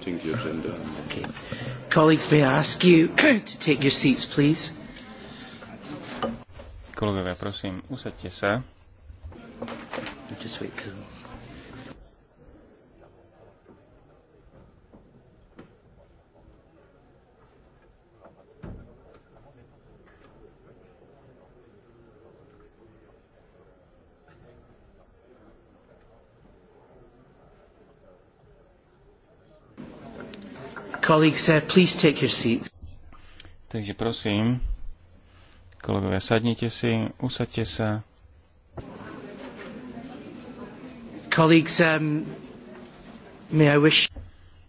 adopting the agenda. Okay. Colleagues, may I ask you to take your seats, please? Kolegovia, prosím, usaďte sa. Just wait till... Colleagues, uh, please take your seats. Takže prosím, kolegovia, sadnite si, usadte sa. Colleagues, um, may I wish...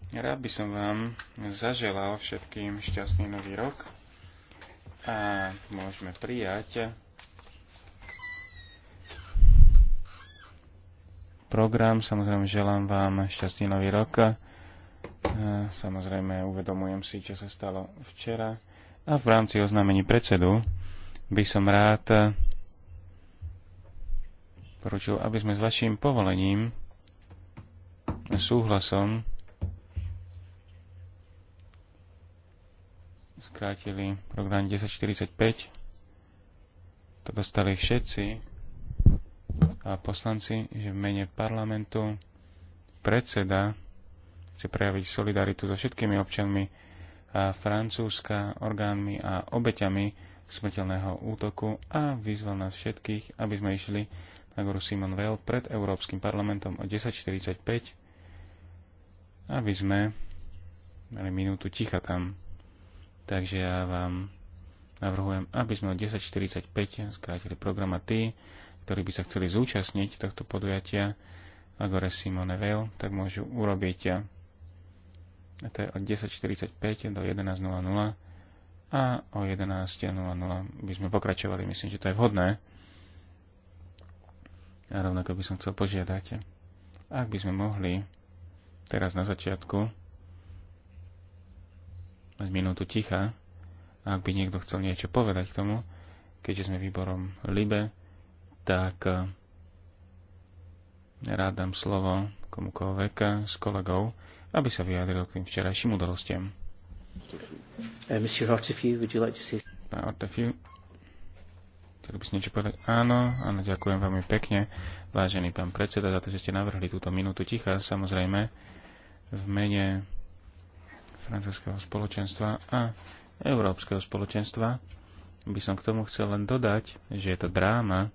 Rád by som vám zaželal všetkým šťastný nový rok a môžeme prijať program. Samozrejme, želám vám šťastný nový rok. Samozrejme, uvedomujem si, čo sa stalo včera. A v rámci oznámení predsedu by som rád poručil, aby sme s vašim povolením a súhlasom skrátili program 1045. To dostali všetci a poslanci, že v mene parlamentu predseda chce prejaviť solidaritu so všetkými občanmi a Francúzska, orgánmi a obeťami smrteľného útoku a vyzval nás všetkých, aby sme išli na goru Simon Weil pred Európskym parlamentom o 10.45, aby sme mali minútu ticha tam. Takže ja vám navrhujem, aby sme o 10.45 skrátili program a tí, ktorí by sa chceli zúčastniť tohto podujatia Agore Simone Weil, tak môžu urobiť to je od 10.45 do 11.00 a o 11.00 by sme pokračovali. Myslím, že to je vhodné. A rovnako by som chcel požiadať, ak by sme mohli teraz na začiatku mať minútu ticha, ak by niekto chcel niečo povedať k tomu, keďže sme výborom LIBE, tak eh, rád dám slovo komukoľvek eh, s kolegou, aby sa vyjadril k tým včerajším udalostiam. Eh, pán Ortefiu, chcel by si niečo povedať? Áno, áno, ďakujem veľmi pekne, vážený pán predseda, za to, že ste navrhli túto minútu ticha, samozrejme, v mene francúzského spoločenstva a Európskeho spoločenstva. By som k tomu chcel len dodať, že je to dráma,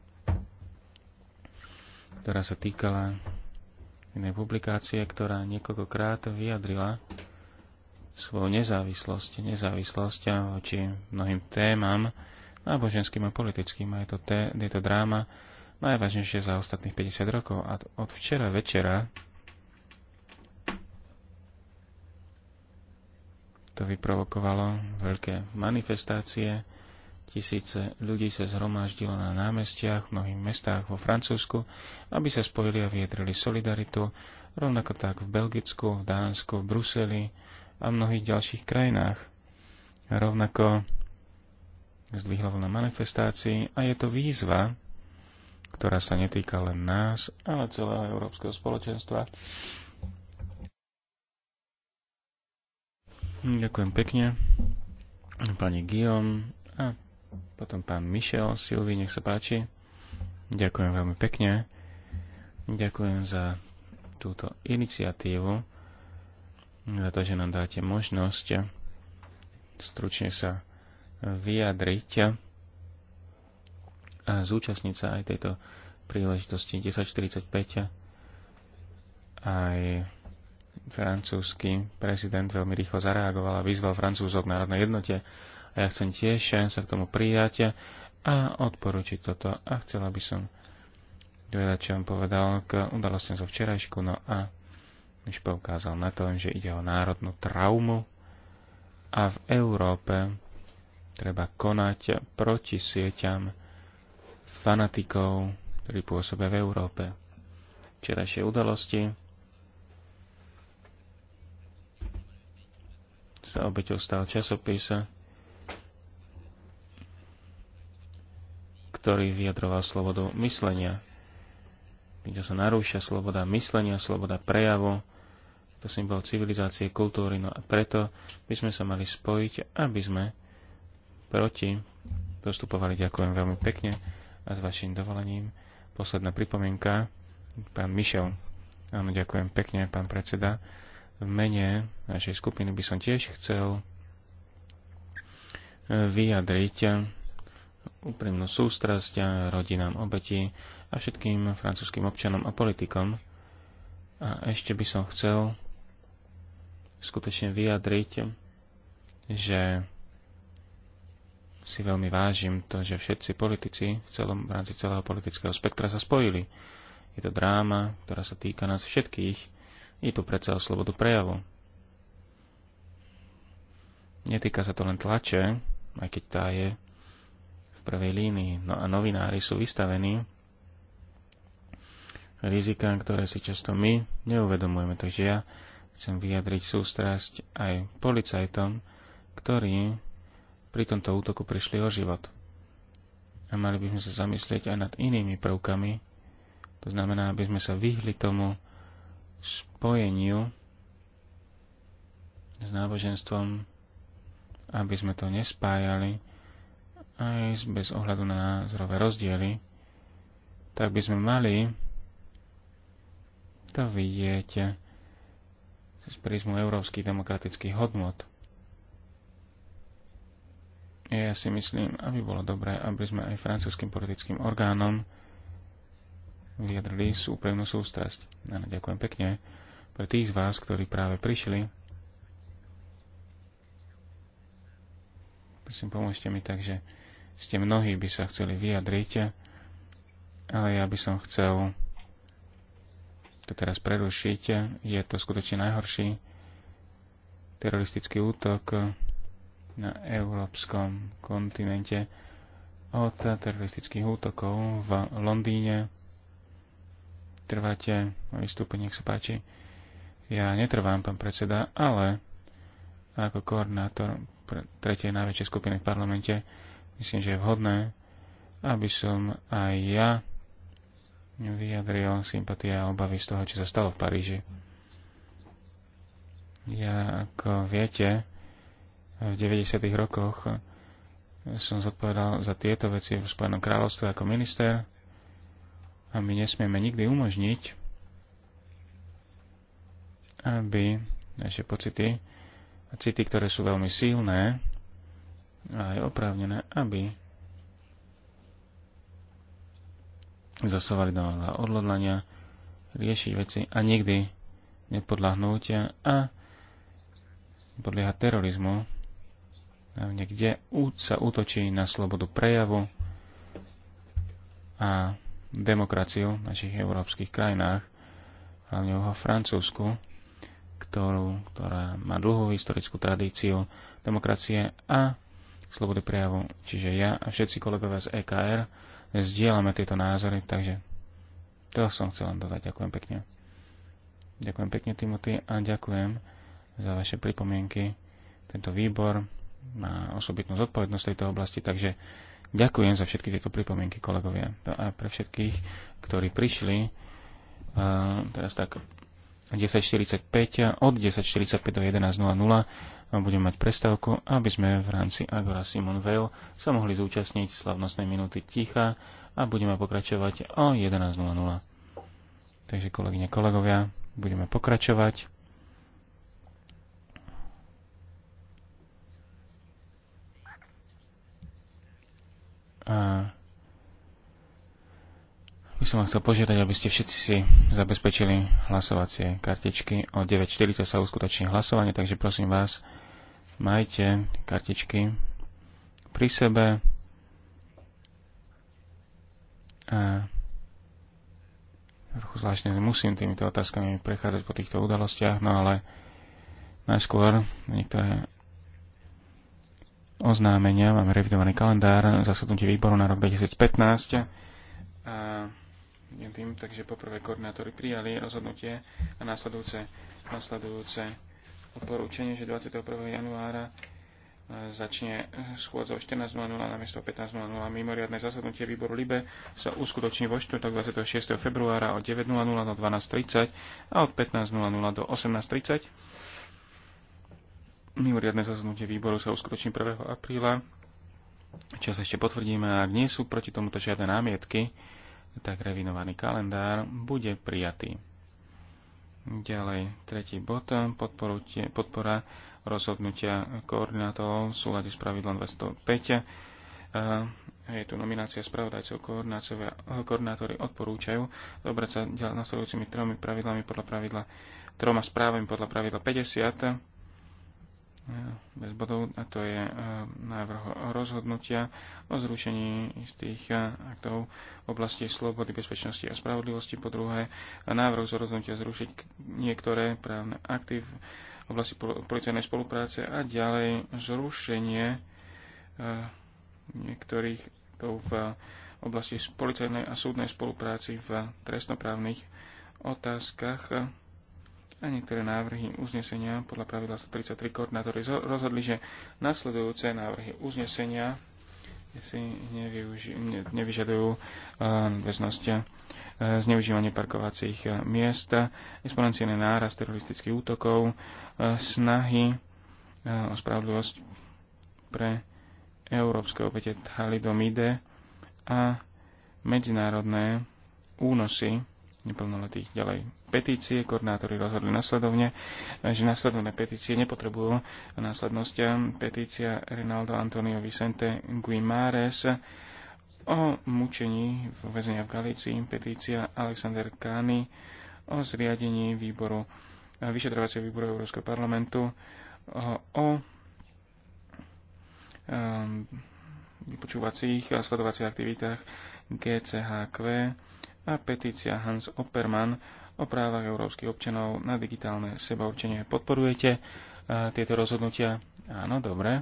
ktorá sa týkala inej publikácie, ktorá niekoľkokrát vyjadrila svoju nezávislosť, nezávislosť voči mnohým témam, náboženským a politickým. A je to, té, je to dráma najvážnejšie za ostatných 50 rokov. A od včera večera to vyprovokovalo veľké manifestácie, Tisíce ľudí sa zhromaždilo na námestiach v mnohých mestách vo Francúzsku, aby sa spojili a vyjadrili solidaritu, rovnako tak v Belgicku, v Dánsku, v Bruseli a mnohých ďalších krajinách. A rovnako zdvihlo na manifestácii a je to výzva, ktorá sa netýka len nás, ale celého európskeho spoločenstva. Ďakujem pekne pani Guillaume a potom pán Michel, Silvi, nech sa páči. Ďakujem veľmi pekne. Ďakujem za túto iniciatívu, za to, že nám dáte možnosť stručne sa vyjadriť a zúčastniť sa aj tejto príležitosti 1045 aj francúzsky prezident veľmi rýchlo zareagoval a vyzval francúzov k národnej jednote ja chcem tiež sa k tomu prijať a odporučiť toto. A chcela by som dovedať, čo vám povedal k udalostiam zo včerajšku. No a už poukázal na to, že ide o národnú traumu a v Európe treba konať proti sieťam fanatikov, ktorí pôsobia v Európe. Včerajšie udalosti sa obeťou stal časopis ktorý vyjadroval slobodu myslenia. Kde sa narúša sloboda myslenia, sloboda prejavu, to symbol civilizácie, kultúry, no a preto by sme sa mali spojiť, aby sme proti postupovali. Ďakujem veľmi pekne a s vašim dovolením. Posledná pripomienka, pán Mišel. Áno, ďakujem pekne, pán predseda. V mene našej skupiny by som tiež chcel vyjadriť úprimnú sústrasť a rodinám obeti a všetkým francúzským občanom a politikom. A ešte by som chcel skutočne vyjadriť, že si veľmi vážim to, že všetci politici v, celom, v rámci celého politického spektra sa spojili. Je to dráma, ktorá sa týka nás všetkých. Je tu predsa o slobodu prejavu. Netýka sa to len tlače, aj keď tá je prvej línii. No a novinári sú vystavení rizikám, ktoré si často my neuvedomujeme. Takže ja chcem vyjadriť sústrasť aj policajtom, ktorí pri tomto útoku prišli o život. A mali by sme sa zamyslieť aj nad inými prvkami, to znamená, aby sme sa vyhli tomu spojeniu s náboženstvom, aby sme to nespájali aj bez ohľadu na názorové rozdiely, tak by sme mali to vidieť cez prízmu európskych demokratických hodnot. Ja si myslím, aby bolo dobré, aby sme aj francúzským politickým orgánom vyjadrili súprevnú sústrasť. Áno, ďakujem pekne pre tých z vás, ktorí práve prišli. Prosím, pomôžte mi, takže ste mnohí by sa chceli vyjadriť, ale ja by som chcel to teraz prerušiť. Je to skutočne najhorší teroristický útok na európskom kontinente od teroristických útokov v Londýne. Trváte o vystúpenie, nech sa páči. Ja netrvám, pán predseda, ale ako koordinátor tretej najväčšej skupiny v parlamente myslím, že je vhodné, aby som aj ja vyjadril sympatie a obavy z toho, čo sa stalo v Paríži. Ja, ako viete, v 90. rokoch som zodpovedal za tieto veci v Spojenom kráľovstve ako minister a my nesmieme nikdy umožniť, aby naše pocity a city, ktoré sú veľmi silné, a je oprávnené, aby zasovali do odhodlania riešiť veci a nikdy nepodľahnúť a podlieha terorizmu, kde sa útočí na slobodu prejavu a demokraciu v našich európskych krajinách, hlavne vo Francúzsku, ktorú, ktorá má dlhú historickú tradíciu demokracie a slobody prejavu. Čiže ja a všetci kolegovia z EKR zdieľame tieto názory, takže to som chcel len dodať. Ďakujem pekne. Ďakujem pekne, Timothy, a ďakujem za vaše pripomienky. Tento výbor má osobitnú zodpovednosť v tejto oblasti, takže ďakujem za všetky tieto pripomienky, kolegovia. No a pre všetkých, ktorí prišli, teraz tak 10.45, od 10.45 do 11.00 budeme mať prestávku, aby sme v rámci Agora Simon Veil sa mohli zúčastniť slavnostnej minúty ticha a budeme pokračovať o 11.00. Takže kolegyne, kolegovia, budeme pokračovať. A by som vás chcel požiadať, aby ste všetci si zabezpečili hlasovacie kartičky. O 9.40 sa uskutoční hlasovanie, takže prosím vás, majte kartičky pri sebe. A trochu zvláštne musím týmito otázkami prechádzať po týchto udalostiach, no ale najskôr niektoré oznámenia. Máme revidovaný kalendár zasadnutie výboru na rok 2015. A tým, takže poprvé koordinátori prijali rozhodnutie a následujúce, následujúce odporúčanie, že 21. januára e, začne schôdza o 14.00 na miesto 15.00 a mimoriadne zasadnutie výboru LIBE sa uskutoční vo štvrtok 26. februára od 9.00 do 12.30 a od 15.00 do 18.30. Mimoriadne zasadnutie výboru sa uskutoční 1. apríla. Čas ešte potvrdíme, ak nie sú proti tomuto žiadne námietky, tak revinovaný kalendár bude prijatý. Ďalej, tretí bod, podpora rozhodnutia koordinátorov v súlade s pravidlom 205. Je tu nominácia spravodajcov, koordinátori odporúčajú dobrať sa nasledujúcimi tromi pravidlami podľa pravidla, troma správami podľa pravidla 50 bez bodov, a to je e, návrh rozhodnutia o zrušení istých e, aktov v oblasti slobody, bezpečnosti a spravodlivosti. Po druhé, návrh z rozhodnutia zrušiť niektoré právne akty v oblasti policajnej spolupráce a ďalej zrušenie e, niektorých aktov v oblasti policajnej a súdnej spolupráci v trestnoprávnych otázkach a niektoré návrhy uznesenia podľa pravidla 133 koordinátory rozhodli, že nasledujúce návrhy uznesenia si nevyuži- ne, nevyžadujú ehm, väznosť ehm, zneužívanie parkovacích ehm, miest, exponenciálny náraz teroristických útokov, snahy o spravodlivosť pre európske obete Thalidomide a medzinárodné únosy neplnoletých ďalej petície. Koordinátori rozhodli nasledovne, že nasledovné petície nepotrebujú následnosť petícia Rinaldo Antonio Vicente Guimares o mučení v väzenia v Galícii, petícia Alexander Kány o zriadení výboru, vyšetrovacieho výboru Európskeho parlamentu o um, vypočúvacích a sledovacích aktivitách GCHQ a petícia Hans Oppermann o právach európskych občanov na digitálne sebaurčenie. Podporujete e, tieto rozhodnutia? Áno, dobre.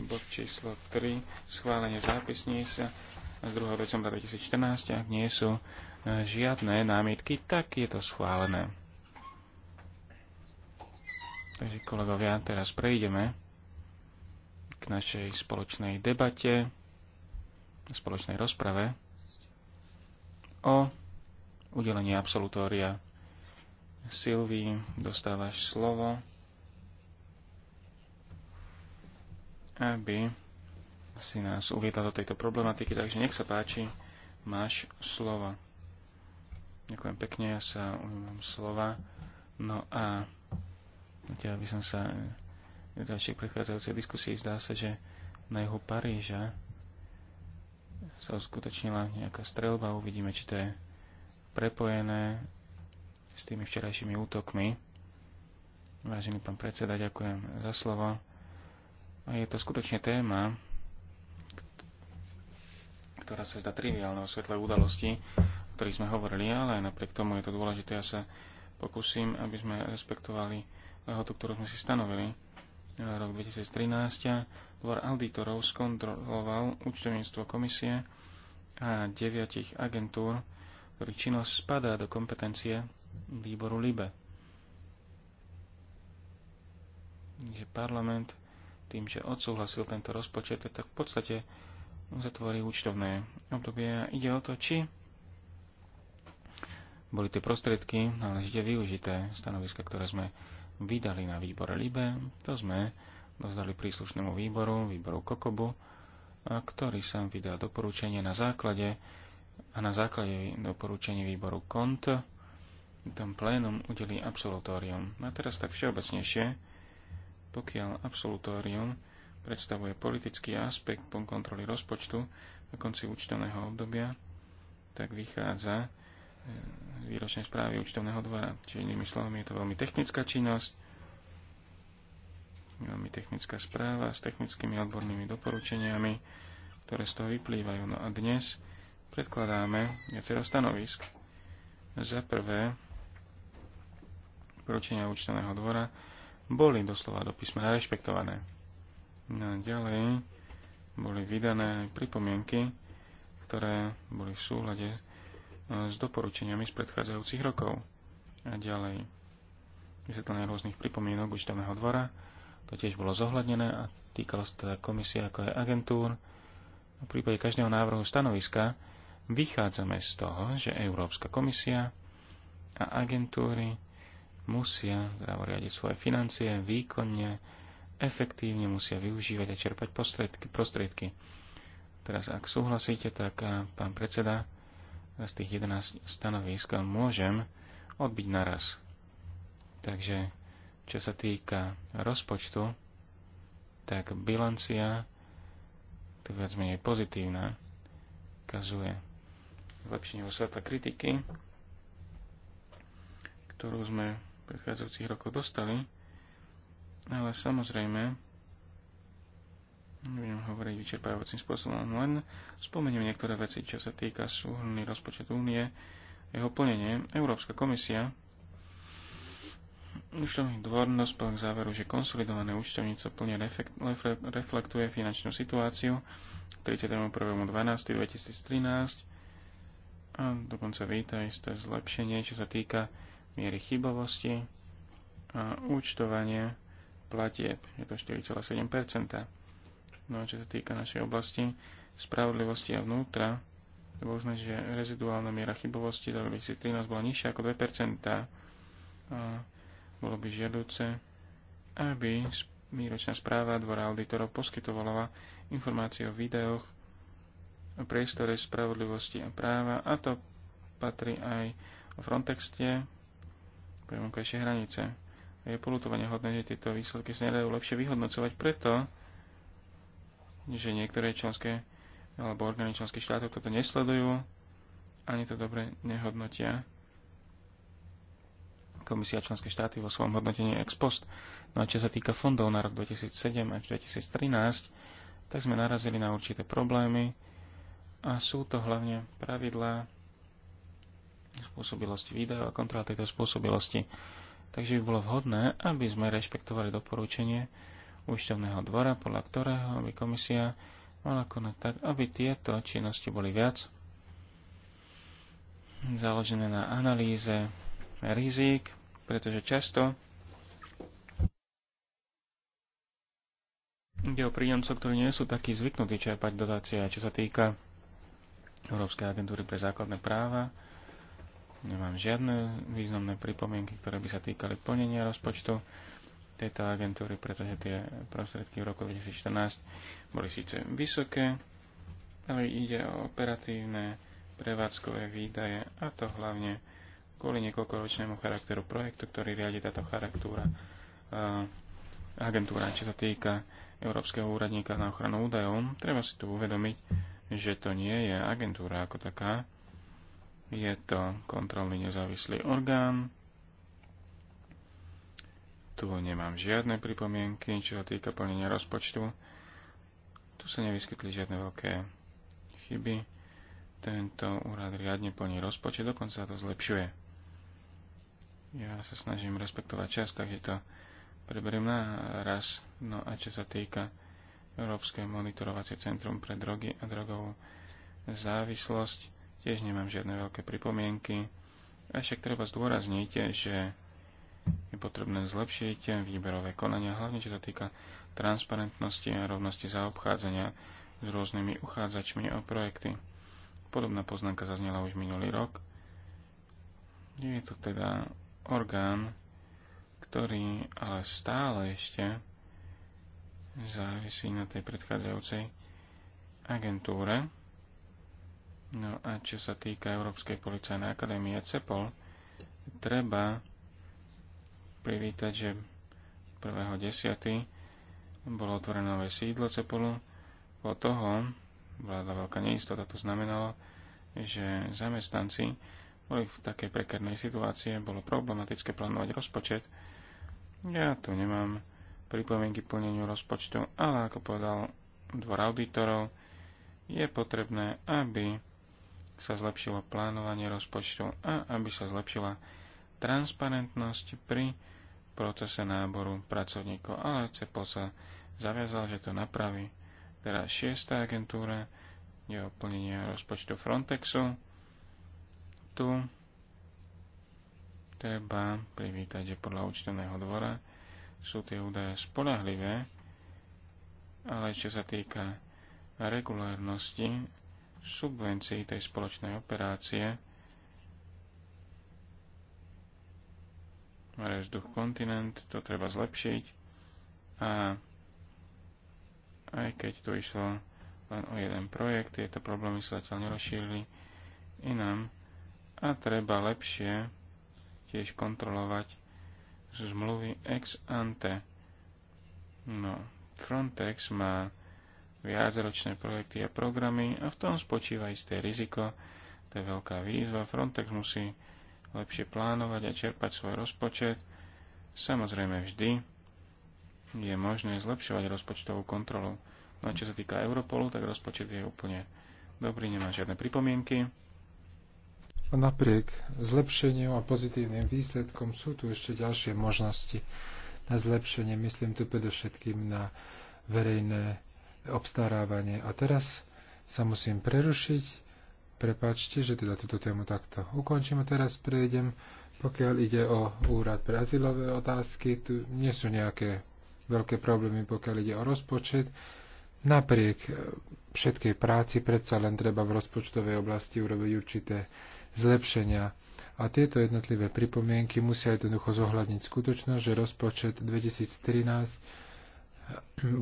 Bod číslo 3. Schválenie zápisníc z 2. decembra 2014. Ak nie sú e, žiadne námietky, tak je to schválené. Takže kolegovia, teraz prejdeme k našej spoločnej debate spoločnej rozprave o udelení absolutória. Silvi, dostávaš slovo, aby si nás uviedla do tejto problematiky, takže nech sa páči, máš slovo. Ďakujem pekne, ja sa ujímam slova. No a ja by som sa v ďalšej prechádzajúcej diskusii zdá sa, že na jeho Paríža sa uskutočnila nejaká strelba. Uvidíme, či to je prepojené s tými včerajšími útokmi. Vážený pán predseda, ďakujem za slovo. A je to skutočne téma, ktorá sa zdá triviálna o svetlej udalosti, o ktorých sme hovorili, ale napriek tomu je to dôležité. Ja sa pokúsim, aby sme respektovali lehotu, ktorú sme si stanovili rok 2013 dvor auditorov skontroloval účtovníctvo komisie a deviatich agentúr, ktorých činnosť spadá do kompetencie výboru LIBE. Takže parlament tým, že odsúhlasil tento rozpočet, tak v podstate zatvorí účtovné obdobie a ide o to, či boli tie prostriedky náležite využité stanoviska, ktoré sme vydali na výbore LIBE, to sme dozdali príslušnému výboru, výboru Kokobu, ktorý sa vydá doporučenie na základe a na základe doporučení výboru KONT tam plénum udelí absolutórium. A teraz tak všeobecnejšie, pokiaľ absolutórium predstavuje politický aspekt kontroly rozpočtu na konci účtovného obdobia, tak vychádza výročnej správy účtovného dvora. Čiže inými slovami je to veľmi technická činnosť, veľmi technická správa s technickými odbornými doporučeniami, ktoré z toho vyplývajú. No a dnes predkladáme viacero stanovisk. Za prvé, poručenia účtovného dvora boli doslova do písmena rešpektované. No a ďalej boli vydané pripomienky, ktoré boli v súhľade s doporučeniami z predchádzajúcich rokov. A ďalej vysvetlenie rôznych pripomienok účtovného dvora. To tiež bolo zohľadnené a týkalo sa teda komisie ako aj agentúr. V prípade každého návrhu stanoviska vychádzame z toho, že Európska komisia a agentúry musia teda riadiť svoje financie výkonne, efektívne musia využívať a čerpať prostriedky. prostriedky. Teraz, ak súhlasíte, tak pán predseda, z tých 11 stanovisk môžem odbiť naraz. Takže čo sa týka rozpočtu, tak bilancia tu viac menej pozitívna, ukazuje zlepšenie vo svetla kritiky, ktorú sme v predchádzajúcich rokoch dostali, ale samozrejme nebudem hovoriť vyčerpávacím spôsobom, len spomeniem niektoré veci, čo sa týka súhrný rozpočet únie, jeho plnenie. Európska komisia Účtovný dvor dospel k záveru, že konsolidované účtovníctvo plne reflektuje finančnú situáciu 31.12.2013 a dokonca víta isté zlepšenie, čo sa týka miery chybovosti a účtovanie platieb. Je to 4,7%. No a čo sa týka našej oblasti spravodlivosti a vnútra, bolo sme, že reziduálna miera chybovosti za 2013 bola nižšia ako 2%. A bolo by žiaduce, aby výročná správa Dvora auditorov poskytovala informácie o videoch o priestore spravodlivosti a práva a to patrí aj o Frontexte pre vonkajšie hranice. Je polutovanie hodné, že tieto výsledky sa nedajú lepšie vyhodnocovať, preto že niektoré členské alebo orgány členských štátov toto nesledujú, ani to dobre nehodnotia. Komisia členské štáty vo svojom hodnotení ex post. No a čo sa týka fondov na rok 2007 až 2013, tak sme narazili na určité problémy a sú to hlavne pravidlá spôsobilosti výdajov a kontrola tejto spôsobilosti. Takže by bolo vhodné, aby sme rešpektovali doporučenie, účtovného dvora, podľa ktorého by komisia mala konať tak, aby tieto činnosti boli viac založené na analýze rizík, pretože často ide o príjemcov, ktorí nie sú takí zvyknutí čerpať dotácie. Čo sa týka Európskej agentúry pre základné práva, nemám žiadne významné pripomienky, ktoré by sa týkali plnenia rozpočtu tejto agentúry, pretože tie prostriedky v roku 2014 boli síce vysoké, ale ide o operatívne prevádzkové výdaje a to hlavne kvôli niekoľkoročnému charakteru projektu, ktorý riadi táto charaktúra, uh, eh, agentúra, či sa týka Európskeho úradníka na ochranu údajov. Treba si tu uvedomiť, že to nie je agentúra ako taká, je to kontrolný nezávislý orgán, tu nemám žiadne pripomienky, čo sa týka plnenia rozpočtu. Tu sa nevyskytli žiadne veľké chyby. Tento úrad riadne plní rozpočet, dokonca to zlepšuje. Ja sa snažím respektovať čas, takže to preberiem na raz. No a čo sa týka Európske monitorovacie centrum pre drogy a drogovú závislosť, tiež nemám žiadne veľké pripomienky. však treba zdôrazniť, že je potrebné zlepšiť výberové konania, hlavne čo sa týka transparentnosti a rovnosti zaobchádzania s rôznymi uchádzačmi o projekty. Podobná poznámka zaznela už minulý rok. Je to teda orgán, ktorý ale stále ešte závisí na tej predchádzajúcej agentúre. No a čo sa týka Európskej policajnej akadémie CEPOL, treba privítať, že 1.10. bolo otvorené nové sídlo Cepolu. Po toho vláda veľká neistota, to znamenalo, že zamestnanci boli v takej prekernej situácii, bolo problematické plánovať rozpočet. Ja tu nemám pripomienky plneniu rozpočtu, ale ako povedal dvor auditorov, je potrebné, aby sa zlepšilo plánovanie rozpočtu a aby sa zlepšila transparentnosť pri procese náboru pracovníkov, ale CEPO sa zaviazal, že to napraví. Teda šiesta agentúra je oplnenie rozpočtu Frontexu. Tu treba privítať, že podľa účtovného dvora sú tie údaje spolahlivé, ale čo sa týka regulárnosti subvencií tej spoločnej operácie, mere vzduch kontinent, to treba zlepšiť. A aj keď tu išlo len o jeden projekt, tieto problémy sa zatiaľ nerozšírili inám a treba lepšie tiež kontrolovať zmluvy ex ante. No, Frontex má viacročné projekty a programy a v tom spočíva isté riziko. To je veľká výzva. Frontex musí lepšie plánovať a čerpať svoj rozpočet. Samozrejme vždy je možné zlepšovať rozpočtovú kontrolu. No a čo sa týka Europolu, tak rozpočet je úplne dobrý, nemá žiadne pripomienky. A napriek zlepšeniu a pozitívnym výsledkom sú tu ešte ďalšie možnosti na zlepšenie. Myslím tu predovšetkým na verejné obstarávanie. A teraz sa musím prerušiť Prepačte, že teda túto tému takto ukončím a teraz prejdem, pokiaľ ide o úrad pre azylové otázky, tu nie sú nejaké veľké problémy, pokiaľ ide o rozpočet. Napriek e, všetkej práci predsa len treba v rozpočtovej oblasti urobiť určité zlepšenia. A tieto jednotlivé pripomienky musia jednoducho zohľadniť skutočnosť, že rozpočet 2013 e,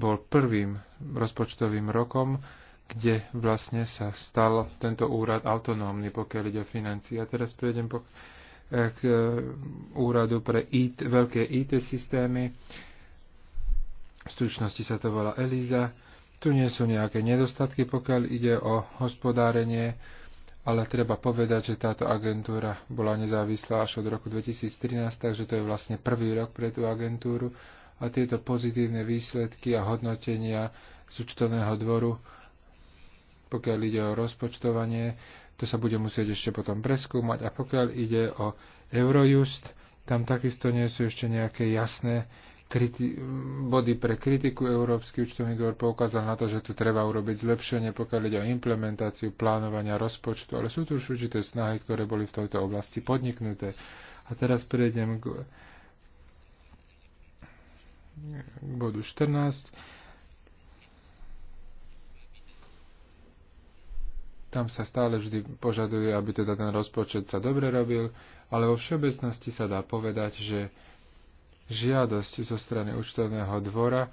bol prvým rozpočtovým rokom, kde vlastne sa stal tento úrad autonómny, pokiaľ ide o financie. A teraz prejdem po, eh, k eh, úradu pre IT, veľké IT systémy. V stručnosti sa to volá ELISA. Tu nie sú nejaké nedostatky, pokiaľ ide o hospodárenie, ale treba povedať, že táto agentúra bola nezávislá až od roku 2013, takže to je vlastne prvý rok pre tú agentúru a tieto pozitívne výsledky a hodnotenia z účtovného dvoru pokiaľ ide o rozpočtovanie, to sa bude musieť ešte potom preskúmať. A pokiaľ ide o Eurojust, tam takisto nie sú ešte nejaké jasné kriti- body pre kritiku. Európsky účtovný dvor poukázal na to, že tu treba urobiť zlepšenie, pokiaľ ide o implementáciu plánovania rozpočtu, ale sú tu už určité snahy, ktoré boli v tejto oblasti podniknuté. A teraz prejdem k, k bodu 14 tam sa stále vždy požaduje, aby teda ten rozpočet sa dobre robil, ale vo všeobecnosti sa dá povedať, že žiadosť zo strany účtovného dvora e,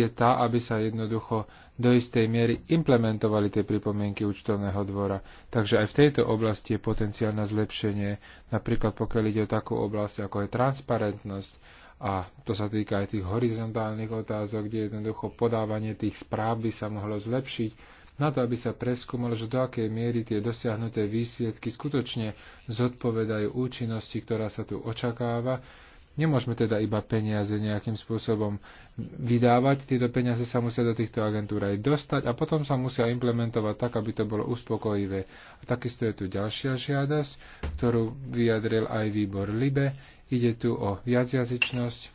je tá, aby sa jednoducho do istej miery implementovali tie pripomienky účtovného dvora. Takže aj v tejto oblasti je potenciál na zlepšenie, napríklad pokiaľ ide o takú oblasť, ako je transparentnosť, a to sa týka aj tých horizontálnych otázok, kde jednoducho podávanie tých správ by sa mohlo zlepšiť, na to, aby sa preskúmalo, že do akej miery tie dosiahnuté výsledky skutočne zodpovedajú účinnosti, ktorá sa tu očakáva. Nemôžeme teda iba peniaze nejakým spôsobom vydávať, tieto peniaze sa musia do týchto agentúr aj dostať a potom sa musia implementovať tak, aby to bolo uspokojivé. A takisto je tu ďalšia žiadosť, ktorú vyjadril aj výbor LIBE. Ide tu o viacjazyčnosť,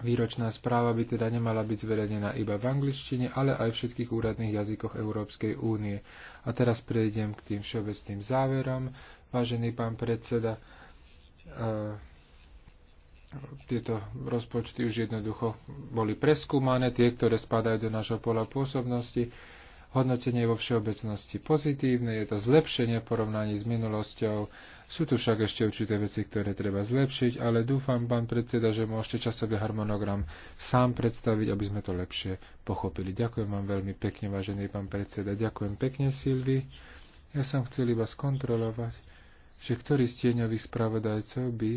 Výročná správa by teda nemala byť zverejnená iba v angličtine, ale aj v všetkých úradných jazykoch Európskej únie. A teraz prejdem k tým všeobecným záverom. Vážený pán predseda, e, tieto rozpočty už jednoducho boli preskúmané, tie, ktoré spadajú do našho pola pôsobnosti hodnotenie vo všeobecnosti pozitívne, je to zlepšenie v porovnaní s minulosťou. Sú tu však ešte určité veci, ktoré treba zlepšiť, ale dúfam, pán predseda, že môžete časový harmonogram sám predstaviť, aby sme to lepšie pochopili. Ďakujem vám veľmi pekne, vážený pán predseda. Ďakujem pekne, Silvi. Ja som chcel iba skontrolovať, že ktorý z tieňových spravodajcov by...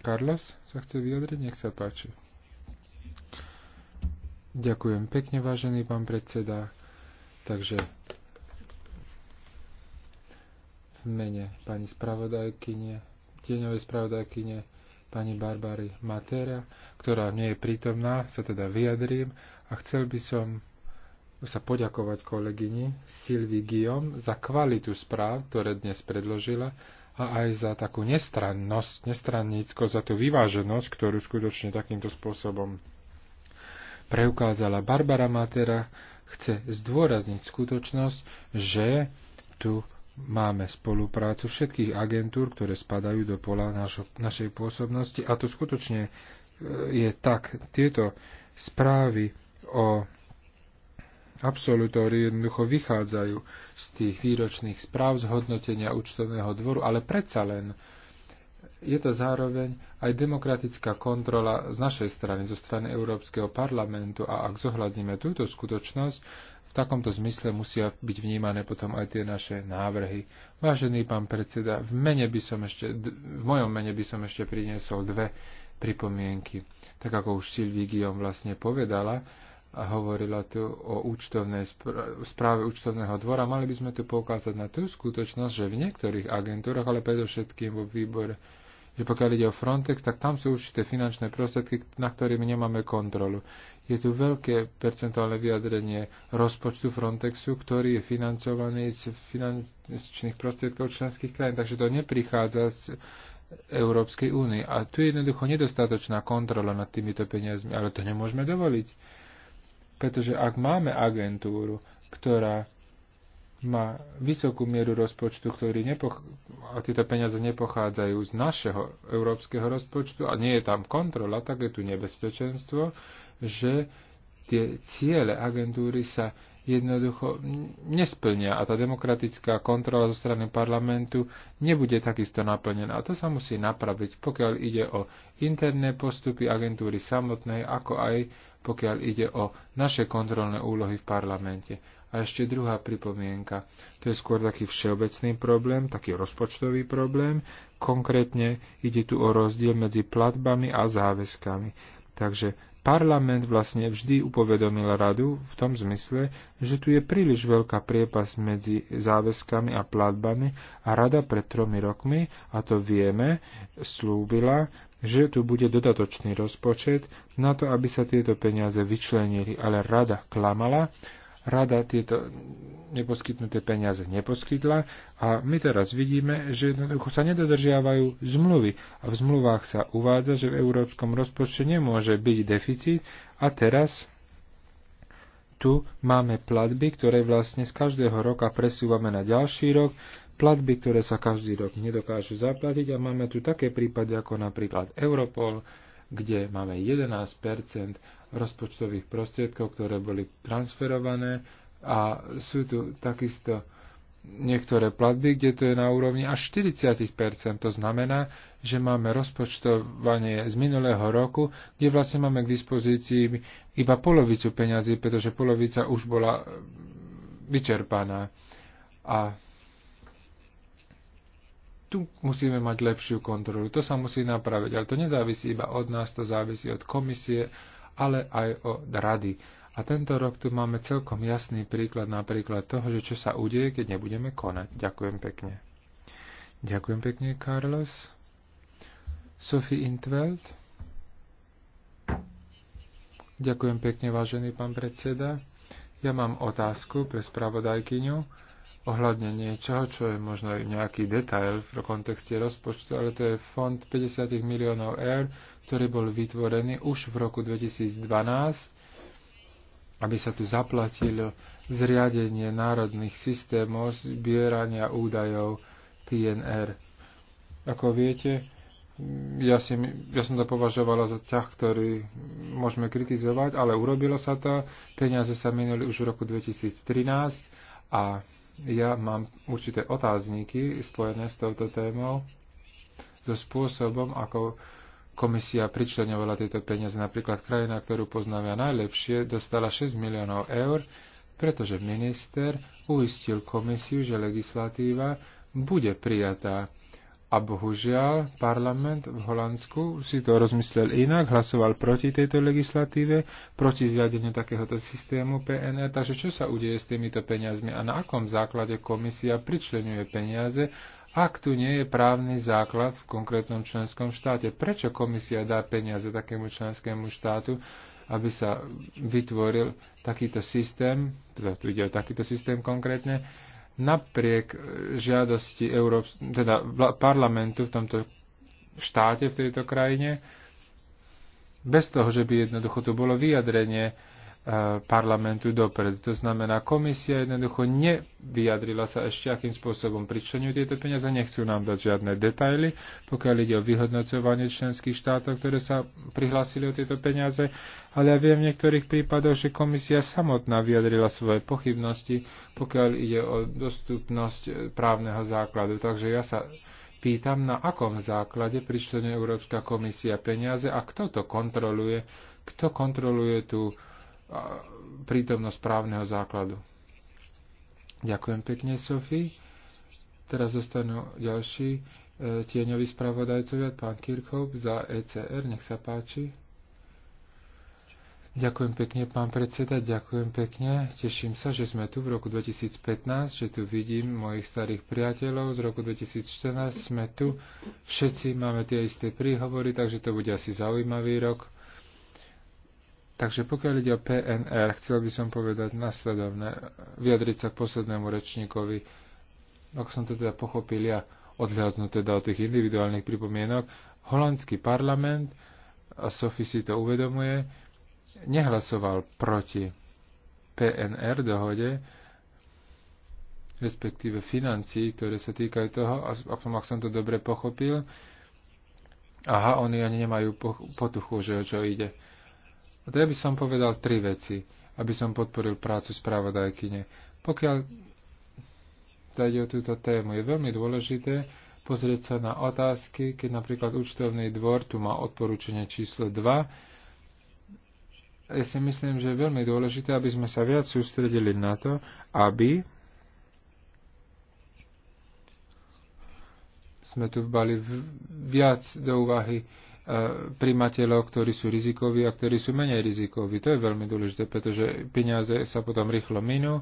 Carlos sa chce vyjadriť, nech sa páči. Ďakujem pekne, vážený pán predseda. Takže v mene pani spravodajkyne, tieňovej spravodajkyne, pani Barbary Matera, ktorá nie je prítomná, sa teda vyjadrím a chcel by som sa poďakovať kolegyni Sylvie Gijom za kvalitu správ, ktoré dnes predložila a aj za takú nestrannosť, nestrannícko, za tú vyváženosť, ktorú skutočne takýmto spôsobom preukázala Barbara Matera, chce zdôrazniť skutočnosť, že tu máme spoluprácu všetkých agentúr, ktoré spadajú do pola našo, našej pôsobnosti a to skutočne e, je tak. Tieto správy o absolutórii jednoducho vychádzajú z tých výročných správ z hodnotenia účtovného dvoru, ale predsa len uh, je to zároveň aj demokratická kontrola z našej strany, zo strany Európskeho parlamentu a ak zohľadníme túto skutočnosť, v takomto zmysle musia byť vnímané potom aj tie naše návrhy. Vážený pán predseda, v, mene by som ešte, v mojom mene by som ešte priniesol dve pripomienky. Tak ako už Silvi vlastne povedala, a hovorila tu o účtovnej správe účtovného dvora, mali by sme tu poukázať na tú skutočnosť, že v niektorých agentúrach, ale predovšetkým vo výbore že pokiaľ ide o Frontex, tak tam sú určité finančné prostriedky, na ktorými nemáme kontrolu. Je tu veľké percentuálne vyjadrenie rozpočtu Frontexu, ktorý je financovaný z finančných prostriedkov členských krajín, takže to neprichádza z Európskej únie. A tu je jednoducho nedostatočná kontrola nad týmito peniazmi, ale to nemôžeme dovoliť. Pretože ak máme agentúru, ktorá má vysokú mieru rozpočtu, ktorý nepoch- a tieto peniaze nepochádzajú z našeho európskeho rozpočtu a nie je tam kontrola, tak je tu nebezpečenstvo, že tie ciele agentúry sa jednoducho nesplnia a tá demokratická kontrola zo strany parlamentu nebude takisto naplnená. A to sa musí napraviť, pokiaľ ide o interné postupy agentúry samotnej, ako aj pokiaľ ide o naše kontrolné úlohy v parlamente. A ešte druhá pripomienka. To je skôr taký všeobecný problém, taký rozpočtový problém. Konkrétne ide tu o rozdiel medzi platbami a záväzkami. Takže parlament vlastne vždy upovedomil radu v tom zmysle, že tu je príliš veľká priepas medzi záväzkami a platbami a rada pred tromi rokmi, a to vieme, slúbila, že tu bude dodatočný rozpočet na to, aby sa tieto peniaze vyčlenili, ale rada klamala rada tieto neposkytnuté peniaze neposkytla a my teraz vidíme, že jednoducho sa nedodržiavajú zmluvy a v zmluvách sa uvádza, že v európskom rozpočte nemôže byť deficit a teraz tu máme platby, ktoré vlastne z každého roka presúvame na ďalší rok, platby, ktoré sa každý rok nedokážu zaplatiť a máme tu také prípady ako napríklad Europol, kde máme 11% rozpočtových prostriedkov, ktoré boli transferované a sú tu takisto niektoré platby, kde to je na úrovni až 40%. To znamená, že máme rozpočtovanie z minulého roku, kde vlastne máme k dispozícii iba polovicu peňazí, pretože polovica už bola vyčerpaná. A tu musíme mať lepšiu kontrolu. To sa musí napraviť, ale to nezávisí iba od nás, to závisí od komisie ale aj od rady. A tento rok tu máme celkom jasný príklad napríklad toho, že čo sa udeje, keď nebudeme konať. Ďakujem pekne. Ďakujem pekne, Carlos. Sophie Intveld. Ďakujem pekne, vážený pán predseda. Ja mám otázku pre spravodajkyňu ohľadne niečoho, čo je možno nejaký detail v kontexte rozpočtu, ale to je fond 50 miliónov eur, ktorý bol vytvorený už v roku 2012, aby sa tu zaplatilo zriadenie národných systémov zbierania údajov PNR. Ako viete, ja, si, ja som to považovala za ťah, ktorý môžeme kritizovať, ale urobilo sa to. Peniaze sa minuli už v roku 2013 a ja mám určité otázníky spojené s touto témou, so spôsobom, ako komisia pričlenovala tieto peniaze. Napríklad krajina, ktorú poznáme najlepšie, dostala 6 miliónov eur, pretože minister uistil komisiu, že legislatíva bude prijatá a bohužiaľ, parlament v Holandsku si to rozmyslel inak, hlasoval proti tejto legislatíve, proti zriadeniu takéhoto systému PNR. Takže čo sa udeje s týmito peniazmi a na akom základe komisia pričlenuje peniaze, ak tu nie je právny základ v konkrétnom členskom štáte? Prečo komisia dá peniaze takému členskému štátu, aby sa vytvoril takýto systém, teda tu ide o takýto systém konkrétne, napriek e, žiadosti Európs- teda parlamentu v tomto štáte, v tejto krajine, bez toho, že by jednoducho tu bolo vyjadrenie parlamentu dopredu. To znamená, komisia jednoducho nevyjadrila sa ešte, akým spôsobom pričlenujú tieto peniaze, nechcú nám dať žiadne detaily, pokiaľ ide o vyhodnocovanie členských štátov, ktoré sa prihlásili o tieto peniaze, ale ja viem v niektorých prípadoch, že komisia samotná vyjadrila svoje pochybnosti, pokiaľ ide o dostupnosť právneho základu. Takže ja sa pýtam, na akom základe pričlenuje Európska komisia peniaze a kto to kontroluje, kto kontroluje tú prítomnosť právneho základu. Ďakujem pekne, Sofie. Teraz zostanú ďalší e, tieňoví spravodajcovia, pán Kirchhoff za ECR, nech sa páči. Ďakujem pekne, pán predseda, ďakujem pekne. Teším sa, že sme tu v roku 2015, že tu vidím mojich starých priateľov z roku 2014. Sme tu, všetci máme tie isté príhovory, takže to bude asi zaujímavý rok. Takže pokiaľ ide o PNR, chcel by som povedať nasledovne, vyjadriť sa k poslednému rečníkovi, ako som to teda pochopil ja, odhľadnú teda od tých individuálnych pripomienok, holandský parlament, a Sophie si to uvedomuje, nehlasoval proti PNR dohode, respektíve financií, ktoré sa týkajú toho, aspoň ak som to dobre pochopil, aha, oni ani nemajú potuchu, že o čo ide. A to ja by som povedal tri veci, aby som podporil prácu spravodajkyne. Pokiaľ ide o túto tému, je veľmi dôležité pozrieť sa na otázky, keď napríklad účtovný dvor tu má odporúčanie číslo 2, ja si myslím, že je veľmi dôležité, aby sme sa viac sústredili na to, aby sme tu vbali viac do úvahy E, primateľov, ktorí sú rizikoví a ktorí sú menej rizikoví. To je veľmi dôležité, pretože peniaze sa potom rýchlo minú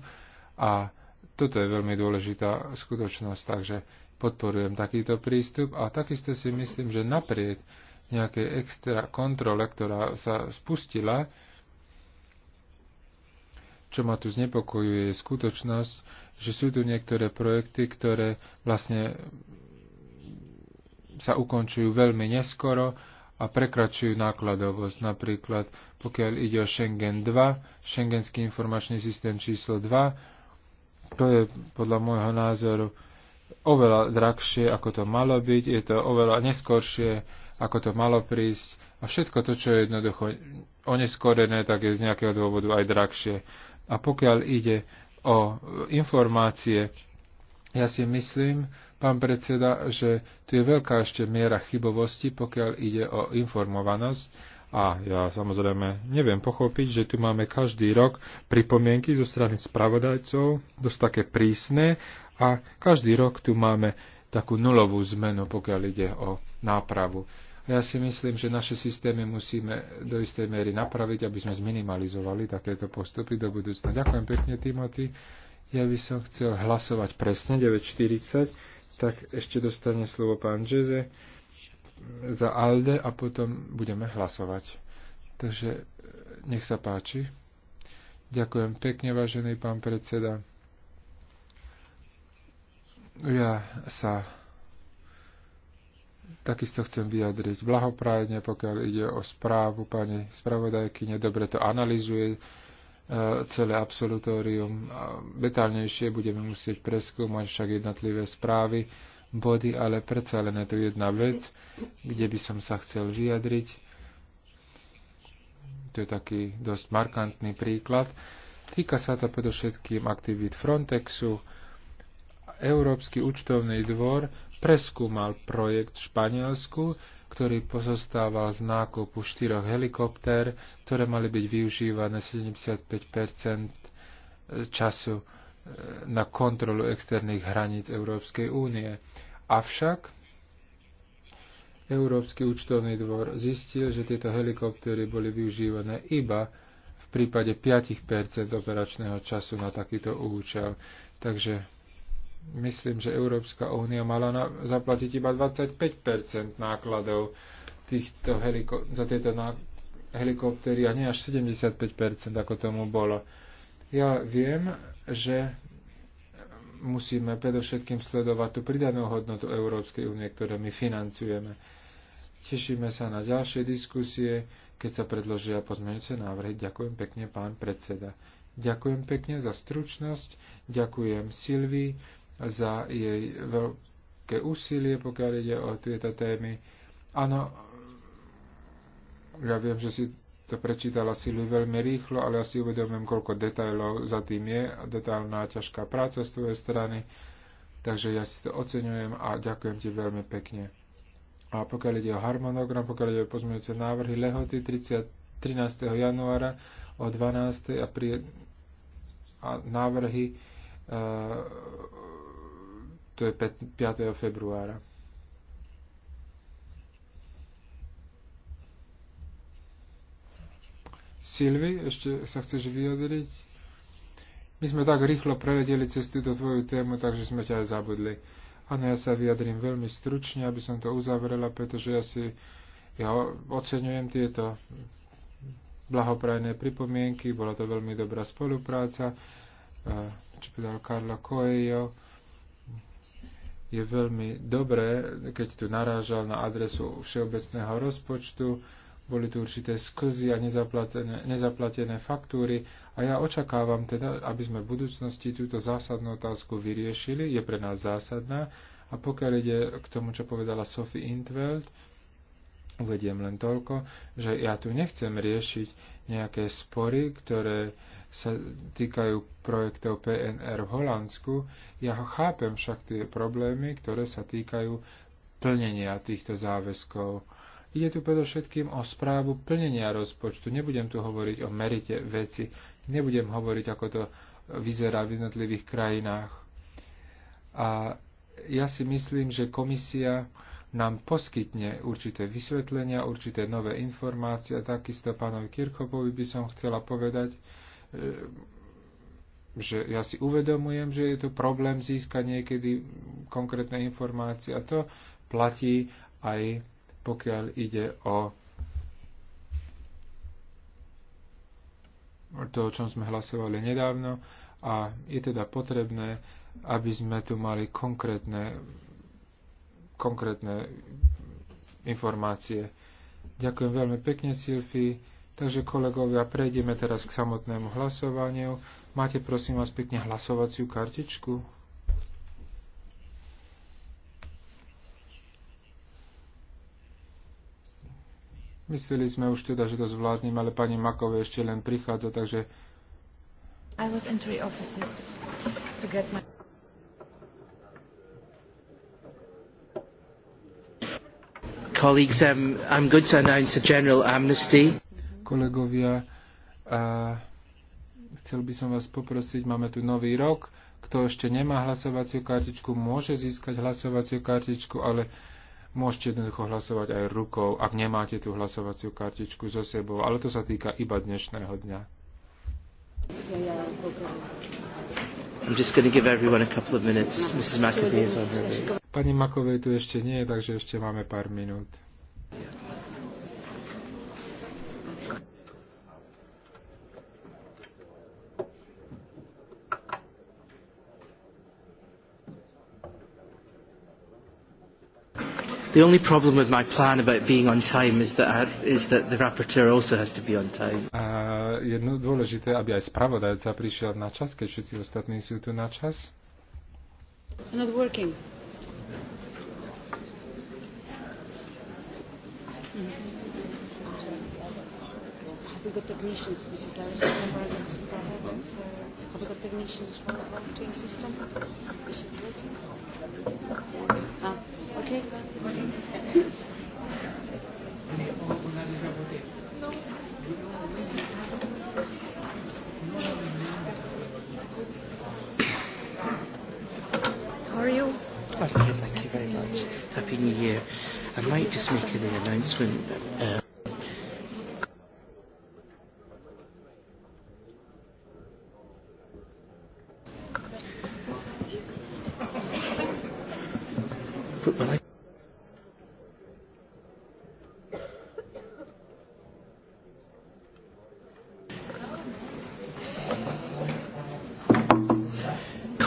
a toto je veľmi dôležitá skutočnosť, takže podporujem takýto prístup a takisto si myslím, že napriek nejakej extra kontrole, ktorá sa spustila, čo ma tu znepokojuje, je skutočnosť, že sú tu niektoré projekty, ktoré vlastne sa ukončujú veľmi neskoro a prekračujú nákladovosť. Napríklad, pokiaľ ide o Schengen 2, Schengenský informačný systém číslo 2, to je podľa môjho názoru oveľa drahšie, ako to malo byť, je to oveľa neskoršie, ako to malo prísť a všetko to, čo je jednoducho oneskorené, tak je z nejakého dôvodu aj drahšie. A pokiaľ ide o informácie, ja si myslím, pán predseda, že tu je veľká ešte miera chybovosti, pokiaľ ide o informovanosť. A ja samozrejme neviem pochopiť, že tu máme každý rok pripomienky zo strany spravodajcov, dosť také prísne, a každý rok tu máme takú nulovú zmenu, pokiaľ ide o nápravu. Ja si myslím, že naše systémy musíme do istej miery napraviť, aby sme zminimalizovali takéto postupy do budúcna. Ďakujem pekne, Timothy. Ja by som chcel hlasovať presne 9.40 tak ešte dostane slovo pán Džeze za Alde a potom budeme hlasovať. Takže e, nech sa páči. Ďakujem pekne, vážený pán predseda. Ja sa takisto chcem vyjadriť blahoprávne, pokiaľ ide o správu pani spravodajky. Dobre to analizuje E, celé absolutórium detálnejšie budeme musieť preskúmať však jednotlivé správy, body, ale predsa len je to jedna vec, kde by som sa chcel vyjadriť. To je taký dosť markantný príklad. Týka sa to predovšetkým aktivít Frontexu. Európsky účtovný dvor preskúmal projekt v Španielsku, ktorý pozostával z nákupu štyroch helikoptér, ktoré mali byť využívané 75 času e, na kontrolu externých hraníc Európskej únie. Avšak Európsky účtovný dvor zistil, že tieto helikoptéry boli využívané iba v prípade 5 operačného času na takýto účel. Takže myslím, že Európska únia mala na, zaplatiť iba 25 nákladov týchto heliko- za tieto ná- helikoptery a nie až 75 ako tomu bolo. Ja viem, že musíme predovšetkým sledovať tú pridanú hodnotu Európskej únie, ktoré my financujeme. Tešíme sa na ďalšie diskusie, keď sa predložia pozmeňujúce návrhy. Ďakujem pekne, pán predseda. Ďakujem pekne za stručnosť, ďakujem Silvii za jej veľké úsilie, pokiaľ ide o tieto témy. Áno, ja viem, že si to prečítala si veľmi rýchlo, ale ja si uvedomujem, koľko detajlov za tým je a detailná ťažká práca z tvojej strany. Takže ja si to oceňujem a ďakujem ti veľmi pekne. A pokiaľ ide o harmonogram, pokiaľ ide o pozmeňujúce návrhy, lehoty 30, 13. januára o 12. a, prie, a návrhy e, to je 5. februára. Silvi, ešte sa chceš vyjadriť? My sme tak rýchlo preledeli cez túto tvoju tému, takže sme ťa aj zabudli. Áno, ja sa vyjadrím veľmi stručne, aby som to uzavrela, pretože ja si ja oceňujem tieto blahoprajné pripomienky, bola to veľmi dobrá spolupráca, eh, čo povedal Karlo Coelho je veľmi dobré, keď tu narážal na adresu všeobecného rozpočtu, boli tu určité sklzy a nezaplatené, nezaplatené faktúry a ja očakávam teda, aby sme v budúcnosti túto zásadnú otázku vyriešili, je pre nás zásadná a pokiaľ ide k tomu, čo povedala Sophie Intveld, uvediem len toľko, že ja tu nechcem riešiť nejaké spory, ktoré sa týkajú projektov PNR v Holandsku. Ja ho chápem však tie problémy, ktoré sa týkajú plnenia týchto záväzkov. Ide tu predovšetkým o správu plnenia rozpočtu. Nebudem tu hovoriť o merite veci. Nebudem hovoriť, ako to vyzerá v jednotlivých krajinách. A ja si myslím, že komisia nám poskytne určité vysvetlenia, určité nové informácie. Takisto pánovi Kirchhovovi by som chcela povedať, E, že ja si uvedomujem, že je to problém získať niekedy konkrétne informácie a to platí aj pokiaľ ide o to, o čom sme hlasovali nedávno a je teda potrebné, aby sme tu mali konkrétne, konkrétne informácie. Ďakujem veľmi pekne, Silfi. Takže kolegovia, prejdeme teraz k samotnému hlasovaniu. Máte prosím vás pekne hlasovaciu kartičku? Mysleli sme už teda, že to zvládnem, ale pani Makové ešte len prichádza, takže... I was in three offices to get my... Colleagues, um, I'm going to announce a general amnesty. Kolegovia, a chcel by som vás poprosiť, máme tu nový rok, kto ešte nemá hlasovaciu kartičku, môže získať hlasovaciu kartičku, ale môžete jednoducho hlasovať aj rukou, ak nemáte tú hlasovaciu kartičku so sebou, ale to sa týka iba dnešného dňa. I'm just going to give everyone a couple of minutes. Mrs. McAvee is on her way. Pani Makovej tu ešte nie, takže ešte máme pár minút. The only problem with my plan about being on time is that, I, is that the rapporteur also has to be on time. A je dôležité, aby aj spravodajca prišiel na čas, keď všetci ostatní sú tu na čas. Not working. Have we got technicians, Mrs. Larry? Have the technicians for the voting system? Is it working? Ah, okay. How are you? I'm fine, thank you very much. Happy New Year. I might just make an announcement. Uh,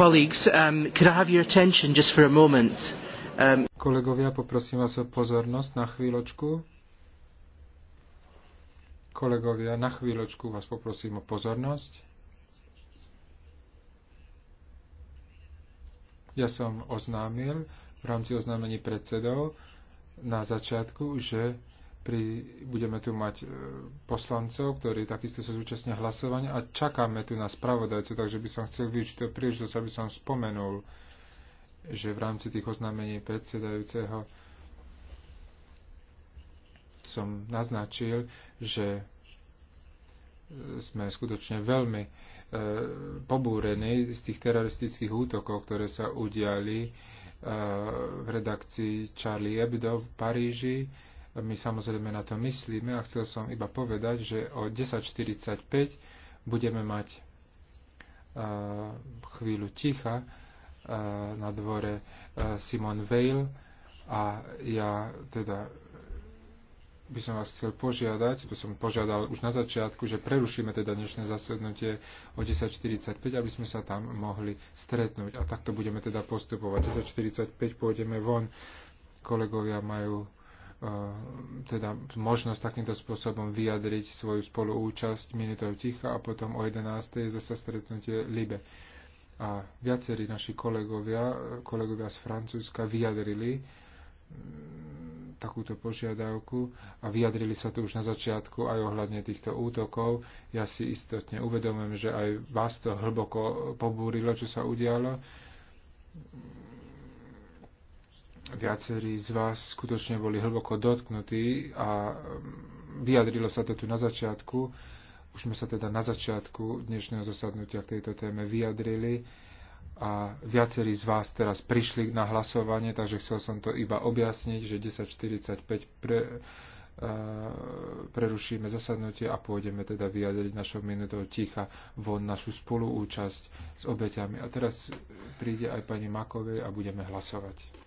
Colleagues, um, could I have your attention just for a moment? Um, Kolegovia, poprosím vás o pozornosť na chvíľočku. Kolegovia, na chvíľočku vás poprosím o pozornosť. Ja som oznámil v rámci oznámení predsedov na začiatku, že pri, budeme tu mať e, poslancov, ktorí takisto sa zúčastnia hlasovania a čakáme tu na spravodajcu, takže by som chcel využiť to príležitosť, aby som spomenul, že v rámci tých oznámení predsedajúceho som naznačil, že e, sme skutočne veľmi e, pobúrení z tých teroristických útokov, ktoré sa udiali e, v redakcii Charlie Hebdo v Paríži my samozrejme na to myslíme a chcel som iba povedať, že o 10.45 budeme mať chvíľu ticha na dvore Simon Veil a ja teda by som vás chcel požiadať, to som požiadal už na začiatku, že prerušíme teda dnešné zasadnutie o 10.45, aby sme sa tam mohli stretnúť. A takto budeme teda postupovať. 10.45 pôjdeme von, kolegovia majú Eh, teda možnosť takýmto spôsobom vyjadriť svoju spoluúčasť minutou ticha a potom o 11. je zase stretnutie Libe. A viacerí naši kolegovia, kolegovia z Francúzska vyjadrili mm, takúto požiadavku a vyjadrili sa tu už na začiatku aj ohľadne týchto útokov. Ja si istotne uvedomujem, že aj vás to hlboko pobúrilo, čo sa udialo viacerí z vás skutočne boli hlboko dotknutí a mm, vyjadrilo sa to tu na začiatku. Už sme sa teda na začiatku dnešného zasadnutia k tejto téme vyjadrili a viacerí z vás teraz prišli na hlasovanie, takže chcel som to iba objasniť, že 10.45 pre, e, prerušíme zasadnutie a pôjdeme teda vyjadriť našou minutou ticha von našu spoluúčasť s obeťami. A teraz príde aj pani Makovej a budeme hlasovať.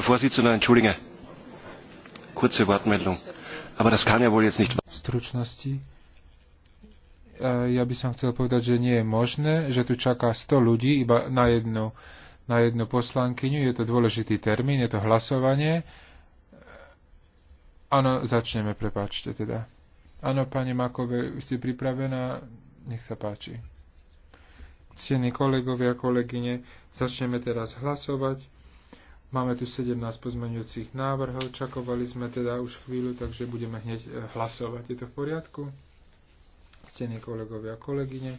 Herr Vorsitzender, entschuldige. Kurze Wortmeldung. Aber das kann ja wohl jetzt nicht... Stručnosti. Eh, ja by som chcel povedať, že nie je možné, že tu čaká 100 ľudí iba na jednu, na jednu poslankyňu. Je to dôležitý termín, je to hlasovanie. Áno, začneme, prepáčte teda. Áno, pani Makove, ste pripravená? Nech sa páči. Ctení kolegovia, kolegyne, začneme teraz hlasovať. Máme tu 17 pozmeňujúcich návrhov, čakovali sme teda už chvíľu, takže budeme hneď e, hlasovať. Je to v poriadku? Stení kolegovia a kolegyne.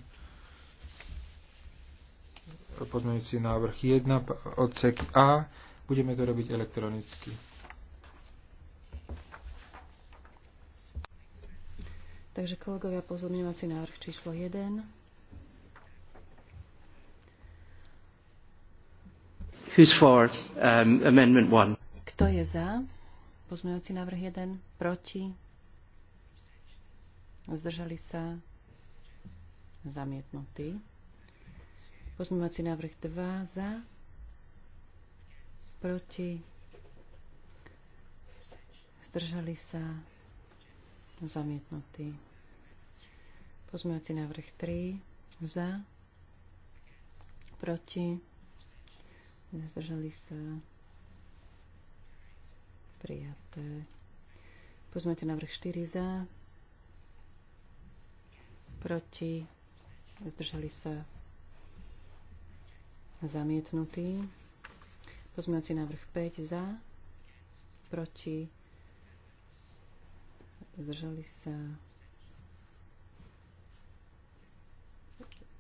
Pozmeňujúci návrh 1, odsek A. Budeme to robiť elektronicky. Takže kolegovia, pozmeňovací návrh číslo 1. Who's for um, amendment 1? Kto je za? Pozmeňujúci návrh 1. Proti? Zdržali sa? Zamietnutý. Pozmeňovací návrh 2. Za? Proti? Zdržali sa? Zamietnutý. Pozmeňovací návrh 3. Za? Proti? Zdržali sa. Prijaté. na vrch 4 za. Proti. Zdržali sa. Zamietnutý. na návrh 5 za. Proti. Zdržali sa.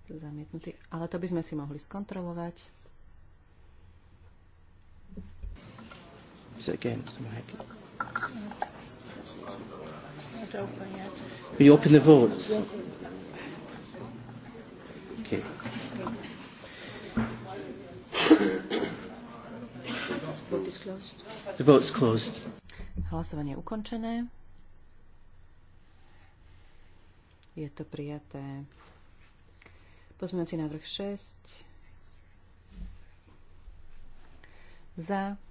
Zamietnutý. Ale to by sme si mohli skontrolovať. Is it against? Not Will you open the vote? Okay. The vote's closed. Hlasovanie ukončené. Je to prijaté. Pozmeňujúci návrh 6. Za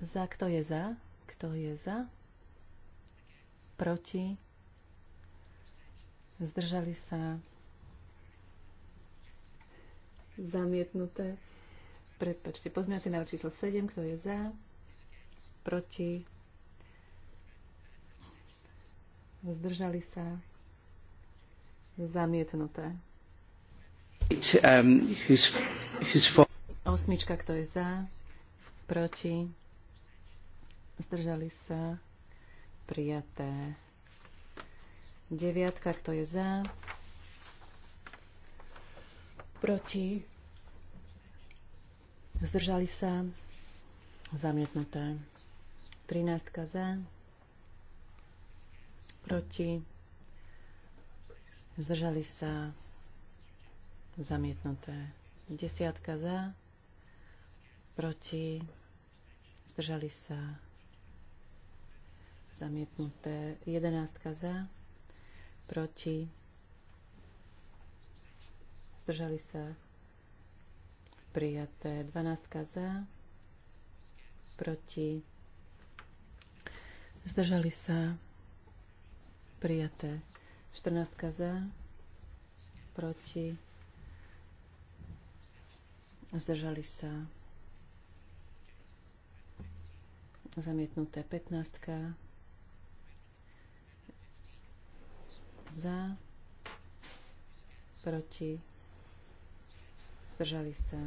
za, kto je za, kto je za, proti, zdržali sa, zamietnuté. Predpačte, pozmiate na číslo 7, kto je za, proti, zdržali sa, zamietnuté. Um, Osmička, kto je za, proti, zdržali sa, prijaté. Deviatka, kto je za, proti, zdržali sa, zamietnuté. Trináctka za, proti, zdržali sa, zamietnuté. Desiatka za, proti, zdržali sa, zamietnuté. jedenáctka za, proti, zdržali sa, prijaté. dvanáctka za, proti, zdržali sa, prijaté. Štrnáctka za, proti, zdržali sa, zamietnuté 15. za, proti, zdržali sa,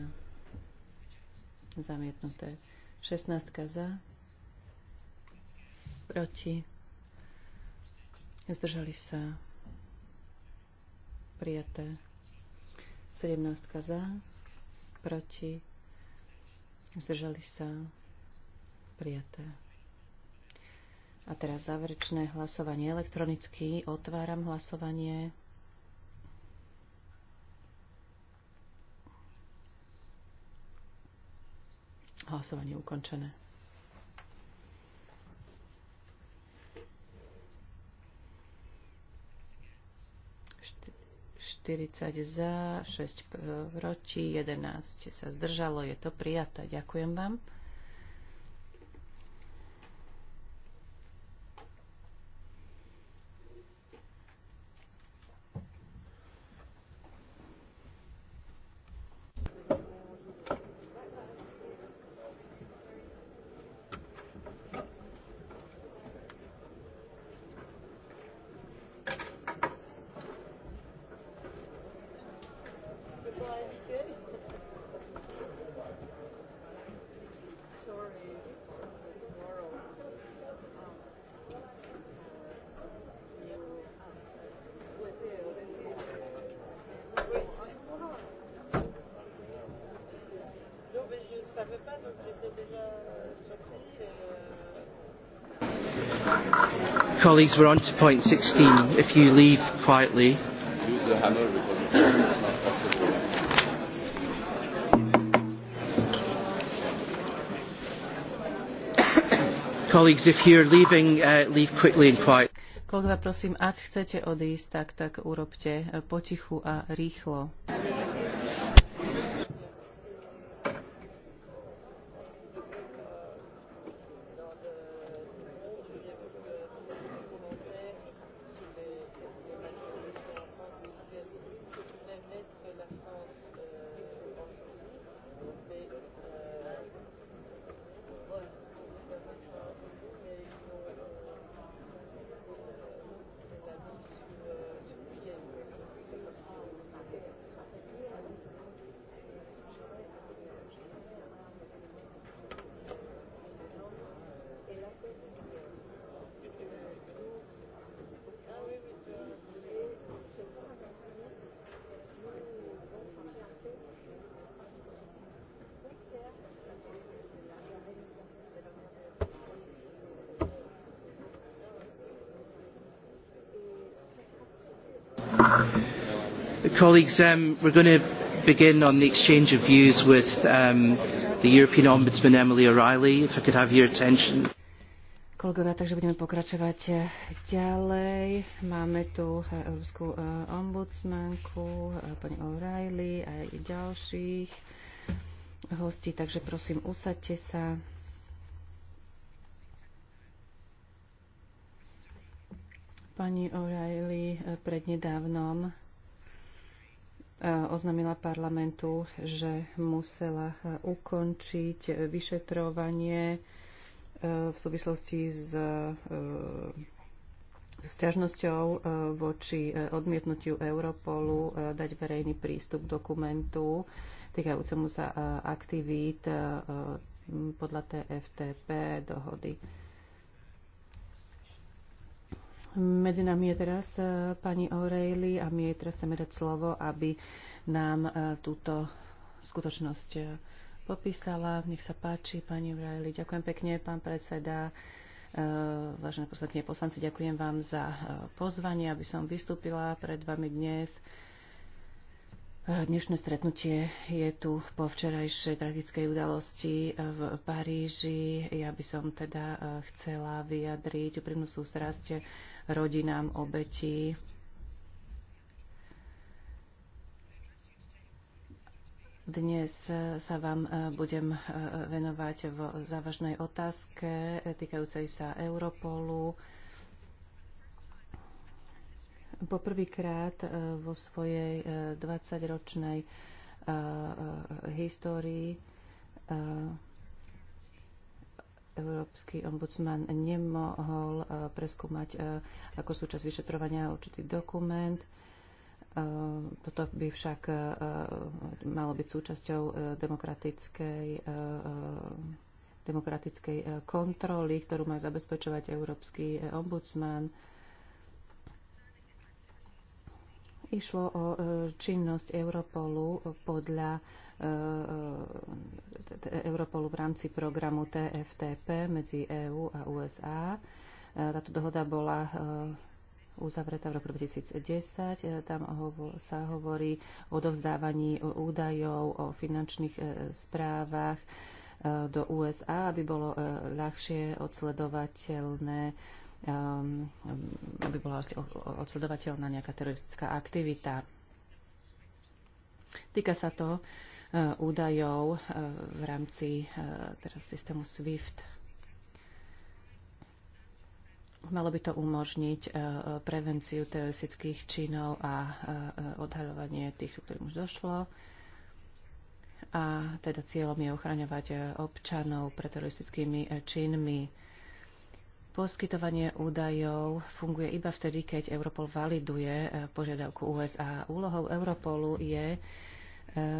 zamietnuté. 16 za, proti, zdržali sa, prijaté. 17 za, proti, zdržali sa, prijaté. A teraz záverečné hlasovanie elektronicky. Otváram hlasovanie. Hlasovanie ukončené. 40 za, 6 proti, 11 sa zdržalo, je to prijaté. Ďakujem vám. Colleagues, we're on to point 16. If you leave quietly. Use the hammer because it's not possible. Colleagues, if you're leaving, uh, leave quickly and quietly. Kolega, prosím, ak chcete odísť, tak, tak urobte eh, potichu a rýchlo. Colleagues, um, we're going to begin on the exchange of views with um, the European Ombudsman Emily O'Reilly. If I could have your attention. Kolegovia, takže budeme pokračovať eh, ďalej. Máme tu eh, Európsku eh, ombudsmanku, pani O'Reilly a aj ďalších hostí, takže prosím, usadte sa. Pani O'Reilly prednedávnom oznámila parlamentu, že musela e, ukončiť e, vyšetrovanie e, v súvislosti s sťažnosťou voči odmietnutiu Europolu dať verejný prístup dokumentu týkajúcemu sa aktivít podľa TFTP dohody. Medzi nami je teraz e, pani O'Reilly a my jej teraz chceme dať slovo, aby nám e, túto skutočnosť e, popísala. Nech sa páči, pani O'Reilly. Ďakujem pekne, pán predseda. Vážené poslankyne poslanci, ďakujem vám za pozvanie, aby som vystúpila pred vami dnes. Dnešné stretnutie je tu po včerajšej tragickej udalosti v Paríži. Ja by som teda chcela vyjadriť úprimnú sústrasť rodinám obetí. Dnes sa vám eh, budem eh, venovať v závažnej otázke týkajúcej sa Europolu. Poprvýkrát eh, vo svojej 20-ročnej histórii Európsky ombudsman nemohol e, preskúmať e, ako súčasť vyšetrovania určitý dokument. E, toto by však malo byť súčasťou demokratickej, demokratickej kontroly, ktorú má zabezpečovať Európsky ombudsman. Išlo o činnosť Europolu podľa E, e, Europolu v rámci programu TFTP medzi EÚ a USA. E, táto dohoda bola uzavretá v roku 2010. Tam sa hovorí o dovzdávaní údajov, o finančných správach do USA, aby bolo ľahšie odsledovateľné aby bola odsledovateľná nejaká teroristická aktivita. Týka sa to Eh, údajov eh, v rámci eh, teraz systému SWIFT. Malo by to umožniť prevenciu teroristických činov a odhaľovanie tých, ktorým už došlo. A teda cieľom je ochraňovať občanov pred teroristickými činmi. Poskytovanie údajov funguje iba vtedy, keď Europol validuje požiadavku USA. Úlohou Europolu je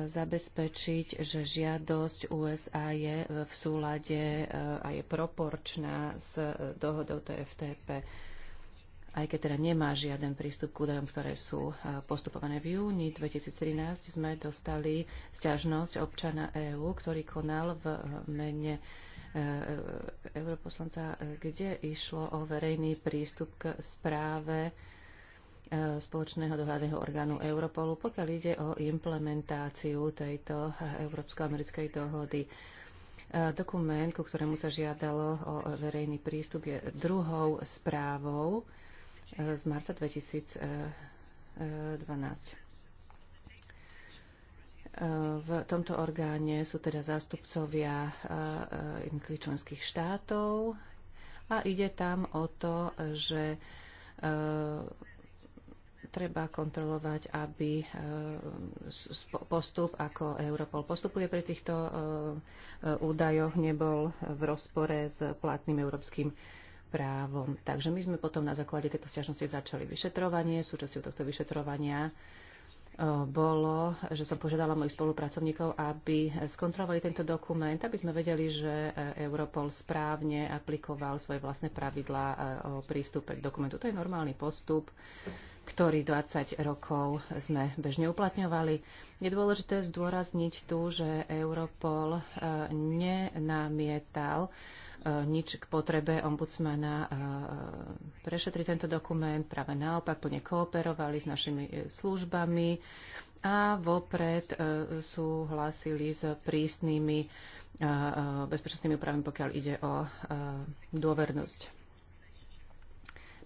zabezpečiť, že žiadosť USA je v súlade eh, a je proporčná s eh, dohodou TFTP, aj keď teda nemá žiaden prístup k údajom, ktoré sú eh, postupované. V júni 2013 sme dostali sťažnosť občana EÚ, ktorý konal v mene europoslanca, kde išlo o verejný prístup k správe E, spoločného dohľadného orgánu Europolu, pokiaľ ide o implementáciu tejto európsko-americkej dohody. E, dokument, ku ktorému sa žiadalo o verejný prístup, je druhou správou e, z marca 2012. V tomto orgáne sú teda zástupcovia jednotlivých členských štátov a ide tam o to, že treba kontrolovať, aby e, postup, ako Europol postupuje pri týchto e, e, údajoch, nebol v rozpore s platným európskym právom. Takže my sme potom na základe tejto stiažnosti začali vyšetrovanie. Súčasťou tohto vyšetrovania bolo, že som požiadala mojich spolupracovníkov, aby skontrolovali tento dokument, aby sme vedeli, že Europol správne aplikoval svoje vlastné pravidlá o prístupe k dokumentu. To je normálny postup ktorý 20 rokov sme bežne uplatňovali. Je dôležité zdôrazniť tu, že Europol e, nenamietal e, nič k potrebe ombudsmana e, prešetriť tento dokument. Práve naopak plne kooperovali s našimi službami a vopred súhlasili s prísnymi bezpečnostnými právami, pokiaľ ide o dôvernosť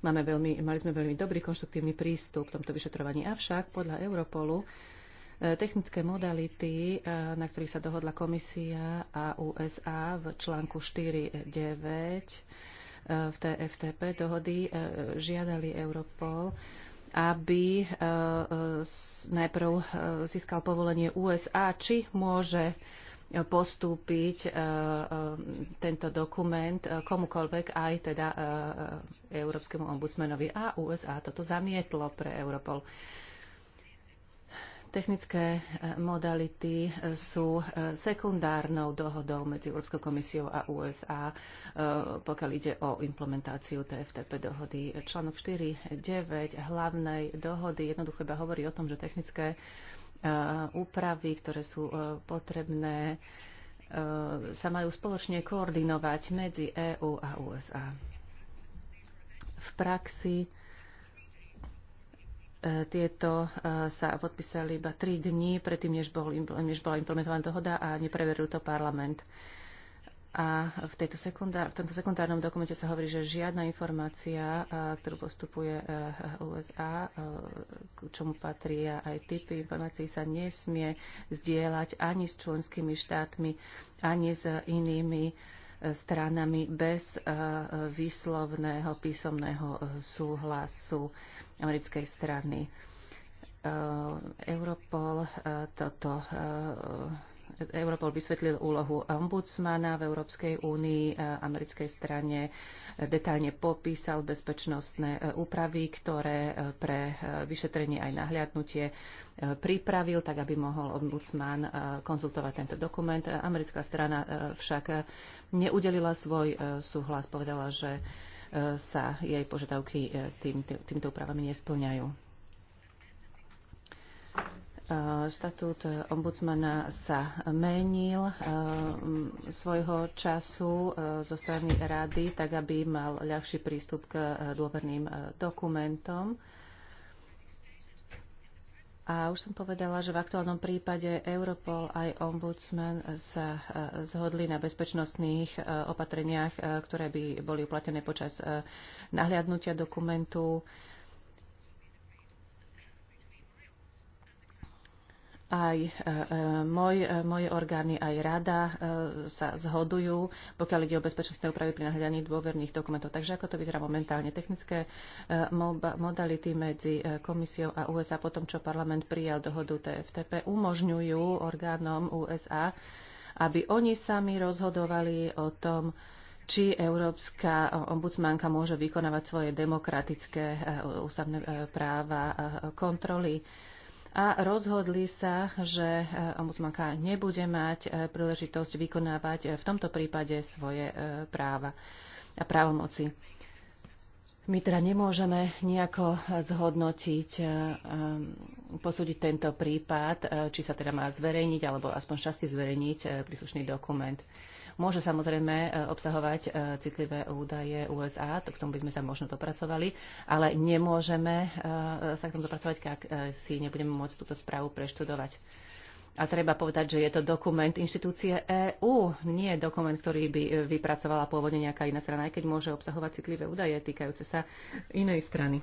Máme veľmi, mali sme veľmi dobrý konštruktívny prístup k tomto vyšetrovaní. Avšak podľa Europolu e, technické modality, e, na ktorých sa dohodla komisia a USA v článku 4.9 e, v TFTP dohody žiadali Europol, aby najprv získal povolenie USA, či môže postúpiť e, e, tento dokument e, komukoľvek, aj teda Európskemu ombudsmanovi. A USA toto zamietlo pre Europol. Technické modality sú sekundárnou dohodou medzi Európskou komisiou a USA, pokiaľ ide o implementáciu TFTP dohody. Článok 4.9 hlavnej dohody jednoducho iba hovorí o tom, že technické úpravy, ktoré sú e, potrebné, e, sa majú spoločne koordinovať medzi EÚ a USA. V praxi e, tieto sa podpísali iba tri dní predtým, než bola implementovaná dohoda a nepreveril to parlament. A v, tejto sekundár, v tomto sekundárnom dokumente sa hovorí, že žiadna informácia, ktorú postupuje e, USA, e, k čomu patrí aj typy informácií, sa nesmie zdieľať ani s členskými štátmi, ani s inými e, stranami bez výslovného písomného súhlasu americkej strany. Europol toto Europol vysvetlil úlohu ombudsmana v Európskej únii, e, americkej strane e, detálne popísal bezpečnostné e, úpravy, ktoré pre vyšetrenie aj nahliadnutie pripravil, tak aby mohol ombudsman konzultovať tento dokument. Americká strana však neudelila svoj súhlas, povedala, že sa jej požiadavky tým, týmto úpravami nesplňajú. Eh, štatút eh, ombudsmana sa menil eh, svojho času zo strany rady, tak aby mal ľahší prístup k dôverným dokumentom. A už som povedala, že v aktuálnom prípade Europol aj ombudsman sa zhodli na bezpečnostných opatreniach, ktoré by boli uplatené počas nahliadnutia dokumentu aj e, e, môj, e, moje orgány, aj rada sa zhodujú, pokiaľ ide o bezpečnostné úpravy pri nahľadaní dôverných dokumentov. Takže ako to vyzerá momentálne? Technické modality medzi komisiou a USA po tom, čo parlament prijal dohodu TFTP, umožňujú orgánom USA, aby oni sami rozhodovali o tom, či európska ombudsmanka môže vykonávať svoje demokratické ústavné práva kontroly a rozhodli sa, že e, ombudsmanka nebude mať e, príležitosť vykonávať e, v tomto prípade svoje práva a právomoci. My teda nemôžeme nejako zhodnotiť, posúdiť tento prípad, či sa teda má zverejniť, alebo aspoň časti zverejniť príslušný dokument môže samozrejme e, obsahovať e, citlivé údaje USA, to k tomu by sme sa možno dopracovali, ale nemôžeme e, sa k tomu dopracovať, ak si nebudeme môcť túto správu preštudovať. A treba povedať, že je to dokument inštitúcie EÚ, nie dokument, ktorý by vypracovala pôvodne nejaká iná strana, aj keď môže obsahovať citlivé údaje týkajúce sa inej strany.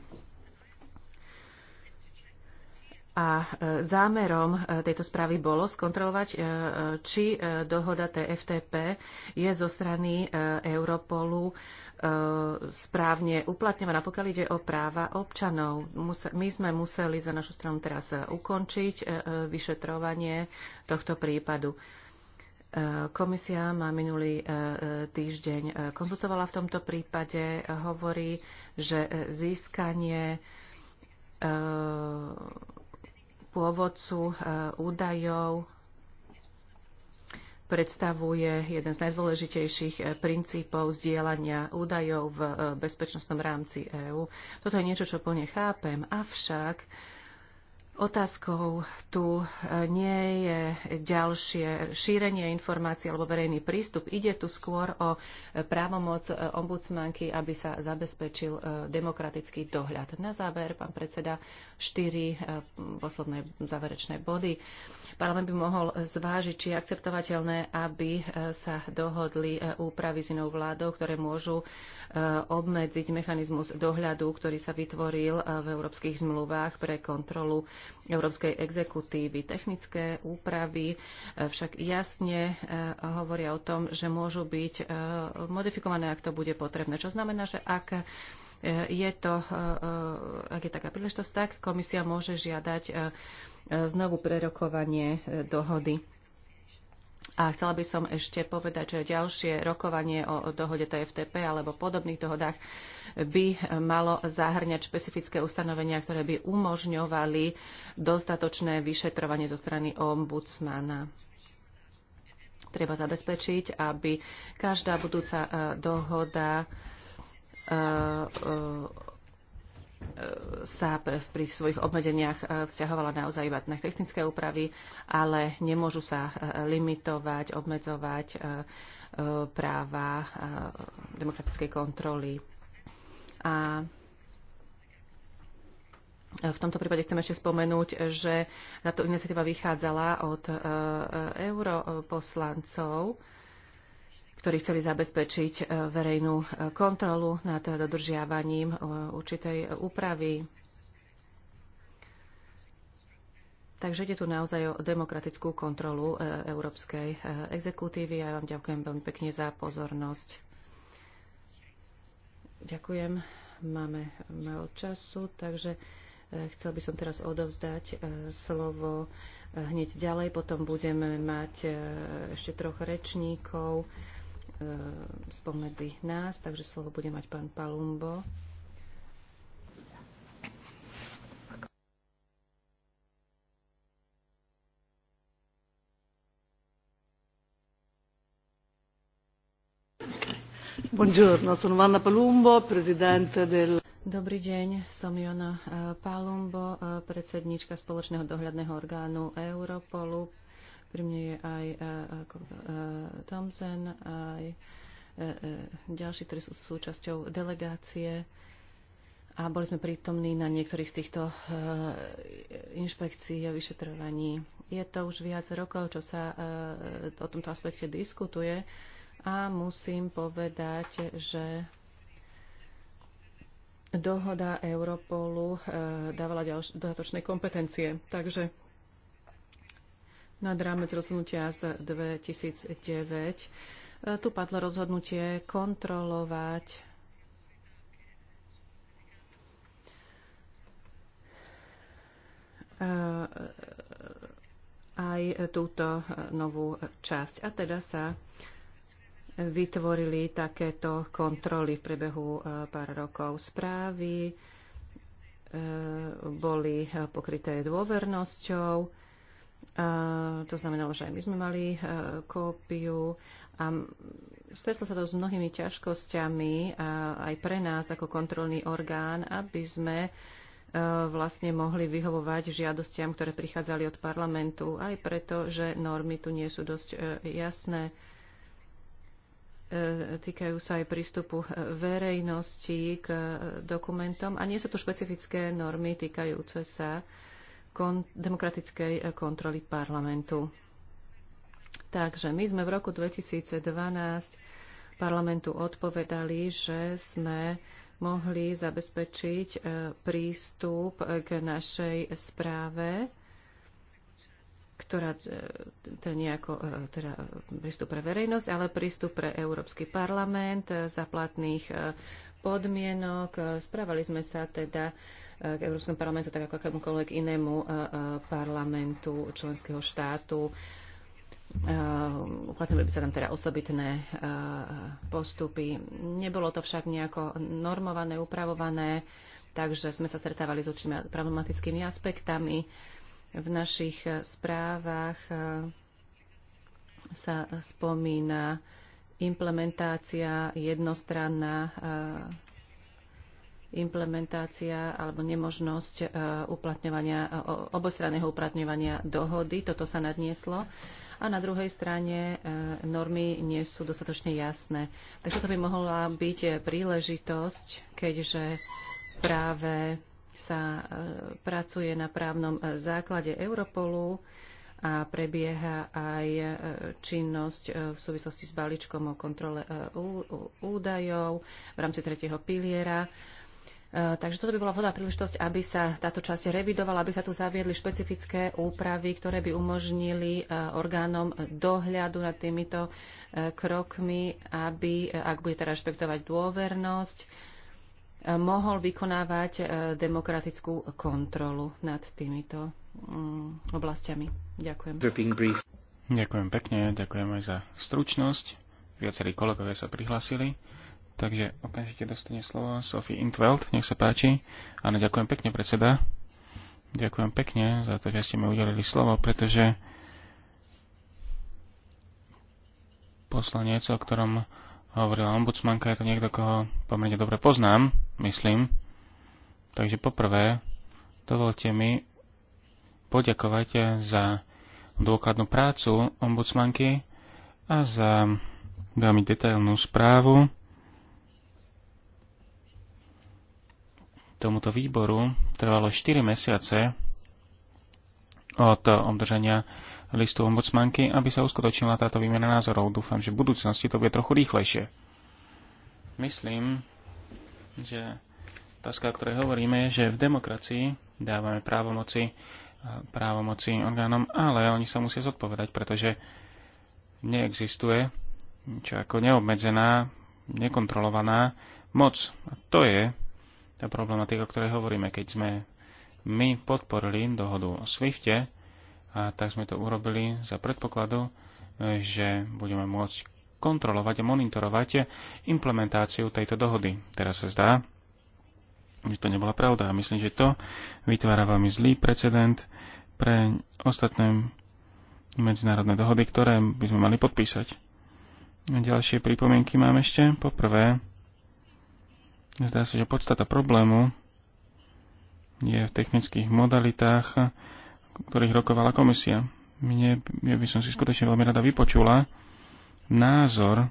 A e, zámerom e, tejto správy bolo skontrolovať, e, či dohoda TFTP je zo strany Europolu správne uplatňovaná, pokiaľ ide o práva občanov. My sme museli za našu stranu teraz ukončiť vyšetrovanie tohto prípadu. Komisia ma minulý týždeň konzultovala v tomto prípade. Hovorí, že získanie pôvodcu e, údajov predstavuje jeden z najdôležitejších e, princípov zdieľania údajov v e, bezpečnostnom rámci EÚ. Toto je niečo, čo plne chápem, avšak Otázkou tu e, nie je ďalšie šírenie informácií alebo verejný prístup. Ide tu skôr o e, právomoc e, ombudsmanky, aby sa zabezpečil demokratický dohľad. Na záver, pán predseda, štyri posledné záverečné body. Parlament by mohol zvážiť, či je akceptovateľné, aby sa dohodli úpravy s inou vládou, ktoré môžu obmedziť mechanizmus dohľadu, ktorý sa vytvoril v európskych zmluvách pre kontrolu Európskej exekutívy. Technické úpravy e, však jasne e, hovoria o tom, že môžu byť e, modifikované, ak to bude potrebné. Čo znamená, že ak je to, ak je taká príležitosť, tak komisia môže žiadať znovu prerokovanie dohody. A chcela by som ešte povedať, že ďalšie rokovanie o dohode TFTP alebo podobných dohodách by malo zahrňať špecifické ustanovenia, ktoré by umožňovali dostatočné vyšetrovanie zo strany ombudsmana. Treba zabezpečiť, aby každá budúca e, dohoda e, e, sa pri svojich obmedzeniach e, vzťahovala naozaj iba na technické úpravy, ale nemôžu sa e, limitovať, obmedzovať e, práva demokratickej kontroly. A v tomto prípade chcem ešte spomenúť, že táto iniciatíva vychádzala od europoslancov, ktorí chceli zabezpečiť e, verejnú e, kontrolu nad dodržiavaním e, určitej úpravy. Takže ide tu naozaj o demokratickú kontrolu európskej exekutívy a ja vám ďakujem veľmi pekne za pozornosť. Ďakujem. Máme malo času, takže Chcel by som teraz odovzdať slovo hneď ďalej, potom budeme mať ešte troch rečníkov. E, spomedzi nás, takže slovo bude mať pán Palumbo. Buongiorno, sono Vanna Palumbo, presidente del Dobrý deň, som Jona e, Palumbo, e, predsednička spoločného dohľadného orgánu Europolu pri mne je aj e, e, e, Thompson, aj ďalší, ktorí sú súčasťou delegácie a boli sme prítomní na niektorých z týchto inšpekcií a vyšetrovaní. Je to už viac rokov, čo sa o tomto aspekte diskutuje a musím povedať, že dohoda Europolu dávala ďalš- dodatočné kompetencie. Takže nad rámec rozhodnutia z 2009. E, tu padlo rozhodnutie kontrolovať e, e, aj túto novú časť. A teda sa vytvorili takéto kontroly v priebehu pár rokov správy, boli pokryté dôvernosťou to znamenalo, že aj my sme mali e, kópiu a stretlo sa to s mnohými ťažkosťami aj pre nás ako kontrolný orgán, aby sme e, vlastne mohli vyhovovať žiadostiam, ktoré prichádzali od parlamentu, aj preto, že normy tu nie sú dosť e, jasné. Týkajú sa aj prístupu verejnosti k dokumentom a nie sú tu špecifické normy týkajúce sa kon- demokratickej eh, kontroly parlamentu. Takže my sme v roku 2012 parlamentu odpovedali, že sme mohli zabezpečiť eh, prístup eh, k našej správe ktorá teda nejako, teda prístup pre verejnosť, ale prístup pre Európsky parlament za platných podmienok. Správali sme sa teda k Európskom parlamentu, tak ako akémukoľvek inému e, e, parlamentu členského štátu. E, uplatnili by sa tam teda osobitné postupy. Nebolo to však nejako normované, upravované, takže sme sa stretávali s určitými problematickými aspektami. V našich správach sa spomína implementácia jednostranná implementácia alebo nemožnosť e, uplatňovania, e, obostranného uplatňovania dohody. Toto sa nadnieslo. A na druhej strane e, normy nie sú dostatočne jasné. Takže to by mohla byť príležitosť, keďže práve sa pracuje na právnom základe Europolu a prebieha aj činnosť v súvislosti s balíčkom o kontrole údajov v rámci tretieho piliera Eh, takže toto by bola vhodná príležitosť, aby sa táto časť revidovala, aby sa tu zaviedli špecifické úpravy, ktoré by umožnili eh, orgánom dohľadu nad týmito eh, krokmi, aby, ak bude teda rešpektovať dôvernosť, mohol vykonávať demokratickú kontrolu nad týmito mm, oblastiami. Ďakujem. Ďakujem pekne, ďakujem aj za stručnosť. Viacerí kolegovia sa prihlasili. Takže okamžite dostane slovo Sophie Intveld, nech sa páči. Áno, ďakujem pekne, predseda. Ďakujem pekne za to, že ste mi udelili slovo, pretože poslanec, o ktorom hovorila ombudsmanka, je to niekto, koho pomerne dobre poznám, myslím. Takže poprvé, dovolte mi poďakovať za dôkladnú prácu ombudsmanky a za veľmi detailnú správu tomuto výboru trvalo 4 mesiace od obdržania listu ombudsmanky, aby sa uskutočnila táto výmena názorov. Dúfam, že v budúcnosti to bude trochu rýchlejšie. Myslím, že otázka, o ktorej hovoríme, je, že v demokracii dávame právomoci, právomoci orgánom, ale oni sa musia zodpovedať, pretože neexistuje čo ako neobmedzená, nekontrolovaná moc. A to je tá problematika, o ktorej hovoríme. Keď sme my podporili dohodu o Swifte, a tak sme to urobili za predpokladu, že budeme môcť kontrolovať a monitorovať implementáciu tejto dohody. Teraz sa zdá, že to nebola pravda a myslím, že to vytvára veľmi zlý precedent pre ostatné medzinárodné dohody, ktoré by sme mali podpísať. Ďalšie pripomienky mám ešte. Poprvé, Zdá sa, že podstata problému je v technických modalitách, ktorých rokovala komisia. Mne, ja by som si skutočne veľmi rada vypočula názor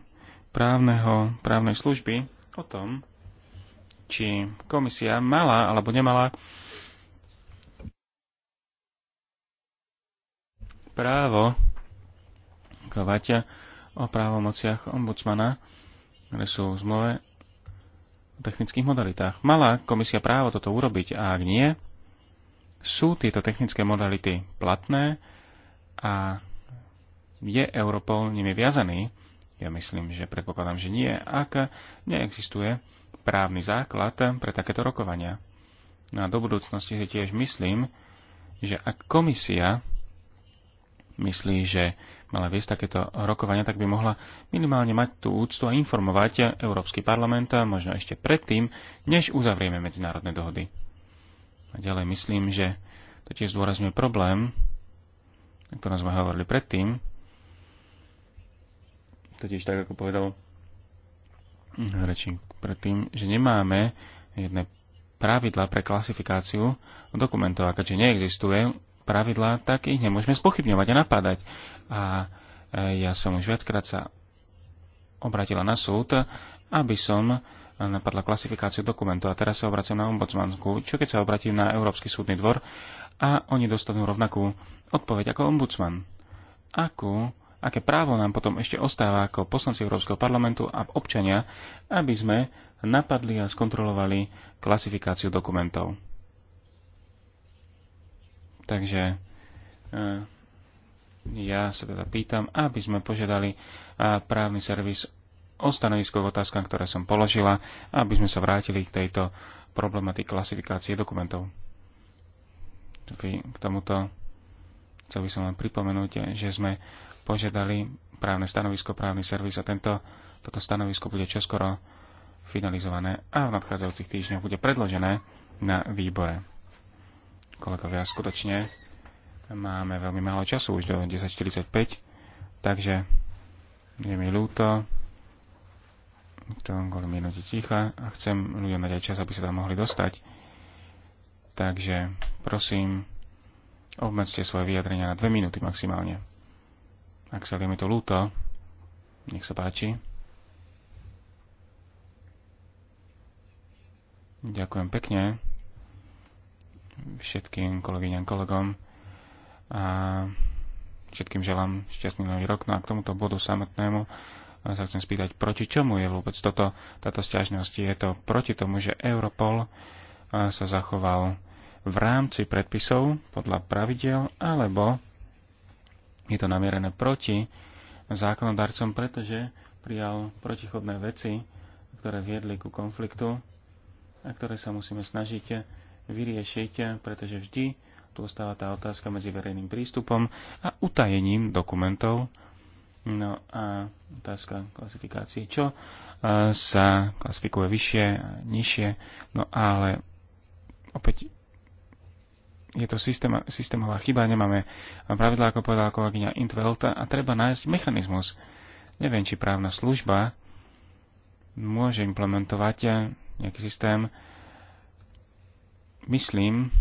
právneho, právnej služby o tom, či komisia mala alebo nemala právo kovať o právomociach ombudsmana, ktoré sú v zmluve technických modalitách. Mala komisia právo toto urobiť a ak nie, sú tieto technické modality platné a je Europol nimi viazaný? Ja myslím, že predpokladám, že nie, ak neexistuje právny základ pre takéto rokovania. No a do budúcnosti si tiež myslím, že ak komisia myslí, že mala viesť takéto rokovania, tak by mohla minimálne mať tú úctu a informovať Európsky parlament a možno ešte predtým, než uzavrieme medzinárodné dohody. A ďalej myslím, že to tiež zdôrazňuje problém, o ktorom sme hovorili predtým, totiž tak, ako povedal rečník predtým, že nemáme jedné pravidla pre klasifikáciu dokumentov, a keďže neexistuje pravidlá, tak ich nemôžeme spochybňovať a napadať. A e, ja som už viackrát sa obratila na súd, aby som napadla klasifikáciu dokumentu a teraz sa obracím na ombudsmanku, čo keď sa obratím na Európsky súdny dvor a oni dostanú rovnakú odpoveď ako ombudsman. Akú aké právo nám potom ešte ostáva ako poslanci Európskeho parlamentu a občania, aby sme napadli a skontrolovali klasifikáciu dokumentov. Takže eh, ja sa teda pýtam, aby sme požiadali eh, právny servis o stanovisko k otázkam, ktoré som položila, aby sme sa vrátili k tejto problematike klasifikácie dokumentov. K tomuto chcel by som len pripomenúť, že sme požiadali právne stanovisko, právny servis a tento, toto stanovisko bude čoskoro finalizované a v nadchádzajúcich týždňoch bude predložené na výbore kolegovia, skutočne máme veľmi málo času, už do 10.45, takže je mi ľúto, to kvôli minúti ticha a chcem ľuďom dať aj čas, aby sa tam mohli dostať. Takže prosím, obmedzte svoje vyjadrenia na dve minúty maximálne. Ak sa mi to ľúto, nech sa páči. Ďakujem pekne všetkým kolegyňam, kolegom a všetkým želám šťastný nový rok. No a k tomuto bodu samotnému sa chcem spýtať, proti čomu je vôbec toto, táto stiažnosť. Je to proti tomu, že Europol sa zachoval v rámci predpisov podľa pravidel, alebo je to namierené proti zákonodarcom, pretože prijal protichodné veci, ktoré viedli ku konfliktu a ktoré sa musíme snažiť vyriešiť, pretože vždy tu ostáva tá otázka medzi verejným prístupom a utajením dokumentov. No a otázka klasifikácie, čo e, sa klasifikuje vyššie a nižšie. No ale opäť je to systém, systémová chyba, nemáme pravidlá, ako povedala kolegyňa Intvelta a treba nájsť mechanizmus. Neviem, či právna služba môže implementovať nejaký systém, Myslím,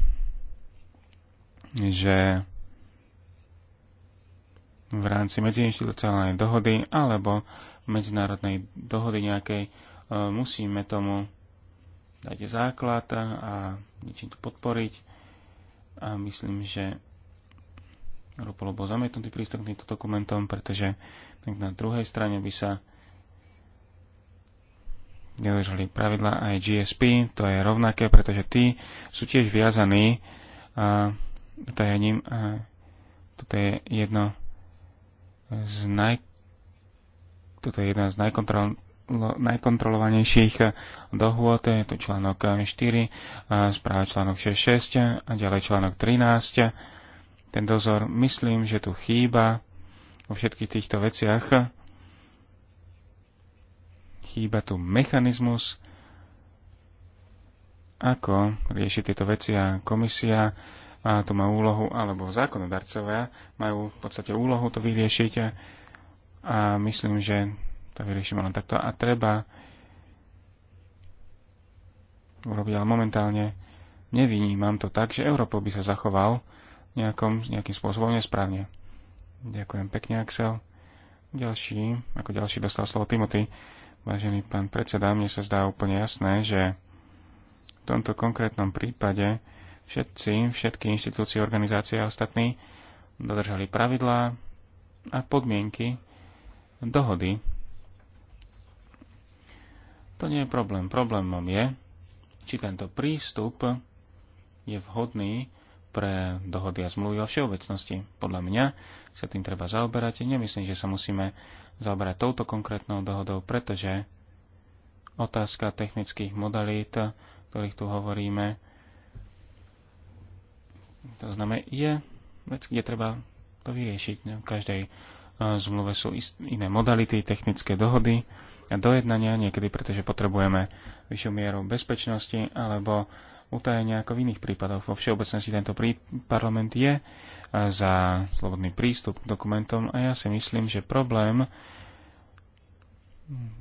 že v rámci medziinstitucionálnej dohody alebo medzinárodnej dohody nejakej e, musíme tomu dať základ a niečím to podporiť. A myslím, že Rupolo bol zamietnutý prístup k týmto dokumentom, pretože tak na druhej strane by sa dodržali pravidla aj GSP, to je rovnaké, pretože tí sú tiež viazaní uh, tajením a toto je jedno z naj, toto je jedna z najkontrol, najkontrolovanejších dohôd, je to článok 4, správa článok 6.6 a ďalej článok 13. Ten dozor, myslím, že tu chýba vo všetkých týchto veciach chýba tu mechanizmus, ako riešiť tieto veci a komisia a tu má úlohu, alebo zákonodarcovia majú v podstate úlohu to vyriešiť a, myslím, že to vyriešime len takto a treba urobiť, ale momentálne nevynímam to tak, že Európa by sa zachoval nejakom, nejakým spôsobom nesprávne. Ďakujem pekne, Axel. Ďalší, ako ďalší dostal slovo Timothy. Vážený pán predseda, mne sa zdá úplne jasné, že v tomto konkrétnom prípade všetci, všetky inštitúcie, organizácie a ostatní dodržali pravidlá a podmienky dohody. To nie je problém. Problémom je, či tento prístup je vhodný pre dohody a zmluvy o všeobecnosti. Podľa mňa sa tým treba zaoberať. Nemyslím, že sa musíme zaoberať touto konkrétnou dohodou, pretože otázka technických modalít, ktorých tu hovoríme, to znamená, je vec, kde treba to vyriešiť. V každej e, zmluve sú iné modality, technické dohody a dojednania, niekedy pretože potrebujeme vyššiu mieru bezpečnosti alebo utajenia ako v iných prípadoch. Vo všeobecnosti tento parlament je eh, za slobodný prístup k dokumentom a ja si myslím, že problém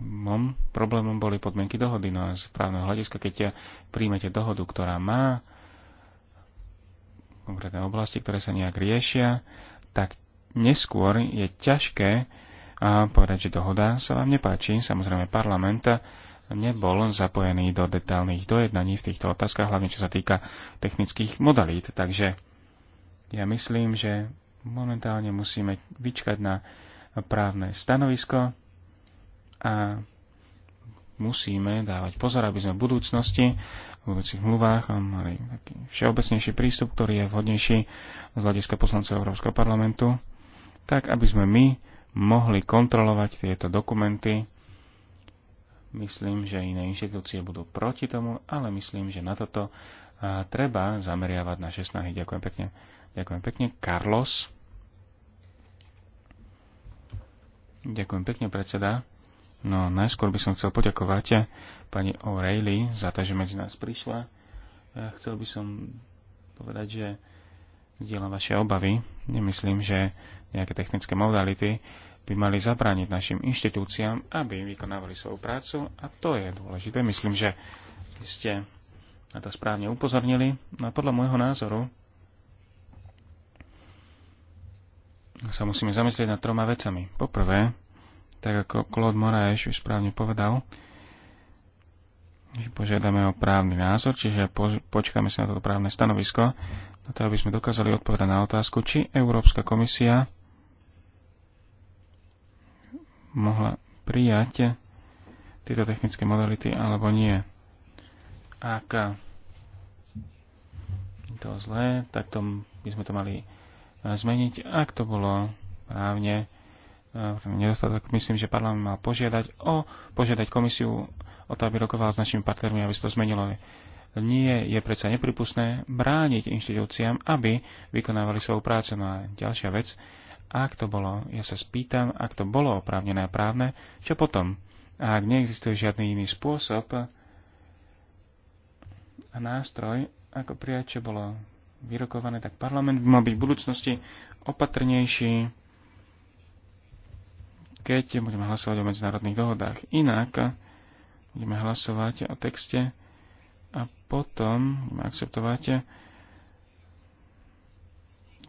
Mom, problémom boli podmienky dohody. No a z právneho hľadiska, keď ja príjmete dohodu, ktorá má konkrétne oblasti, ktoré sa nejak riešia, tak neskôr je ťažké a eh, povedať, že dohoda sa vám nepáči. Samozrejme, parlament nebol zapojený do detailných dojednaní v týchto otázkach, hlavne čo sa týka technických modalít. Takže ja myslím, že momentálne musíme vyčkať na právne stanovisko a musíme dávať pozor, aby sme v budúcnosti, v budúcich mluvách mali taký všeobecnejší prístup, ktorý je vhodnejší z hľadiska poslancov Európskeho parlamentu, tak aby sme my mohli kontrolovať tieto dokumenty Myslím, že iné inštitúcie budú proti tomu, ale myslím, že na toto treba zameriavať naše snahy. Ďakujem pekne. Ďakujem pekne. Carlos. Ďakujem pekne, predseda. No, najskôr by som chcel poďakovať pani O'Reilly za to, že medzi nás prišla. Ja chcel by som povedať, že zdieľam vaše obavy. Nemyslím, že nejaké technické modality by mali zabrániť našim inštitúciám, aby vykonávali svoju prácu a to je dôležité. Myslím, že ste na to správne upozornili No a podľa môjho názoru sa musíme zamyslieť nad troma vecami. Poprvé, tak ako Claude Moraes už správne povedal, že požiadame o právny názor, čiže počkáme si na toto právne stanovisko, na to, aby sme dokázali odpovedať na otázku, či Európska komisia mohla prijať tieto technické modality alebo nie. Ak to zlé, tak to by sme to mali eh, zmeniť. Ak to bolo právne eh, nedostatok, myslím, že parlament mal požiadať o požiadať komisiu o to, aby rokovala s našimi partnermi, aby sa to zmenilo. Nie je predsa nepripustné brániť inštitúciám, aby vykonávali svoju prácu. No a ďalšia vec, ak to bolo, ja sa spýtam, ak to bolo oprávnené a právne, čo potom? A ak neexistuje žiadny iný spôsob a nástroj, ako prijať, čo bolo vyrokované, tak parlament by mal byť v budúcnosti opatrnejší, keď budeme hlasovať o medzinárodných dohodách. Inak budeme hlasovať o texte a potom budeme akceptovať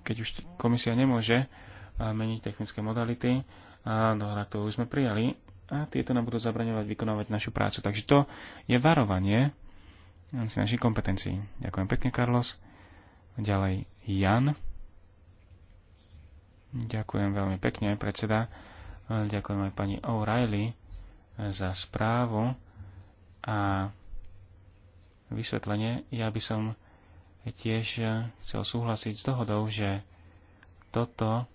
keď už komisia nemôže meniť technické modality a dohľad ktorú sme prijali a tieto nám budú zabraňovať vykonávať našu prácu. Takže to je varovanie z našich kompetencií. Ďakujem pekne, Carlos. Ďalej Jan. Ďakujem veľmi pekne, predseda. Ďakujem aj pani O'Reilly za správu a vysvetlenie. Ja by som tiež chcel súhlasiť s dohodou, že toto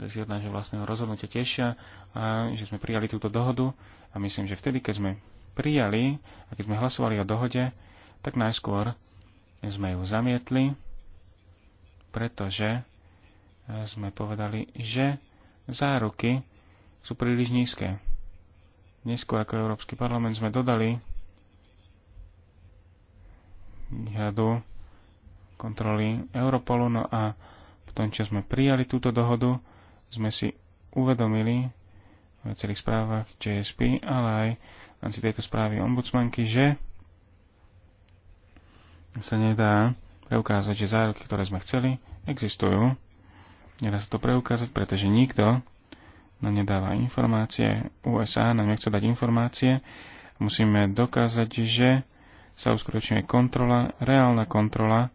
z jedného vlastného rozhodnutia tešia, a že sme prijali túto dohodu a myslím, že vtedy, keď sme prijali a keď sme hlasovali o dohode, tak najskôr sme ju zamietli, pretože sme povedali, že záruky sú príliš nízke. Neskôr ako Európsky parlament sme dodali výhradu kontroly Europolu, no a v tom, čo sme prijali túto dohodu, sme si uvedomili v celých správach JSP, ale aj v rámci tejto správy ombudsmanky, že sa nedá preukázať, že záruky, ktoré sme chceli, existujú. Nedá sa to preukázať, pretože nikto nám nedáva informácie, USA nám nechce dať informácie. Musíme dokázať, že sa uskutočňuje kontrola, reálna kontrola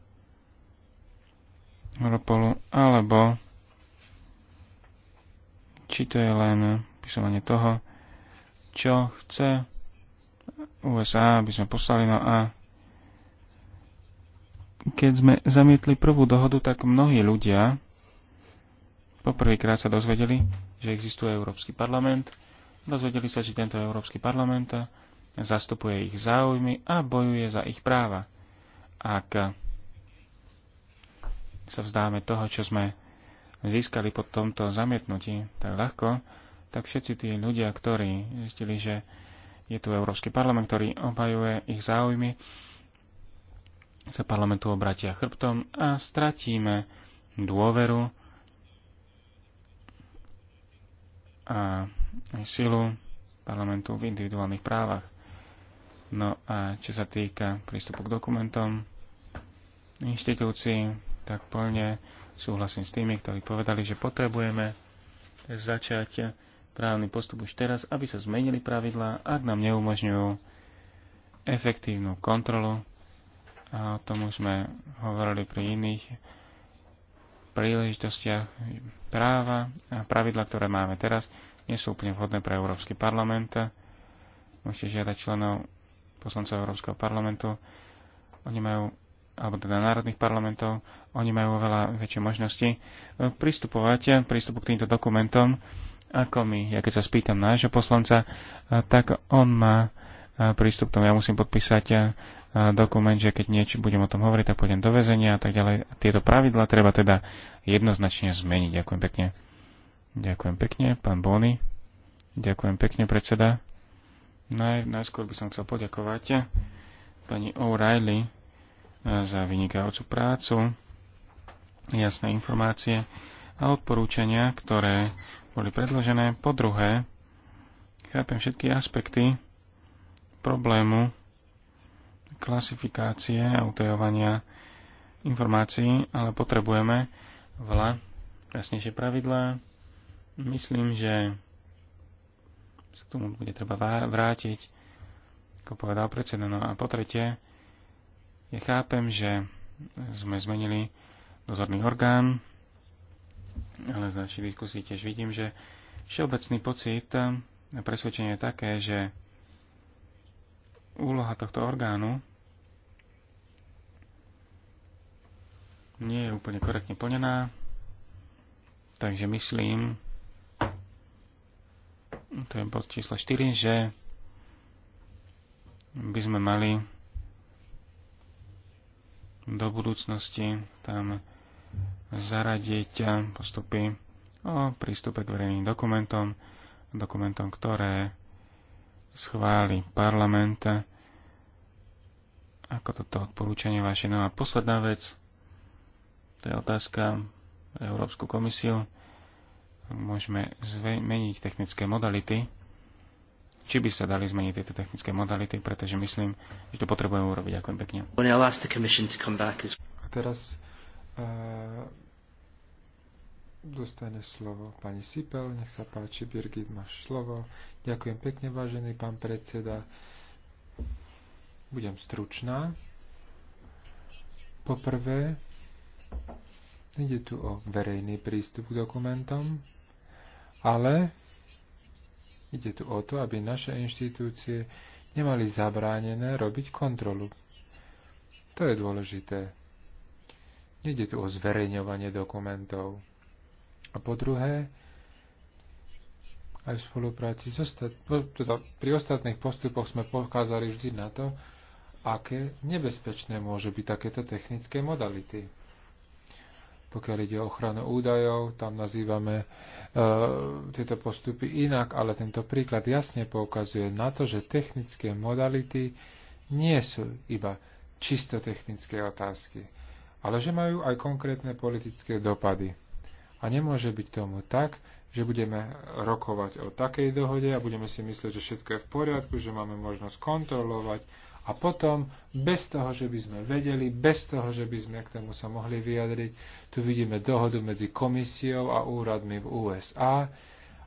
Europolu alebo či to je len písovanie toho, čo chce USA, aby sme poslali. No a keď sme zamietli prvú dohodu, tak mnohí ľudia poprvýkrát sa dozvedeli, že existuje Európsky parlament, dozvedeli sa, či tento Európsky parlament zastupuje ich záujmy a bojuje za ich práva. Ak sa vzdáme toho, čo sme získali po tomto zamietnutí tak ľahko, tak všetci tí ľudia, ktorí zistili, že je tu Európsky parlament, ktorý obhajuje ich záujmy, sa parlamentu obratia chrbtom a stratíme dôveru a silu parlamentu v individuálnych právach. No a čo sa týka prístupu k dokumentom inštitúcií, tak plne súhlasím s tými, ktorí povedali, že potrebujeme začať právny postup už teraz, aby sa zmenili pravidlá, ak nám neumožňujú efektívnu kontrolu. A o tom už sme hovorili pri iných príležitostiach práva a pravidla, ktoré máme teraz, nie sú úplne vhodné pre Európsky parlament. Môžete žiadať členov poslancov Európskeho parlamentu. Oni majú alebo teda národných parlamentov, oni majú oveľa väčšie možnosti e, pristupovať, e, prístupu k týmto dokumentom ako my. Ja keď sa spýtam nášho poslanca, e, tak on má prístup k tomu. Ja musím podpísať dokument, že keď niečo budem o tom hovoriť, tak pôjdem do väzenia a tak ďalej. Tieto pravidla treba teda jednoznačne zmeniť. Ďakujem pekne. Ďakujem pekne, pán Bony. Ďakujem pekne, predseda. Naj, najskôr by som chcel poďakovať pani O'Reilly za vynikajúcu prácu, jasné informácie a odporúčania, ktoré boli predložené. Po druhé, chápem všetky aspekty problému klasifikácie a utajovania informácií, ale potrebujeme veľa jasnejšie pravidlá. Myslím, že sa k tomu bude treba vrátiť, ako povedal predseda. No a po tretie, ja chápem, že sme zmenili dozorný orgán, ale z našej diskusie tiež vidím, že všeobecný pocit a presvedčenie je také, že úloha tohto orgánu nie je úplne korektne plnená, takže myslím, to je bod číslo 4, že by sme mali do budúcnosti tam zaradiť postupy o prístupe k verejným dokumentom, dokumentom, ktoré schváli parlament, ako toto odporúčanie vaše. No a posledná vec, to je otázka Európsku komisiu. Môžeme zmeniť technické modality či by sa dali zmeniť tieto technické modality, pretože myslím, že to potrebujeme urobiť. Ďakujem pekne. A teraz uh, dostane slovo pani Sipel. Nech sa páči, Birgit, máš slovo. Ďakujem pekne, vážený pán predseda. Budem stručná. Poprvé, ide tu o verejný prístup k dokumentom, ale Ide tu o to, aby naše inštitúcie nemali zabránené robiť kontrolu. To je dôležité. Nede tu o zverejňovanie dokumentov. A po druhé, aj v spolupráci s ostat... teda pri ostatných postupoch sme pokázali vždy na to, aké nebezpečné môžu byť takéto technické modality. Pokiaľ ide o ochranu údajov, tam nazývame e, tieto postupy inak, ale tento príklad jasne poukazuje na to, že technické modality nie sú iba čisto technické otázky, ale že majú aj konkrétne politické dopady. A nemôže byť tomu tak, že budeme rokovať o takej dohode a budeme si myslieť, že všetko je v poriadku, že máme možnosť kontrolovať a potom, bez toho, že by sme vedeli, bez toho, že by sme k tomu sa mohli vyjadriť, tu vidíme dohodu medzi komisiou a úradmi v USA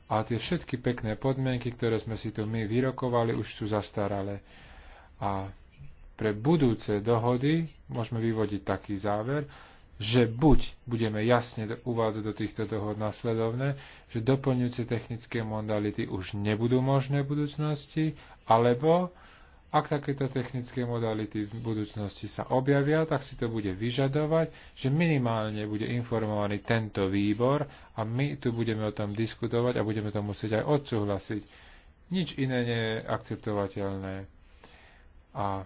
a tie všetky pekné podmienky, ktoré sme si tu my vyrokovali, už sú zastaralé. A pre budúce dohody môžeme vyvodiť taký záver, že buď budeme jasne uvádzať do týchto dohod nasledovné, že doplňujúce technické modality už nebudú možné v budúcnosti, alebo ak takéto technické modality v budúcnosti sa objavia, tak si to bude vyžadovať, že minimálne bude informovaný tento výbor a my tu budeme o tom diskutovať a budeme to musieť aj odsúhlasiť. Nič iné nie je akceptovateľné. A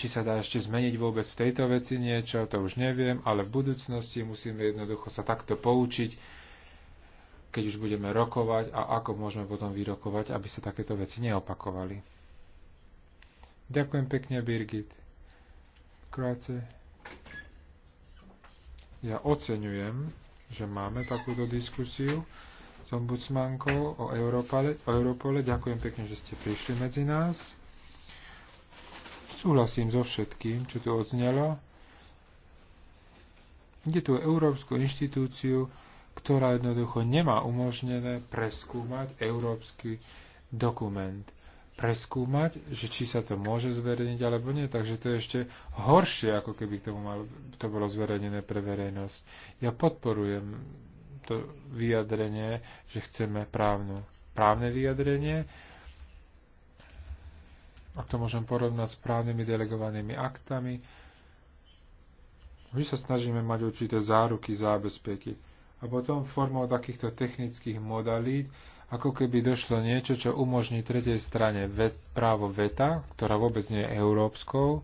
či sa dá ešte zmeniť vôbec v tejto veci niečo, to už neviem, ale v budúcnosti musíme jednoducho sa takto poučiť, keď už budeme rokovať a ako môžeme potom vyrokovať, aby sa takéto veci neopakovali. Ďakujem pekne, Birgit. Kráce. Ja oceňujem, že máme takúto diskusiu s ombudsmankou o Europole. O Europole. Ďakujem pekne, že ste prišli medzi nás. Súhlasím so všetkým, čo tu odznelo. Ide tu o európsku inštitúciu, ktorá jednoducho nemá umožnené preskúmať európsky dokument preskúmať, že či sa to môže zverejniť alebo nie. Takže to je ešte horšie, ako keby k tomu mal, to bolo zverejnené pre verejnosť. Ja podporujem to vyjadrenie, že chceme právnu, právne vyjadrenie. A to môžem porovnať s právnymi delegovanými aktami. My sa snažíme mať určité záruky, zábezpeky. A potom formou takýchto technických modalít ako keby došlo niečo, čo umožní tretej strane právo VETA, ktorá vôbec nie je európskou,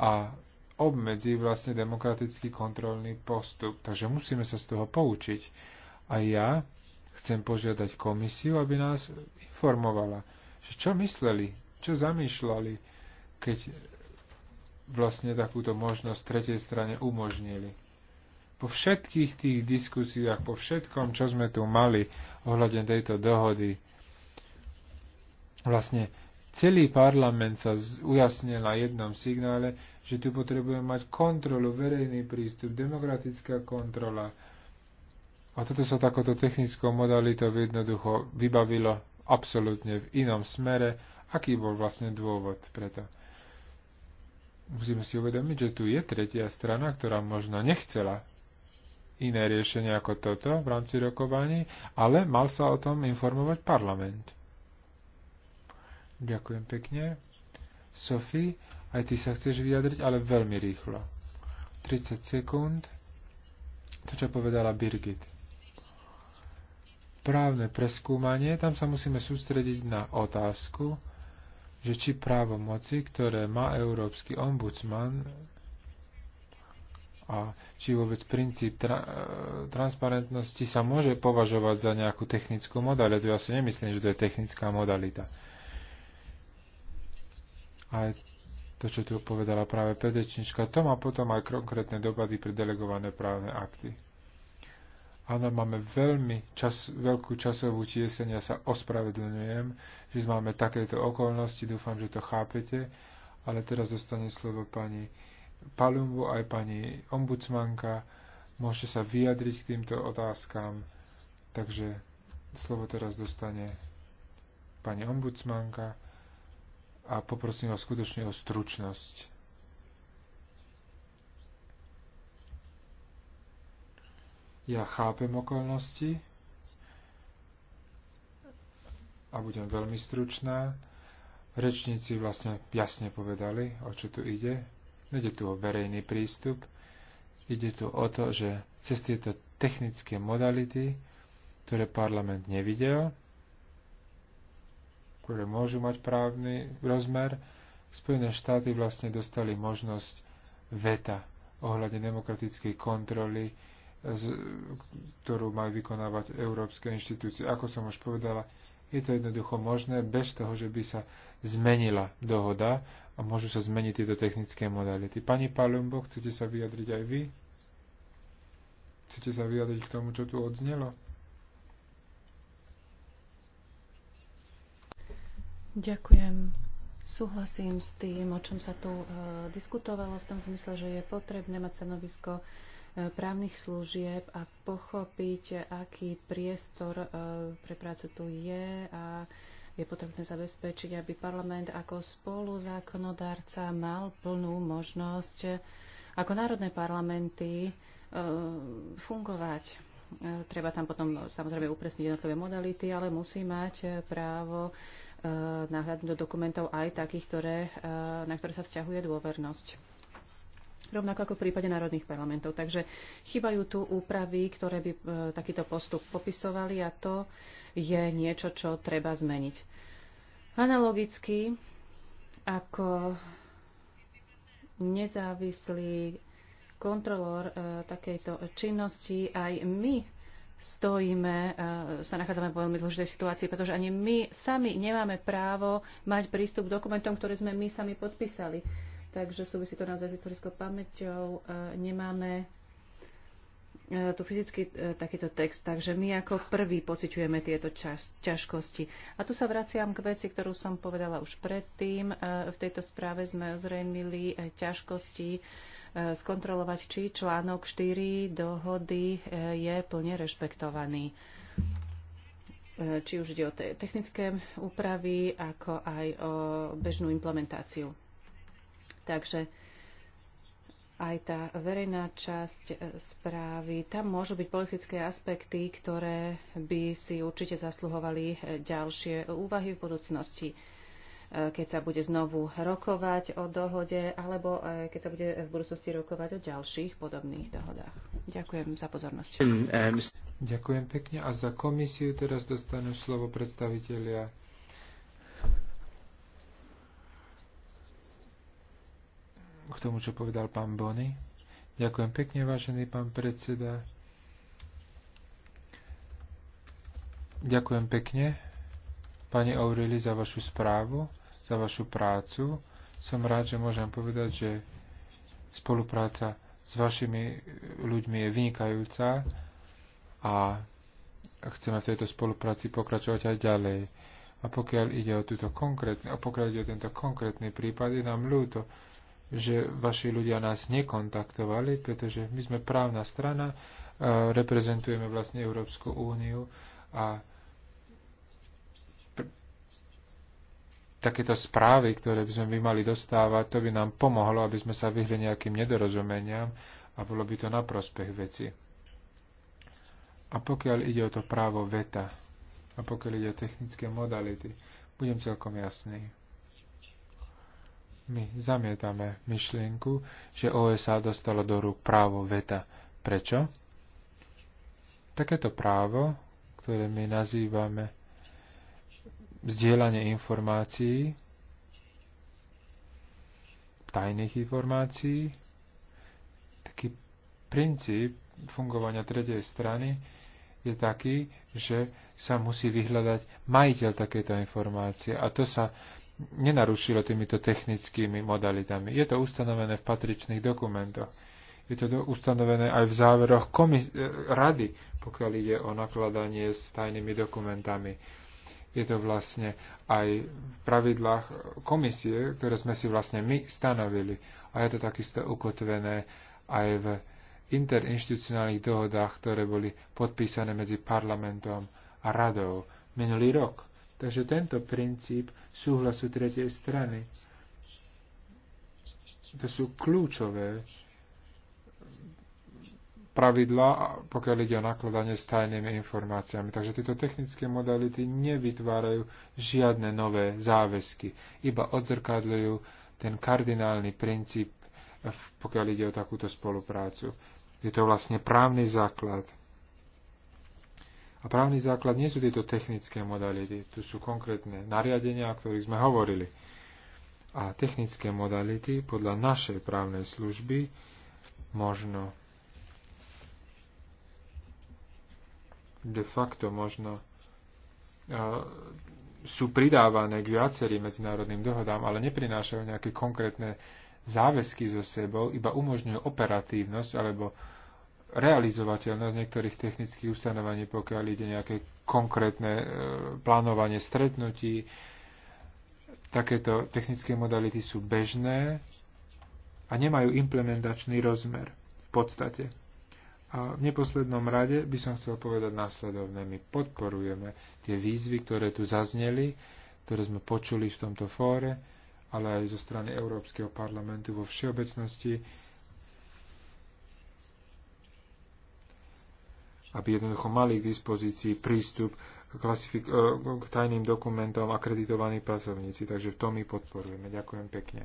a obmedzí vlastne demokratický kontrolný postup. Takže musíme sa z toho poučiť. A ja chcem požiadať komisiu, aby nás informovala, že čo mysleli, čo zamýšľali, keď vlastne takúto možnosť tretej strane umožnili po všetkých tých diskusiách, po všetkom, čo sme tu mali ohľadne tejto dohody, vlastne celý parlament sa ujasnil na jednom signále, že tu potrebujeme mať kontrolu, verejný prístup, demokratická kontrola. A toto sa takoto technickou modalitou jednoducho vybavilo absolútne v inom smere, aký bol vlastne dôvod preto musíme si uvedomiť, že tu je tretia strana, ktorá možno nechcela iné riešenie ako toto v rámci rokovaní, ale mal sa o tom informovať parlament. Ďakujem pekne. Sophie, aj ty sa chceš vyjadriť, ale veľmi rýchlo. 30 sekúnd. To, čo povedala Birgit. Právne preskúmanie, tam sa musíme sústrediť na otázku, že či právomoci, ktoré má Európsky ombudsman a či vôbec princíp tra- transparentnosti sa môže považovať za nejakú technickú modalitu. Ja si nemyslím, že to je technická modalita. A to, čo tu povedala práve predečnička, to má potom aj konkrétne dopady pre delegované právne akty. Áno, máme veľmi čas, veľkú časovú tieseň, ja sa ospravedlňujem, že máme takéto okolnosti, dúfam, že to chápete, ale teraz dostane slovo pani Palumbu, aj pani ombudsmanka. Môžete sa vyjadriť k týmto otázkam. Takže slovo teraz dostane pani ombudsmanka a poprosím vás skutočne o stručnosť. Ja chápem okolnosti a budem veľmi stručná. Rečníci vlastne jasne povedali, o čo tu ide. Ide tu o verejný prístup, ide tu o to, že cez tieto technické modality, ktoré parlament nevidel, ktoré môžu mať právny rozmer, Spojené štáty vlastne dostali možnosť veta ohľadne demokratickej kontroly, ktorú majú vykonávať európske inštitúcie. Ako som už povedala, je to jednoducho možné bez toho, že by sa zmenila dohoda a môžu sa zmeniť tieto technické modality. Pani Palumbo, chcete sa vyjadriť aj vy? Chcete sa vyjadriť k tomu, čo tu odznelo? Ďakujem. Súhlasím s tým, o čom sa tu e, diskutovalo, v tom zmysle, že je potrebné mať stanovisko e, právnych služieb a pochopiť, aký priestor e, pre prácu tu je a e, je potrebné zabezpečiť, aby parlament ako spoluzákonodárca mal plnú možnosť eh, ako národné parlamenty eh, fungovať. Eh, treba tam potom samozrejme upresniť jednotlivé modality, ale musí mať právo nahľadnúť do dokumentov aj takých, ktoré, na ktoré sa vzťahuje dôvernosť rovnako ako v prípade národných parlamentov. Takže chýbajú tu úpravy, ktoré by e, takýto postup popisovali a to je niečo, čo treba zmeniť. Analogicky, ako nezávislý kontrolór e, takejto činnosti, aj my stojíme, e, sa nachádzame v veľmi zložitej situácii, pretože ani my sami nemáme právo mať prístup k dokumentom, ktoré sme my sami podpísali takže súvisí to naozaj s historickou pamäťou. E, nemáme e, tu fyzicky e, takýto text, takže my ako prvý pociťujeme tieto čas, ťažkosti. A tu sa vraciam k veci, ktorú som povedala už predtým. V tejto správe sme ozrejmili ťažkosti skontrolovať, či článok 4 dohody je plne rešpektovaný. Či už ide o technické úpravy, ako aj o bežnú implementáciu. Takže aj tá verejná časť e, správy, tam môžu byť politické aspekty, ktoré by si určite zasluhovali e, ďalšie úvahy v budúcnosti e, keď sa bude znovu rokovať o dohode, alebo keď sa bude v budúcnosti rokovať o ďalších podobných dohodách. Ďakujem za pozornosť. Ďakujem pekne a za komisiu teraz dostanú slovo predstavitelia k tomu, čo povedal pán Bony. Ďakujem pekne, vážený pán predseda. Ďakujem pekne, pani Aureli, za vašu správu, za vašu prácu. Som rád, že môžem povedať, že spolupráca s vašimi ľuďmi je vynikajúca a chceme v tejto spolupráci pokračovať aj ďalej. A pokiaľ ide o, túto konkrétne a pokiaľ ide o tento konkrétny prípad, je nám ľúto, že vaši ľudia nás nekontaktovali, pretože my sme právna strana, e, reprezentujeme vlastne Európsku úniu a takéto správy, ktoré by sme my mali dostávať, to by nám pomohlo, aby sme sa vyhli nejakým nedorozumeniam a bolo by to na prospech veci. A pokiaľ ide o to právo veta, a pokiaľ ide o technické modality, budem celkom jasný. My zamietame myšlienku, že OSA dostalo do rúk právo veta. Prečo? Takéto právo, ktoré my nazývame vzdielanie informácií, tajných informácií, taký princíp fungovania tretej strany je taký, že sa musí vyhľadať majiteľ takéto informácie a to sa nenarušilo týmito technickými modalitami. Je to ustanovené v patričných dokumentoch. Je to ustanovené aj v záveroch komis- e, rady, pokiaľ ide o nakladanie s tajnými dokumentami. Je to vlastne aj v pravidlách komisie, ktoré sme si vlastne my stanovili. A je to takisto ukotvené aj v interinstitucionálnych dohodách, ktoré boli podpísané medzi parlamentom a radou minulý rok Takže tento princíp súhlasu tretej strany, to sú kľúčové pravidlá, pokiaľ ide o nakladanie s tajnými informáciami. Takže tieto technické modality nevytvárajú žiadne nové záväzky, iba odzrkadľujú ten kardinálny princíp, pokiaľ ide o takúto spoluprácu. Je to vlastne právny základ a právny základ nie sú tieto technické modality, tu sú konkrétne nariadenia, o ktorých sme hovorili. A technické modality podľa našej právnej služby možno de facto možno e, sú pridávané k viacerým medzinárodným dohodám, ale neprinášajú nejaké konkrétne záväzky so sebou, iba umožňujú operatívnosť alebo realizovateľnosť niektorých technických ustanovaní, pokiaľ ide nejaké konkrétne e, plánovanie stretnutí. Takéto technické modality sú bežné a nemajú implementačný rozmer v podstate. A v neposlednom rade by som chcel povedať následovné. My podporujeme tie výzvy, ktoré tu zazneli, ktoré sme počuli v tomto fóre, ale aj zo strany Európskeho parlamentu vo všeobecnosti, aby jednoducho mali k dispozícii prístup k, e, k tajným dokumentom akreditovaní pracovníci. Takže to my podporujeme. Ďakujem pekne.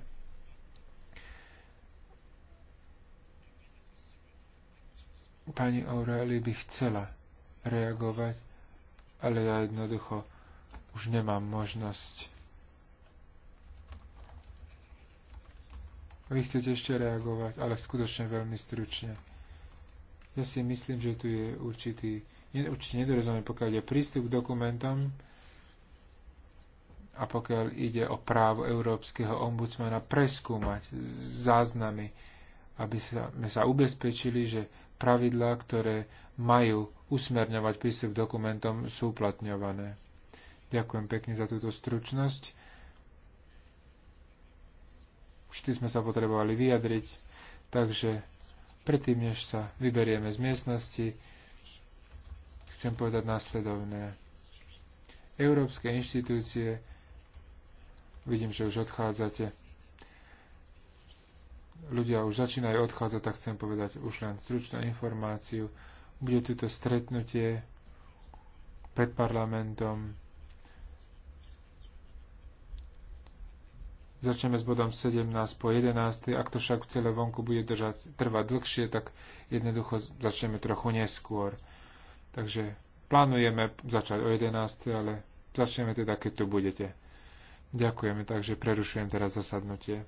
Pani Aureli by chcela reagovať, ale ja jednoducho už nemám možnosť. Vy chcete ešte reagovať, ale skutočne veľmi stručne. Ja si myslím, že tu je určitý, určite nedorozumie, pokiaľ ide prístup k dokumentom a pokiaľ ide o právo európskeho ombudsmana preskúmať záznamy, aby sme sa ubezpečili, že pravidlá, ktoré majú usmerňovať prístup k dokumentom, sú uplatňované. Ďakujem pekne za túto stručnosť. Všetci sme sa potrebovali vyjadriť, takže Predtým, než sa vyberieme z miestnosti, chcem povedať následovné. Európske inštitúcie, vidím, že už odchádzate, ľudia už začínajú odchádzať, tak chcem povedať už len stručnú informáciu. Bude tuto stretnutie pred parlamentom Začneme s bodom 17 po 11. Ak to však celé vonku bude držať, trvať dlhšie, tak jednoducho začneme trochu neskôr. Takže plánujeme začať o 11. ale začneme teda, keď tu budete. Ďakujeme, takže prerušujem teraz zasadnutie.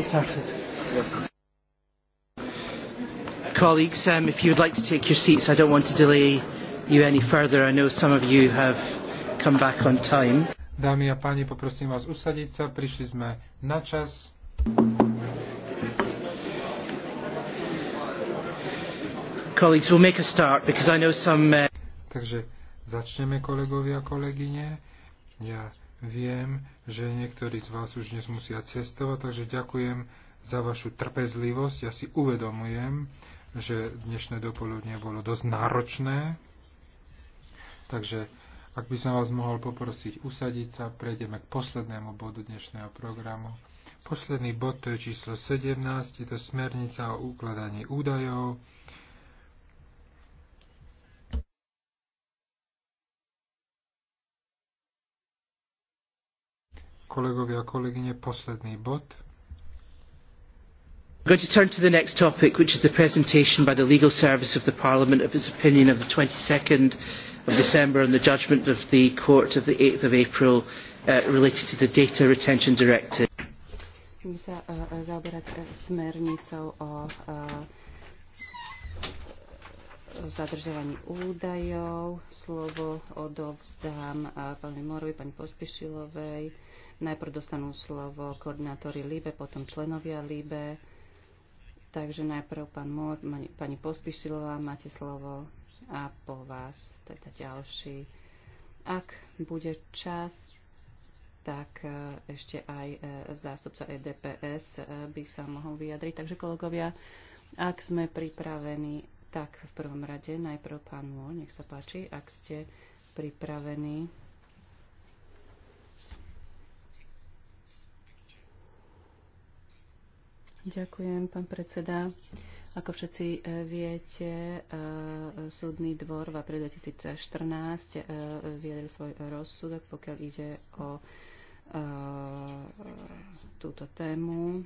get started. Yes. Colleagues, um, if you would like to take your seats, I don't want to delay you any further. I know some of you have come back on time. Dámy a páni, poprosím vás usadiť sa. Prišli sme na čas. Colleagues, we'll make a start because I know some... Uh... Takže začneme, kolegovia a kolegyne. Ja Viem, že niektorí z vás už dnes musia cestovať, takže ďakujem za vašu trpezlivosť. Ja si uvedomujem, že dnešné dopoludne bolo dosť náročné. Takže ak by som vás mohol poprosiť usadiť sa, prejdeme k poslednému bodu dnešného programu. Posledný bod to je číslo 17, je to smernica o ukladaní údajov. Kolegovia a kolegyne, posledný bod. I'm going to turn to the next topic, which is the presentation by the Legal Service of the Parliament of its opinion of the 22nd of December on the judgment of the Court of the 8th of April uh, related to the Data Retention Directive. Budeme sa uh, zaoberať uh, smernicou o uh, zadržovaní údajov. Slovo odovzdám uh, pani Morovi, pani Pospišilovej Najprv dostanú slovo koordinátori LIBE, potom členovia LIBE. Takže najprv pán Mór, pani Pospišilová, máte slovo a po vás teda ďalší. Ak bude čas, tak e, ešte aj e, zástupca EDPS e, by sa mohol vyjadriť. Takže kolegovia, ak sme pripravení, tak v prvom rade najprv pán Mo, nech sa páči, ak ste pripravení. Ďakujem, pán predseda. Ako všetci e, viete, e, súdny dvor v apríli 2014 e, vyjadril svoj rozsudok, pokiaľ ide o túto tému.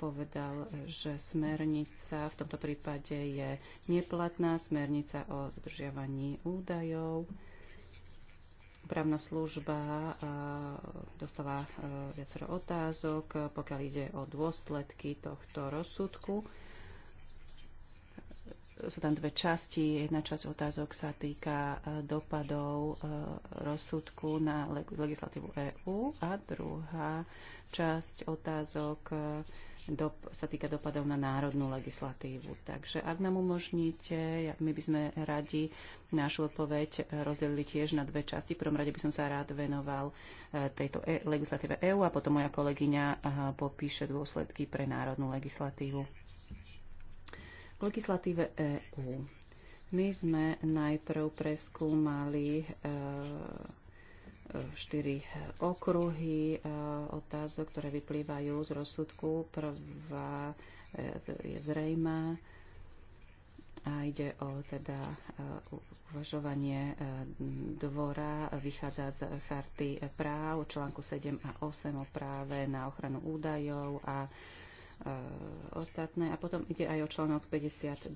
Povedal, že smernica v tomto prípade je neplatná, smernica o zdržiavaní údajov. Právna služba dostala e, viacero otázok, pokiaľ ide o dôsledky tohto rozsudku. Sú tam dve časti. Jedna časť otázok sa týka e, dopadov e, rozsudku na legislatívu EÚ a druhá časť otázok do, sa týka dopadov na národnú legislatívu. Takže ak nám umožníte, my by sme radi našu odpoveď rozdelili tiež na dve časti. V prvom rade by som sa rád venoval e, tejto e- legislatíve EÚ a potom moja kolegyňa e, popíše dôsledky pre národnú legislatívu. K legislatíve EÚ. My sme najprv preskúmali e- štyri okruhy e, otázok, ktoré vyplývajú z rozsudku. Prvá e, je zrejmá a ide o teda e, uvažovanie dvora, vychádza z charty práv, článku 7 a 8 o práve na ochranu údajov a ostatné. A potom ide aj o článok 52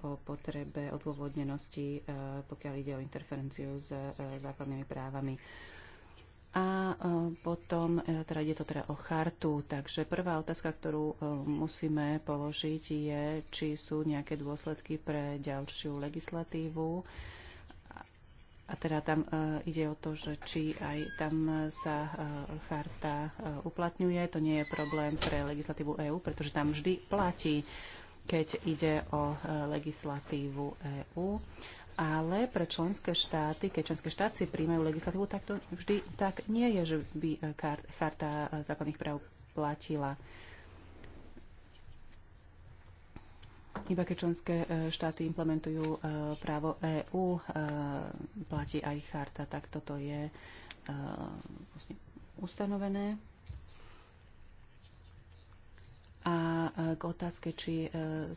o potrebe odôvodnenosti, pokiaľ ide o interferenciu s základnými právami. A e, potom, e, teda ide to teda o chartu, takže prvá otázka, ktorú e, musíme položiť je, či sú nejaké dôsledky pre ďalšiu legislatívu. A teda tam ide o to, že či aj tam sa charta uplatňuje. To nie je problém pre legislatívu EÚ, pretože tam vždy platí, keď ide o legislatívu EÚ ale pre členské štáty, keď členské štáty príjmajú legislatívu, tak to vždy tak nie je, že by e, charta e, zákonných práv platila. Iba keď členské e, štáty implementujú právo EÚ, platí aj charta, tak toto je vlastne ustanovené. A k otázke, či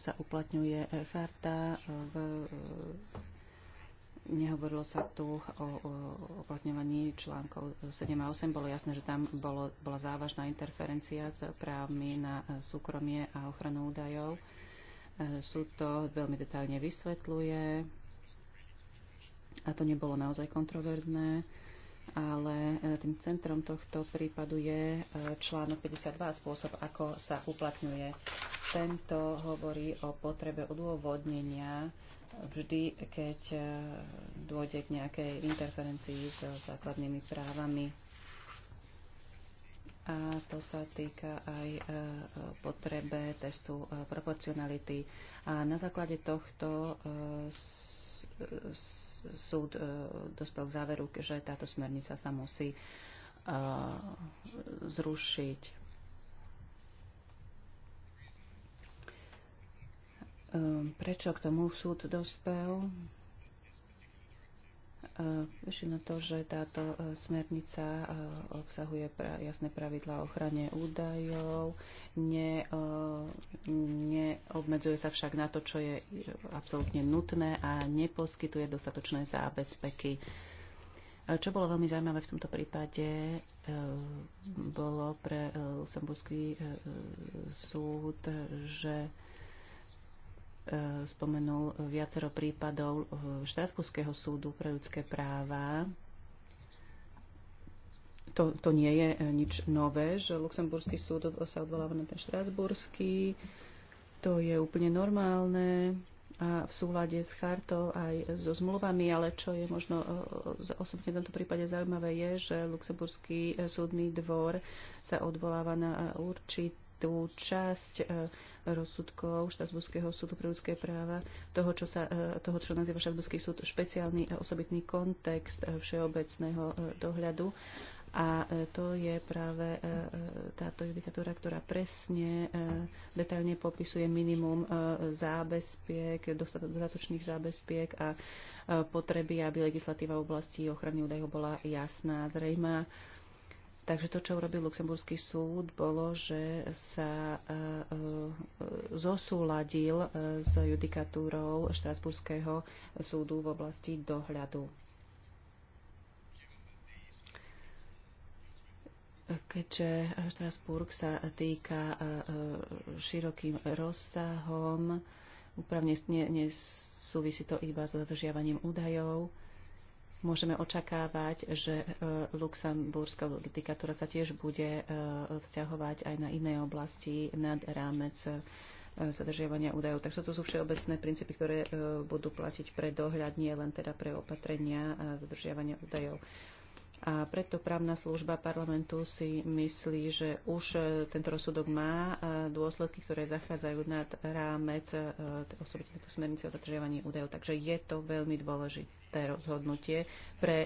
sa uplatňuje charta v Nehovorilo sa tu o uplatňovaní článkov 7 a 8. Bolo jasné, že tam bolo, bola závažná interferencia s právmi na súkromie a ochranu údajov. Súd to veľmi detailne vysvetľuje a to nebolo naozaj kontroverzné, ale e, tým centrom tohto prípadu je e, článok 52 spôsob, ako sa uplatňuje. Tento hovorí o potrebe odôvodnenia vždy, keď e, dôjde k nejakej interferencii so základnými právami. A to sa týka aj e, potrebe testu e, proporcionality. A na základe tohto súd dospel k záveru, že táto smernica sa musí zrušiť Ehm, prečo k tomu súd dospel. Vyšli ehm, na to, že táto e, smernica e, obsahuje jasné pravidlá o ochrane údajov, ne, e, neobmedzuje sa však na to, čo je absolútne nutné a neposkytuje dostatočné zábezpeky. Čo bolo veľmi zaujímavé v tomto prípade, bolo pre Luxemburský súd, že Eh, spomenul viacero prípadov eh, Štrasburského súdu pre ľudské práva. To, to nie je eh, nič nové, že Luxemburský súd sa odvoláva na ten Štrasburský. To je úplne normálne a v súlade s chartou aj so zmluvami, ale čo je možno osobne v tomto prípade zaujímavé je, že Luxemburský súdny dvor sa odvoláva na určitý tú časť e, rozsudkov Štrasburského súdu pre ľudské práva, toho, čo, sa, e, toho, čo nazýva Štrasburský súd, špeciálny e, osobitný kontext všeobecného dohľadu. A to je práve táto judikatúra, ktorá presne detailne popisuje minimum zábezpiek, dostatočných zábezpiek a potreby, aby legislatíva v oblasti ochrany údajov bola jasná, zrejmá Takže to, čo urobil Luxemburský súd, bolo, že sa e, e, zosúladil e, s judikatúrou Štrasburského súdu v oblasti dohľadu. Keďže Štrasburg sa týka širokým rozsahom, úpravne nesúvisí to iba so zadržiavaním údajov, môžeme očakávať, že e, luxemburská judikatúra sa tiež bude e, vzťahovať aj na iné oblasti nad rámec e, zadržiavania údajov. Takže to sú všeobecné princípy, ktoré budú platiť pre dohľad, nie len teda pre opatrenia zadržiavania údajov. A preto právna služba parlamentu si myslí, že už e, tento rozsudok má e, dôsledky, ktoré zachádzajú nad rámec e, osobitne tejto smernice o zadržiavaní údajov. Takže je to veľmi dôležité rozhodnutie pre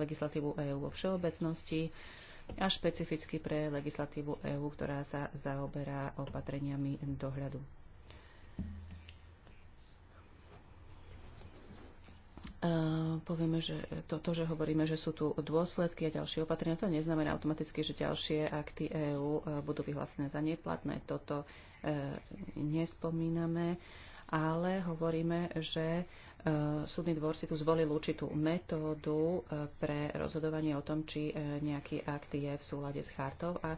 legislatívu EÚ vo všeobecnosti a špecificky pre legislatívu EÚ, ktorá sa zaoberá opatreniami dohľadu povieme, že to, to, že hovoríme, že sú tu dôsledky a ďalšie opatrenia, to neznamená automaticky, že ďalšie akty EÚ e, budú vyhlásené za neplatné. Toto e, nespomíname ale hovoríme, že e, súdny dvor si tu zvolil určitú metódu e, pre rozhodovanie o tom, či e, nejaký akt je v súlade s chartou a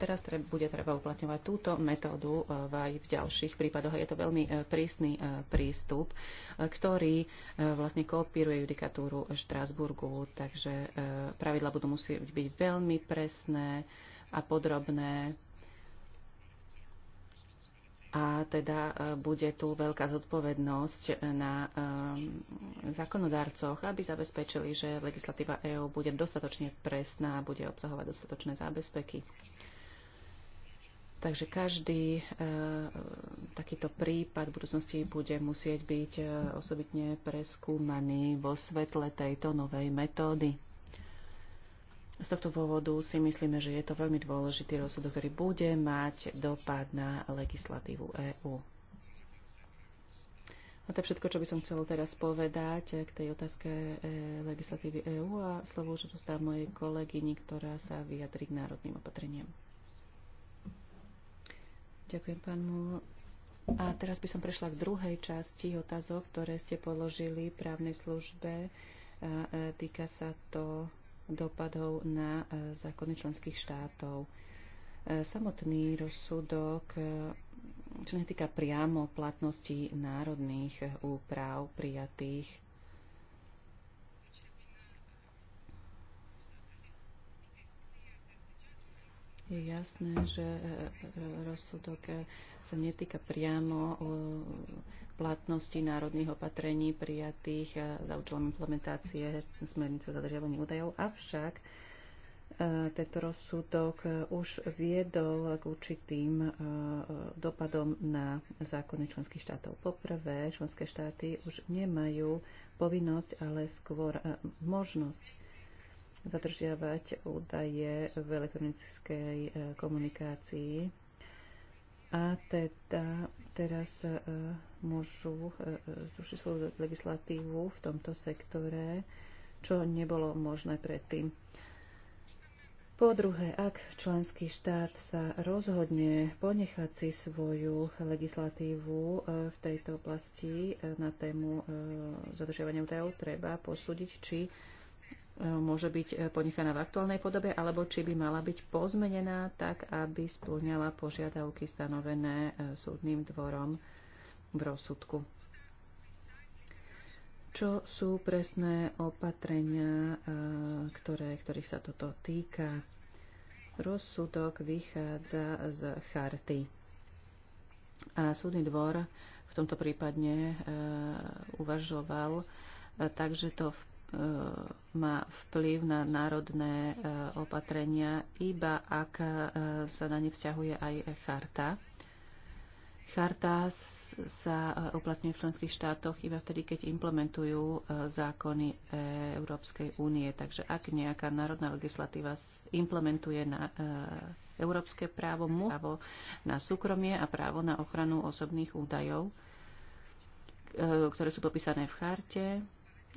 teraz treb, bude treba uplatňovať túto metódu aj v ďalších prípadoch. Je to veľmi prísny prístup, ktorý vlastne kopíruje judikatúru Štrásburgu, takže pravidla budú musieť byť veľmi presné a podrobné a teda e, bude tu veľká zodpovednosť e, na e, zákonodárcoch, aby zabezpečili, že legislatíva EÚ bude dostatočne presná a bude obsahovať dostatočné zábezpeky. Takže každý e, takýto prípad v budúcnosti bude musieť byť osobitne preskúmaný vo svetle tejto novej metódy. Z tohto dôvodu si myslíme, že je to veľmi dôležitý rozsudok, ktorý bude mať dopad na legislatívu EÚ. A to je všetko, čo by som chcela teraz povedať k tej otázke e, legislatívy EÚ a slovo už dostávam mojej kolegyni, ktorá sa vyjadrí k národným opatreniam. Ďakujem, pán Múl. A teraz by som prešla k druhej časti otázok, ktoré ste položili právnej službe. A e, týka sa to dopadov na e, zákony členských štátov. E, samotný rozsudok, e, čo sa týka priamo platnosti národných úprav prijatých Je jasné, že e, e, rozsudok e, sa netýka priamo platnosti národných opatrení prijatých za účelom implementácie smernice o zadržiavaní údajov, avšak tento rozsudok už viedol k určitým dopadom na zákony členských štátov. Poprvé, členské štáty už nemajú povinnosť, ale skôr možnosť zadržiavať údaje v elektronickej e, komunikácii. A teda teraz e, môžu e, zrušiť svoju legislatívu v tomto sektore, čo nebolo možné predtým. Po druhé, ak členský štát sa rozhodne ponechať si svoju legislatívu v tejto oblasti na tému zadržiavania údajov, treba posúdiť, či môže byť eh, ponechaná v aktuálnej podobe, alebo či by mala byť pozmenená tak, aby splňala požiadavky stanovené eh, súdnym dvorom v rozsudku. Čo sú presné opatrenia, eh, ktoré, ktorých sa toto týka? Rozsudok vychádza z charty. A súdny dvor v tomto prípadne uvažoval, takže to v E, má vplyv na národné e, opatrenia, iba ak e, sa na ne vzťahuje aj charta. Charta sa uplatňuje v členských štátoch iba vtedy, keď implementujú zákony Európskej únie. Takže ak nejaká národná legislatíva implementuje na európske právo, právo na súkromie a právo na ochranu osobných údajov, ktoré sú popísané v charte,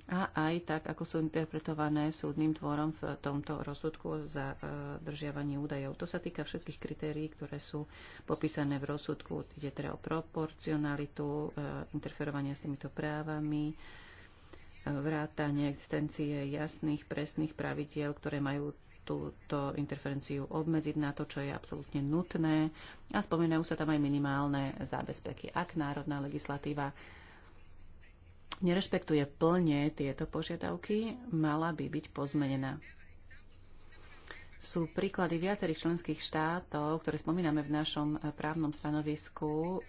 a aj tak, ako sú interpretované súdnym tvorom v tomto rozsudku o zadržiavaní e, údajov. To sa týka všetkých kritérií, ktoré sú popísané v rozsudku. Ide teda o proporcionalitu, e, interferovanie s týmito právami, e, vrátanie existencie jasných, presných pravidiel, ktoré majú túto interferenciu obmedziť na to, čo je absolútne nutné a spomínajú sa tam aj minimálne zábezpeky. Ak národná legislatíva nerešpektuje plne tieto požiadavky, mala by byť pozmenená. Sú príklady viacerých členských štátov, ktoré spomíname v našom právnom stanovisku,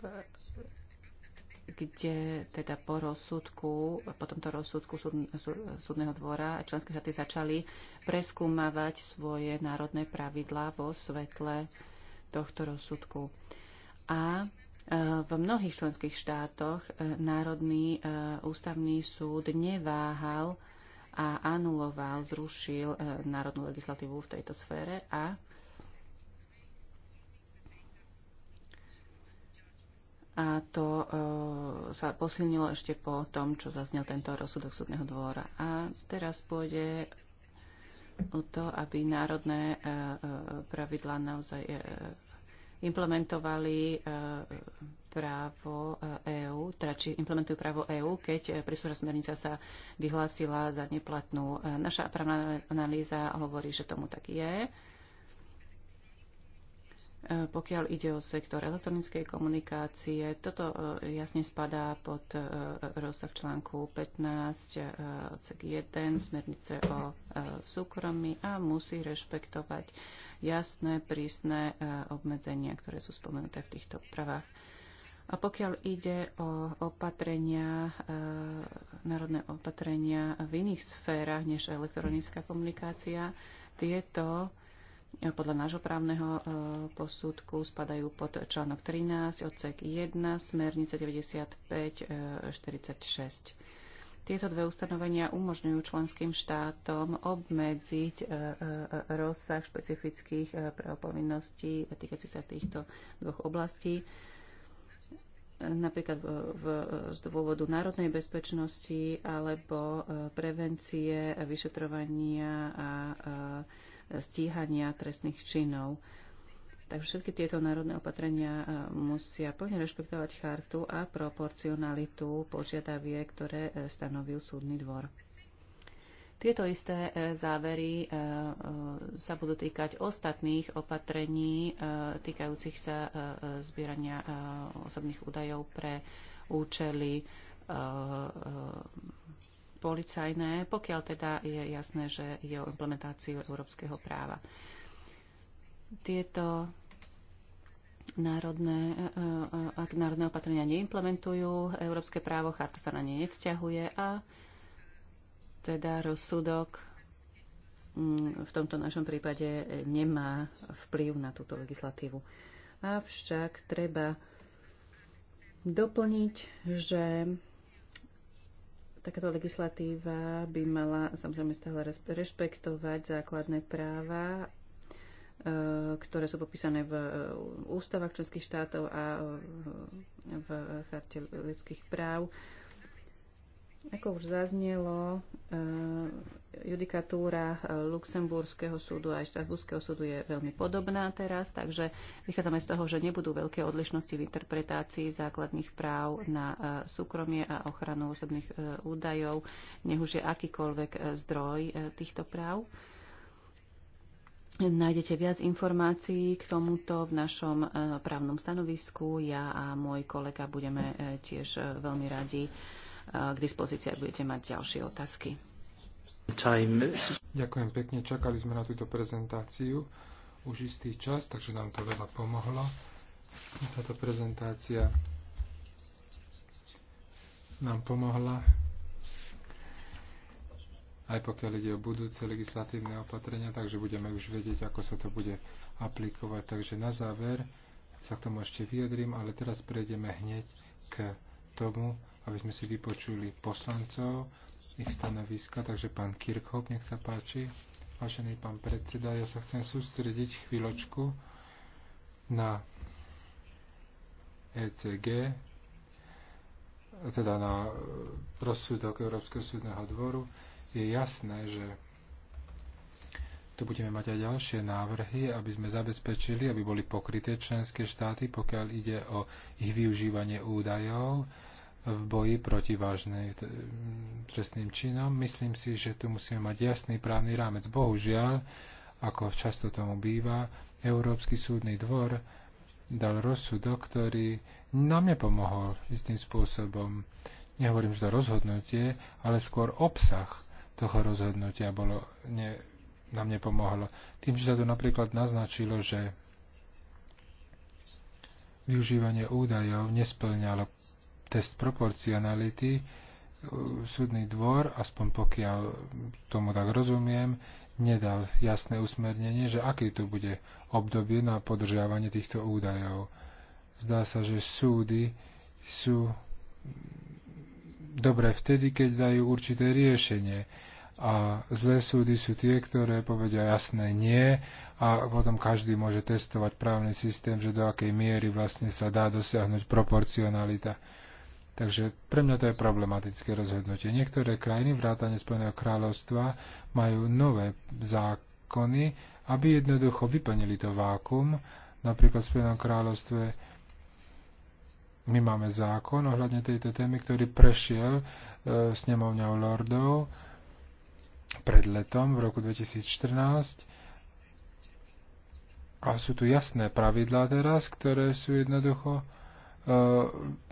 kde teda po rozsudku, po tomto rozsudku súd, súd, súdneho dvora členské štáty začali preskúmavať svoje národné pravidlá vo svetle tohto rozsudku. A v mnohých členských štátoch e, Národný e, ústavný súd neváhal a anuloval, zrušil e, národnú legislatívu v tejto sfére a a to e, sa posilnilo ešte po tom, čo zaznel tento rozsudok súdneho dvora. A teraz pôjde o to, aby národné e, pravidlá naozaj e, implementovali e, právo EÚ, e teda či implementujú právo EÚ, keď e, príslušná smernica sa vyhlásila za neplatnú. Naša právna analýza hovorí, že tomu tak je E, pokiaľ ide o sektor elektronickej komunikácie, toto e, jasne spadá pod e, rozsah článku 15 odsek 1 smernice o súkromí a musí rešpektovať jasné, prísne obmedzenia, ktoré sú spomenuté v týchto pravách. A pokiaľ ide o opatrenia, národné opatrenia v iných sférach než elektronická komunikácia, tieto podľa nášho právneho e, posudku spadajú pod článok 13, odsek 1, smernice 95-46. E, Tieto dve ustanovenia umožňujú členským štátom obmedziť e, rozsah špecifických povinností týkajúci sa týchto dvoch oblastí napríklad v, v, z dôvodu národnej bezpečnosti alebo prevencie, vyšetrovania a, a stíhania trestných činov. Takže všetky tieto národné opatrenia e, musia plne rešpektovať chartu a proporcionalitu požiadavie, ktoré e, stanovil súdny dvor. Tieto isté e, závery sa budú týkať ostatných opatrení týkajúcich sa zbierania osobných údajov pre účely policajné, pokiaľ teda je jasné, že je o implementáciu európskeho práva. Tieto národné, eh, ak národné opatrenia neimplementujú európske právo, charta sa na ne nevzťahuje a teda rozsudok mm, v tomto našom prípade nemá vplyv na túto legislatívu. Avšak treba doplniť, že Takáto legislatíva by mala samozrejme stále rešpektovať základné práva, eh, ktoré sú popísané v eh, ústavách členských štátov a eh, v charte ľudských práv ako už zaznelo, eh, judikatúra eh, Luxemburského súdu aj Štrasburského súdu je veľmi podobná teraz, takže vychádzame z toho, že nebudú veľké odlišnosti v interpretácii základných práv na eh, súkromie a ochranu osobných údajov, nech už je akýkoľvek zdroj týchto práv. Nájdete viac informácií k tomuto v našom právnom stanovisku. Ja a môj kolega budeme tiež veľmi radi k dispozícii, ak budete mať ďalšie otázky. Ďakujem pekne, čakali sme na túto prezentáciu už istý čas, takže nám to veľa pomohlo. Táto prezentácia nám pomohla aj pokiaľ ide o budúce legislatívne opatrenia, takže budeme už vedieť, ako sa to bude aplikovať. Takže na záver sa k tomu ešte vyjadrím, ale teraz prejdeme hneď k tomu, aby sme si vypočuli poslancov, ich stanoviska. Takže pán Kirchhoff, nech sa páči. Vážený pán predseda, ja sa chcem sústrediť chvíľočku na ECG, teda na e, rozsudok Európskeho súdneho dvoru, je jasné, že tu budeme mať aj ďalšie návrhy, aby sme zabezpečili, aby boli pokryté členské štáty, pokiaľ ide o ich využívanie údajov v boji proti vážnej trestným činom. Myslím si, že tu musíme mať jasný právny rámec. Bohužiaľ, ako často tomu býva, Európsky súdny dvor dal rozsudok, ktorý nám nepomohol istým spôsobom. Nehovorím, že to rozhodnutie, ale skôr obsah toho rozhodnutia bolo, ne, nám nepomohlo. Tým, že sa tu napríklad naznačilo, že využívanie údajov nesplňalo test proporcionality, e, súdny dvor, aspoň pokiaľ tomu tak rozumiem, nedal jasné usmernenie, že aké to bude obdobie na podržiavanie týchto údajov. Zdá sa, že súdy sú dobré vtedy, keď dajú určité riešenie. A zlé súdy sú tie, ktoré povedia jasné nie a potom každý môže testovať právny systém, že do akej miery vlastne sa dá dosiahnuť proporcionalita. Takže pre mňa to je problematické rozhodnutie. Niektoré krajiny, vrátane Spojeného kráľovstva, majú nové zákony, aby jednoducho vyplnili to vákum. Napríklad v Spojenom kráľovstve my máme zákon ohľadne tejto témy, ktorý prešiel e, nemovňou lordov pred letom v roku 2014 a sú tu jasné pravidlá teraz, ktoré sú jednoducho Eh,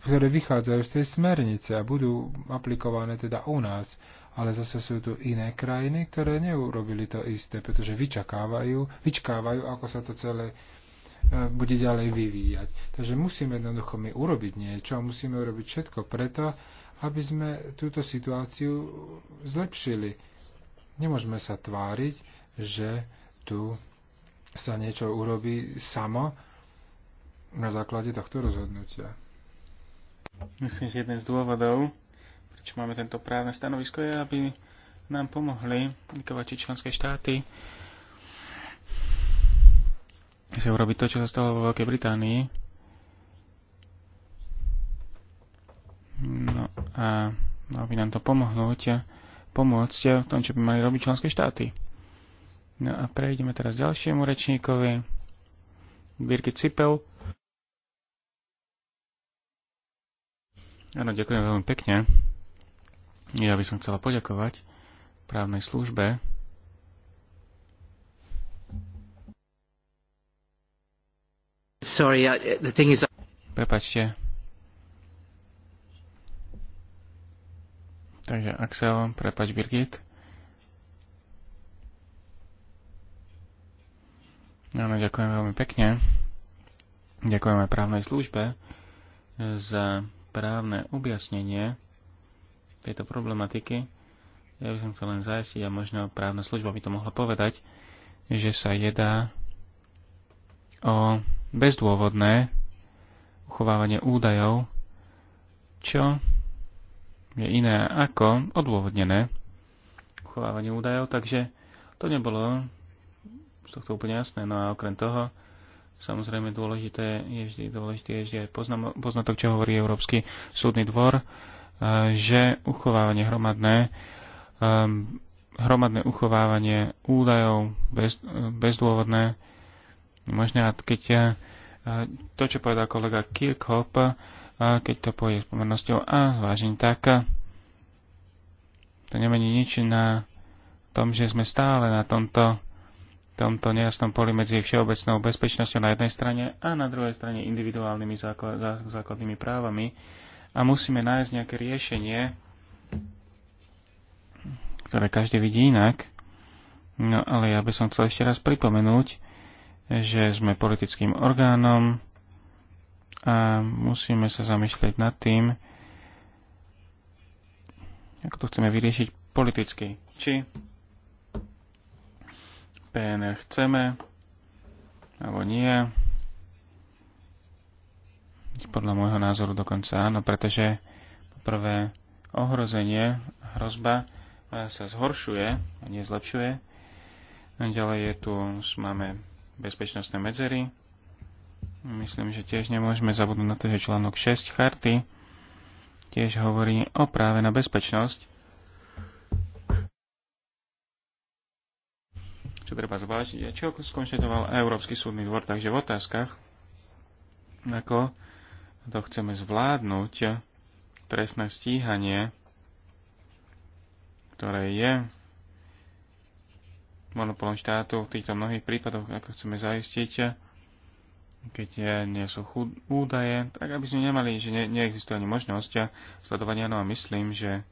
ktoré vychádzajú z tej smernice a budú aplikované teda u nás. Ale zase sú tu iné krajiny, ktoré neurobili to isté, pretože vyčakávajú, vyčkávajú, ako sa to celé eh, bude ďalej vyvíjať. Takže musíme jednoducho my urobiť niečo, a musíme urobiť všetko preto, aby sme túto situáciu zlepšili. Nemôžeme sa tváriť, že tu sa niečo urobí samo na základe tohto rozhodnutia. Myslím, že jeden z dôvodov, prečo máme tento právne stanovisko, je, aby nám pomohli vykovači členské štáty sa urobiť to, čo sa stalo vo Veľkej Británii. No a aby nám to pomohnúť, pomôcť v tom, čo by mali robiť členské štáty. No a prejdeme teraz ďalšiemu rečníkovi. Birgit Cipel. Áno, ďakujem veľmi pekne. Ja by som chcela poďakovať právnej službe Sorry, the thing is... Prepačte. Takže Axel, prepač Birgit. Áno, ďakujem veľmi pekne. Ďakujem aj právnej službe za právne objasnenie tejto problematiky. Ja by som chcel len zajistiť a možno právna služba by to mohla povedať, že sa jedá o bezdôvodné uchovávanie údajov, čo je iné ako odôvodnené uchovávanie údajov, takže to nebolo z tohto úplne jasné. No a okrem toho Samozrejme dôležité je vždy, dôležité je vždy aj poznatok, čo hovorí Európsky súdny dvor, e, že uchovávanie hromadné, ehm, hromadné uchovávanie údajov bez, e, bezdôvodné, možné, keď ja, e, to, čo povedal kolega Kirchhoff, keď to pôjde s pomernosťou A, zvážim tak, to nemení nič na tom, že sme stále na tomto tomto nejasnom poli medzi všeobecnou bezpečnosťou na jednej strane a na druhej strane individuálnymi základnými právami a musíme nájsť nejaké riešenie, ktoré každý vidí inak. No ale ja by som chcel ešte raz pripomenúť, že sme politickým orgánom a musíme sa zamýšľať nad tým, ako to chceme vyriešiť politicky. Či PNR chceme alebo nie. Podľa môjho názoru dokonca áno, pretože poprvé ohrozenie, hrozba e, sa zhoršuje a nezlepšuje. No, ďalej je tu, máme bezpečnostné medzery. Myslím, že tiež nemôžeme zabudnúť na to, že článok 6 charty tiež hovorí o práve na bezpečnosť čo treba zvážiť, čo skonštatoval Európsky súdny dvor. Takže v otázkach, ako to chceme zvládnuť, trestné stíhanie, ktoré je monopolom štátu v týchto mnohých prípadoch, ako chceme zaistiť, keď nie sú chud- údaje, tak aby sme nemali, že ne- neexistuje ani možnosť sledovania. No a myslím, že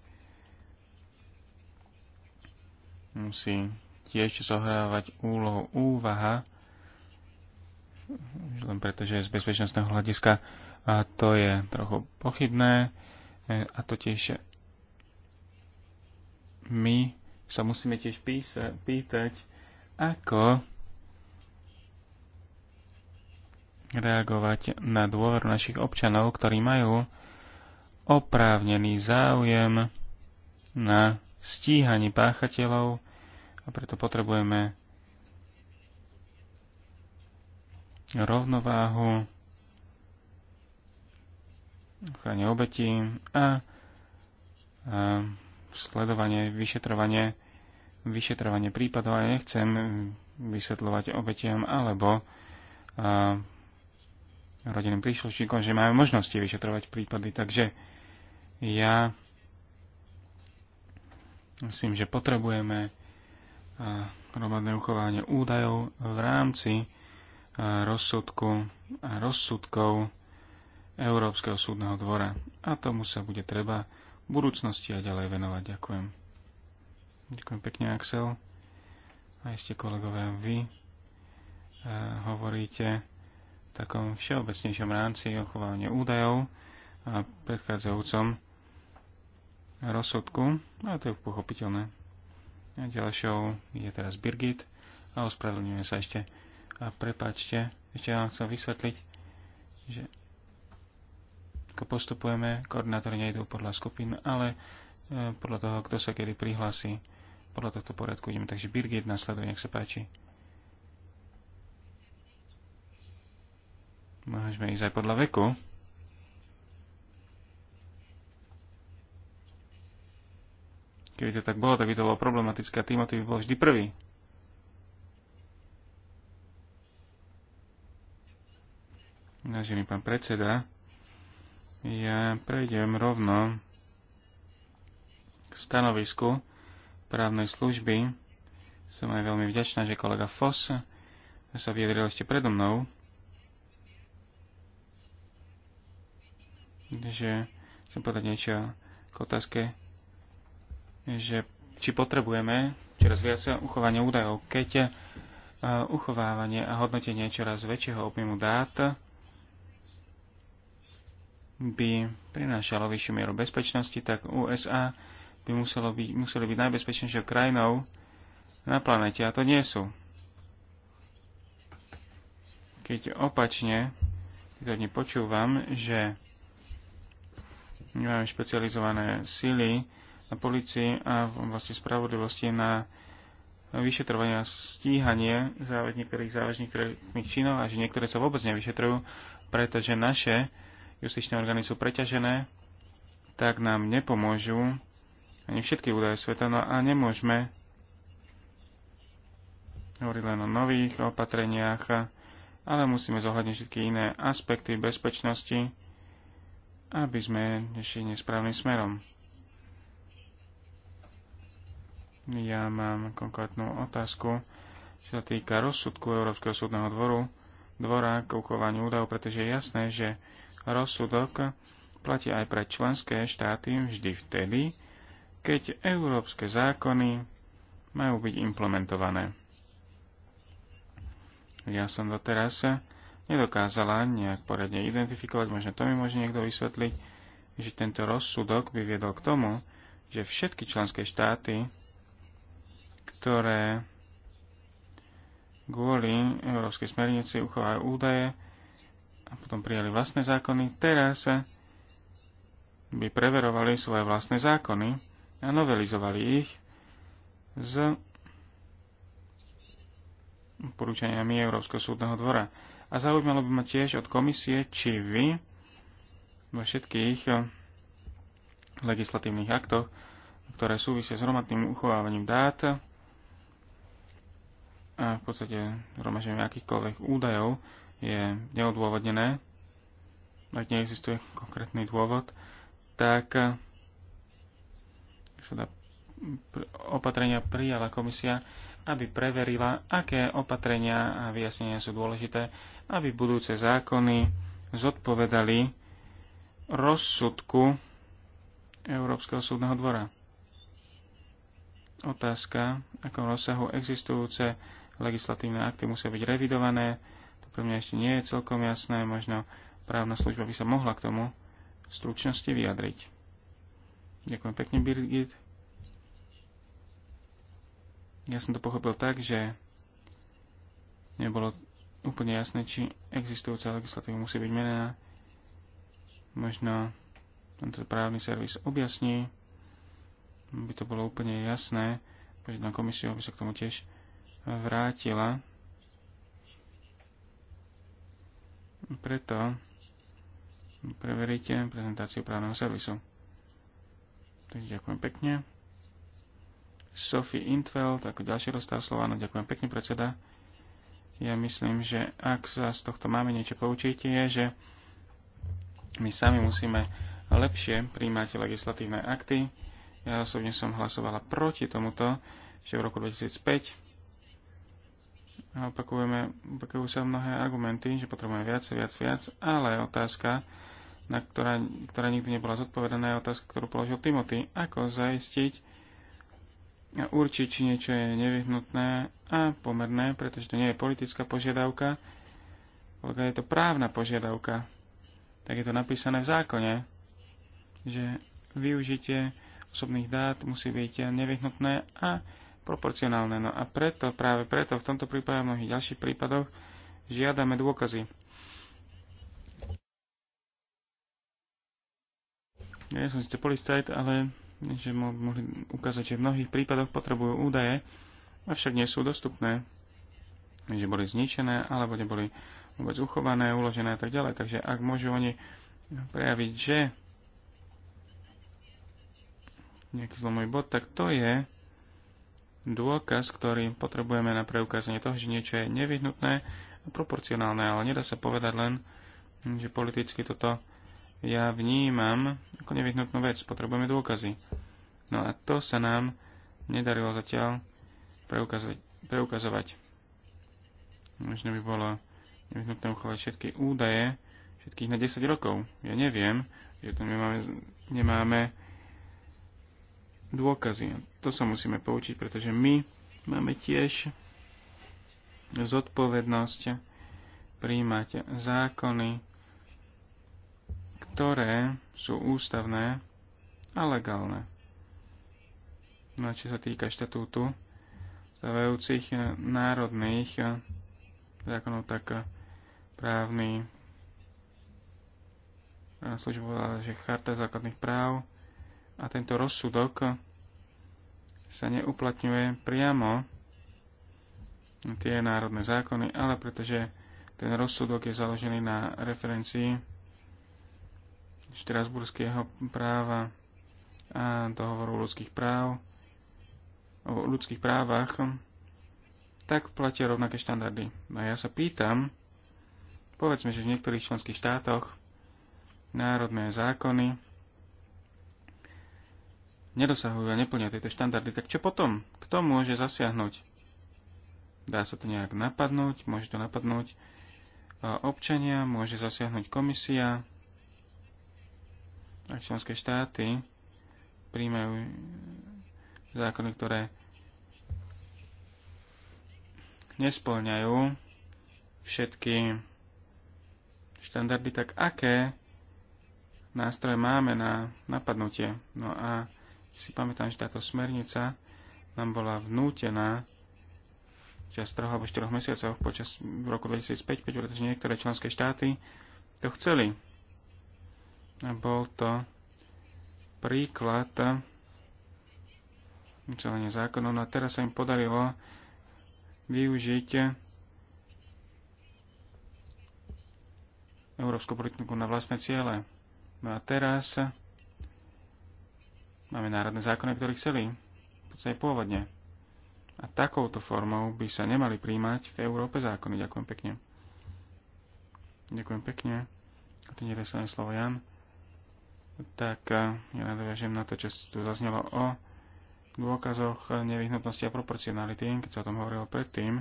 musí tiež zohrávať úlohu úvaha, len pretože z bezpečnostného hľadiska a to je trochu pochybné a tiež my sa musíme tiež písa, pýtať, ako reagovať na dôveru našich občanov, ktorí majú oprávnený záujem na stíhaní páchateľov a preto potrebujeme rovnováhu ochrane obetí a, a sledovanie, vyšetrovanie, vyšetrovanie prípadov. A ja nechcem vysvetľovať obetiam alebo a, rodinným príslušníkom, že máme možnosti vyšetrovať prípady. Takže ja myslím, že potrebujeme hromadné uchovanie údajov v rámci rozsudku a rozsudkov Európskeho súdneho dvora. A tomu sa bude treba v budúcnosti a ďalej venovať. Ďakujem. Ďakujem pekne, Axel. A ste kolegovia, vy e, hovoríte v takom všeobecnejšom rámci o údajov a predchádzajúcom rozsudku, a to je pochopiteľné. Ďalšou je teraz Birgit a ospravedlňujem sa ešte. A prepáčte, ešte vám chcem vysvetliť, že ako postupujeme, koordinátory nejdú podľa skupín, ale e, podľa toho, kto sa kedy prihlási. Podľa tohto poriadku ideme. Takže Birgit nasleduje, nech sa páči. Môžeme ísť aj podľa veku. Keby to tak bolo, tak by to bolo problematické a Timothy by bol vždy prvý. Vážený pán predseda, ja prejdem rovno k stanovisku právnej služby. Som aj veľmi vďačná, že kolega Foss sa vyjadril ešte predo mnou, že chcem povedať niečo k otázke že či potrebujeme čoraz viac uchovania údajov, keď eh, uchovávanie a hodnotenie čoraz väčšieho objemu dát by prinášalo vyššiu mieru bezpečnosti, tak USA by muselo byť, museli byť najbezpečnejšou krajinou na planete a to nie sú. Keď opačne to dne počúvam, že nemáme špecializované sily, na policii a v oblasti spravodlivosti na vyšetrovanie a stíhanie závaž, niektorých závažných trestných činov a že niektoré sa vôbec nevyšetrujú, pretože naše justičné orgány sú preťažené, tak nám nepomôžu ani všetky údaje sveta, no a nemôžeme hovoriť len o nových opatreniach, ale musíme zohľadniť všetky iné aspekty bezpečnosti, aby sme nešli nesprávnym smerom. Ja mám konkrétnu otázku, čo sa týka rozsudku Európskeho súdneho dvoru, dvora k uchovaniu údajov, pretože je jasné, že rozsudok platí aj pre členské štáty vždy vtedy, keď európske zákony majú byť implementované. Ja som doteraz nedokázala nejak poradne identifikovať, možno to mi môže niekto vysvetliť, že tento rozsudok by viedol k tomu, že všetky členské štáty ktoré kvôli Európskej smernici uchovajú údaje a potom prijali vlastné zákony, teraz by preverovali svoje vlastné zákony a novelizovali ich s porúčaniami Európskeho súdneho dvora. A zaujímalo by ma tiež od komisie, či vy vo všetkých eh, legislatívnych aktoch, ktoré súvisia s hromadným uchovávaním dát, a v podstate zhromaženie akýchkoľvek údajov je neodôvodnené, ak neexistuje konkrétny dôvod, tak eh, sa dá opatrenia prijala komisia, aby preverila, aké opatrenia a vyjasnenia sú dôležité, aby budúce zákony zodpovedali rozsudku Európskeho súdneho dvora. Otázka, akom rozsahu existujúce legislatívne akty musia byť revidované. To pre mňa ešte nie je celkom jasné. Možno právna služba by sa mohla k tomu v stručnosti vyjadriť. Ďakujem pekne, Birgit. Ja som to pochopil tak, že nebolo úplne jasné, či existujúca legislatíva musí byť menená. Možno tento právny servis objasní, by to bolo úplne jasné, požiadam komisiu, aby sa k tomu tiež vrátila. Preto preveríte prezentáciu právneho servisu. Takže ďakujem pekne. Sophie Intveld, ako ďalší dostal slova, no ďakujem pekne predseda. Ja myslím, že ak sa z tohto máme niečo poučiť, je, že my sami musíme lepšie príjmať legislatívne akty. Ja osobne som hlasovala proti tomuto že v roku 2005 a opakujeme, opakujú sa mnohé argumenty, že potrebujeme viac, viac, viac, ale otázka, na ktorá, ktorá nikdy nebola zodpovedaná, je otázka, ktorú položil Timothy. Ako zaistiť a určiť, či niečo je nevyhnutné a pomerné, pretože to nie je politická požiadavka, ale je to právna požiadavka. Tak je to napísané v zákone, že využitie osobných dát musí byť nevyhnutné a proporcionálne. No a preto, práve preto, v tomto prípade a mnohých ďalších prípadoch žiadame dôkazy. Ja som síce policajt, ale že mo- mohli ukázať, že v mnohých prípadoch potrebujú údaje, avšak nie sú dostupné, že boli zničené alebo neboli vôbec uchované, uložené a tak ďalej. Takže ak môžu oni prejaviť, že nejaký zlomový bod, tak to je dôkaz, ktorý potrebujeme na preukázanie toho, že niečo je nevyhnutné a proporcionálne, ale nedá sa povedať len, že politicky toto ja vnímam ako nevyhnutnú vec. Potrebujeme dôkazy. No a to sa nám nedarilo zatiaľ preukazovať. preukazovať. Možno by bolo nevyhnutné uchovať všetky údaje, všetkých na 10 rokov. Ja neviem, že to nemáme, nemáme dôkazy. To sa musíme poučiť, pretože my máme tiež zodpovednosť príjmať zákony, ktoré sú ústavné a legálne. No čo sa týka štatútu stavajúcich národných zákonov, tak právny služba, že charta základných práv a tento rozsudok sa neuplatňuje priamo tie národné zákony, ale pretože ten rozsudok je založený na referencii štrasburského práva a dohovoru ľudských práv o ľudských právach, tak platia rovnaké štandardy. No a ja sa pýtam, povedzme, že v niektorých členských štátoch národné zákony nedosahujú a neplnia tieto štandardy, tak čo potom? Kto môže zasiahnuť? Dá sa to nejak napadnúť, môže to napadnúť občania, môže zasiahnuť komisia a členské štáty príjmajú zákony, ktoré nesplňajú všetky štandardy, tak aké nástroje máme na napadnutie. No a si pamätám, že táto smernica nám bola vnútená čas troch alebo štyroch mesiacov počas roku 2005, pretože niektoré členské štáty to chceli. A bol to príklad ucelenia zákonov. No a teraz sa im podarilo využiť európsku politiku na vlastné ciele. No a teraz Máme národné zákony, ktoré chceli, v podstate pôvodne. A takouto formou by sa nemali príjmať v Európe zákony. Ďakujem pekne. Ďakujem pekne. A teď je slovo Jan. Tak eh, ja nadviažem na to, čo tu zaznelo o dôkazoch nevyhnutnosti a proporcionality, keď sa o tom hovorilo predtým.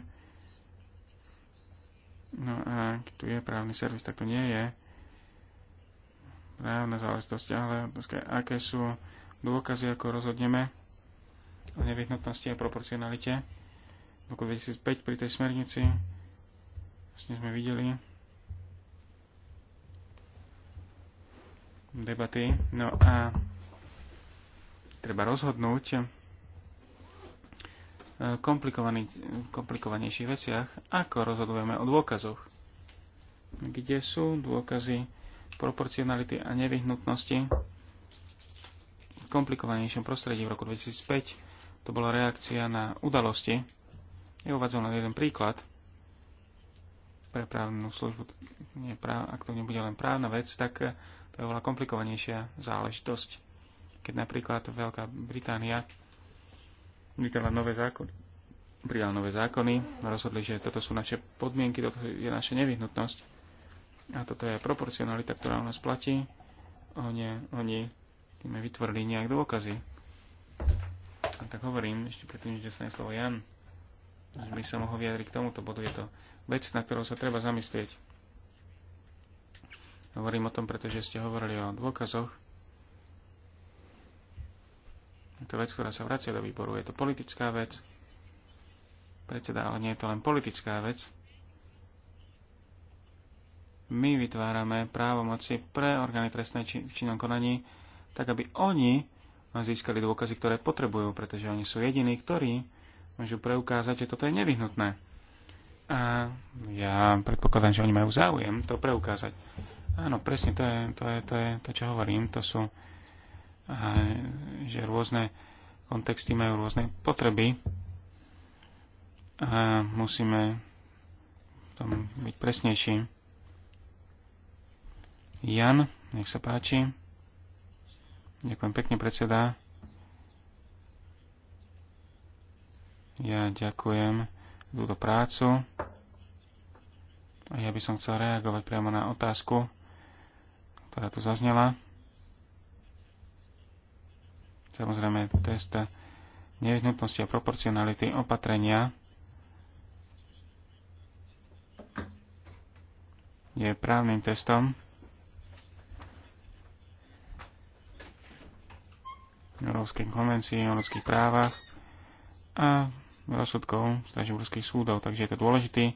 No a ak tu je právny servis, tak to nie je právna záležitosť, ale aké sú dôkazy, ako rozhodneme o nevyhnutnosti a proporcionalite. V roku 2005 pri tej smernici vlastne sme videli debaty. No a treba rozhodnúť komplikovanejších veciach, ako rozhodujeme o dôkazoch. Kde sú dôkazy proporcionality a nevyhnutnosti? komplikovanejšom prostredí v roku 2005. To bola reakcia na udalosti. Je uvádzam len jeden príklad pre právnu službu. Nie práv, ak to nebude len právna vec, tak eh, to je oveľa komplikovanejšia záležitosť. Keď napríklad Veľká Británia vytala nové zákony, prijal nové zákony, rozhodli, že toto sú naše podmienky, toto je naša nevyhnutnosť. A toto je proporcionalita, ktorá u nás platí. Oni, oni sme vytvorili nejak dôkazy. A tak hovorím, ešte predtým, že sa slovo Jan, že by sa mohol vyjadriť k tomuto bodu. Je to vec, na ktorou sa treba zamyslieť. Hovorím o tom, pretože ste hovorili o dôkazoch. Je to vec, ktorá sa vracia do výboru. Je to politická vec. Predseda, ale nie je to len politická vec. My vytvárame právomoci pre orgány trestné či- činnom konaní tak aby oni získali dôkazy, ktoré potrebujú, pretože oni sú jediní, ktorí môžu preukázať, že toto je nevyhnutné. A ja predpokladám, že oni majú záujem to preukázať. Áno, presne, to je to, je, to, je, to čo hovorím. To sú, že rôzne kontexty majú rôzne potreby. A musíme tom byť presnejší. Jan, nech sa páči. Ďakujem pekne, predseda. Ja ďakujem za túto prácu. A ja by som chcel reagovať priamo na otázku, ktorá tu zaznela. Samozrejme, test nevyhnutnosti a proporcionality opatrenia je právnym testom, Európskej konvencii o ľudských právach a rozsudkov Stražiburských súdov. Takže je to dôležitý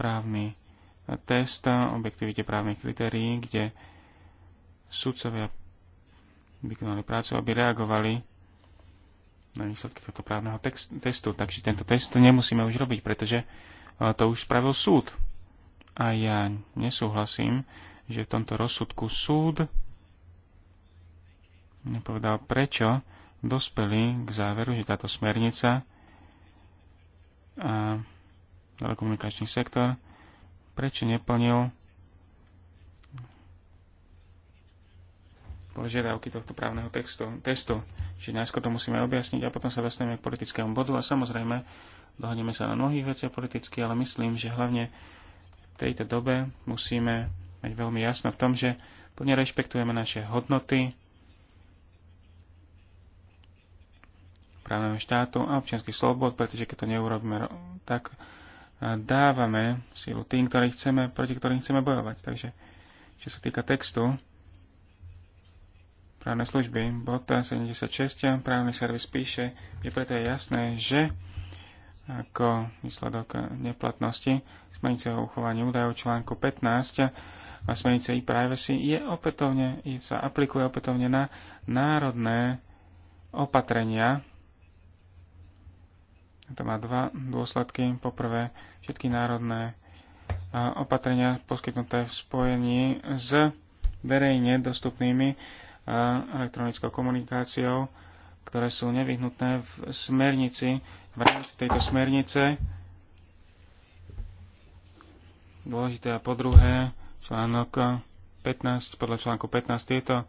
právny test objektivite právnych kritérií, kde súdcovia vykonali prácu, aby reagovali na výsledky tohto právneho text, testu. Takže tento test nemusíme už robiť, pretože eh, to už spravil súd. A ja nesúhlasím, že v tomto rozsudku súd nepovedal, prečo dospeli k záveru, že táto smernica a telekomunikačný sektor, prečo neplnil požiadavky tohto právneho textu, testu. Čiže najskôr to musíme objasniť a potom sa dostaneme k politickému bodu a samozrejme dohodneme sa na mnohých veciach politicky, ale myslím, že hlavne v tejto dobe musíme mať veľmi jasno v tom, že plne rešpektujeme naše hodnoty, právneho štátu a občianských slobod, pretože keď to neurobíme, tak eh, dávame silu tým, ktorým chceme, proti ktorým chceme bojovať. Takže, čo sa týka textu, právne služby, bota 76, právny servis píše, že preto je jasné, že ako výsledok neplatnosti smernice o uchovaní údajov článku 15 a smernice e-privacy je opätovne, sa aplikuje opätovne na národné opatrenia to má dva dôsledky. Poprvé, všetky národné opatrenia poskytnuté v spojení s verejne dostupnými elektronickou komunikáciou, ktoré sú nevyhnutné v smernici, v rámci tejto smernice. Dôležité a podruhé, článok 15, podľa článku 15 tieto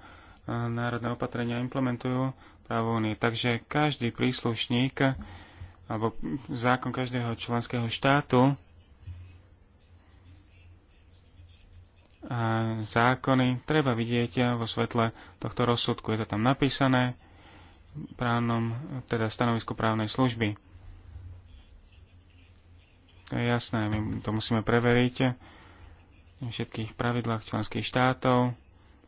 národné opatrenia implementujú právo únie. Takže každý príslušník alebo zákon každého členského štátu a zákony treba vidieť vo svetle tohto rozsudku. Je to tam napísané právnom, teda stanovisku právnej služby. To je jasné, my to musíme preveriť všetkých pravidlách členských štátov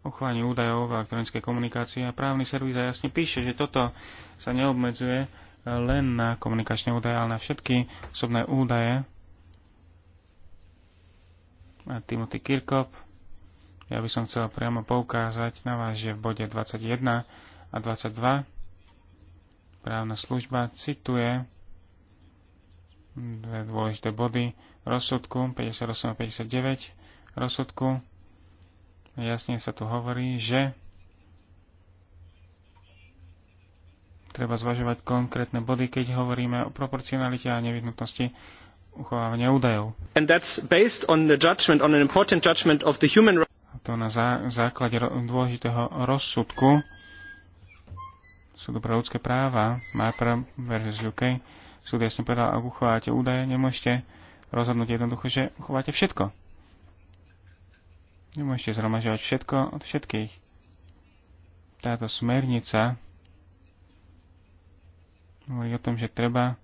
ochváni údajov a elektronickej komunikácie a právny servis a jasne píše, že toto sa neobmedzuje len na komunikačné údaje, ale na všetky osobné údaje. A Timothy Kirkop. Ja by som chcel priamo poukázať na vás, že v bode 21 a 22 právna služba cituje dve dôležité body rozsudku 58 a 59 rozsudku. Jasne sa tu hovorí, že treba zvažovať konkrétne body, keď hovoríme o proporcionalite a nevyhnutnosti uchovávania údajov. Human... To na zá- základe dôležitého rozsudku súdu pre ľudské práva, MAPR versus UK, súd jasne povedal, ak uchováte údaje, nemôžete rozhodnúť jednoducho, že uchováte všetko. Nemôžete zhromažovať všetko od všetkých. Táto smernica hovorí o tom, že treba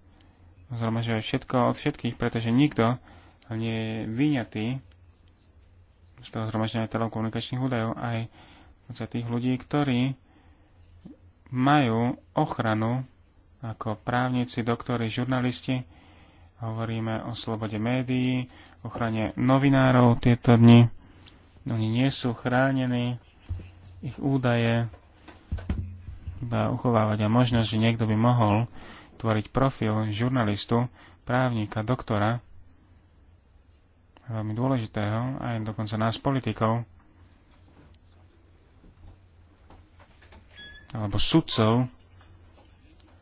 zhromažďovať všetko od všetkých, pretože nikto nie je vyňatý z toho zhromažďovania telekomunikačných údajov aj za tých ľudí, ktorí majú ochranu ako právnici, doktori, žurnalisti. Hovoríme o slobode médií, ochrane novinárov tieto dni. Oni nie sú chránení, ich údaje iba uchovávať a možnosť, že niekto by mohol tvoriť profil žurnalistu, právnika, doktora, veľmi dôležitého, aj dokonca nás politikov, alebo sudcov,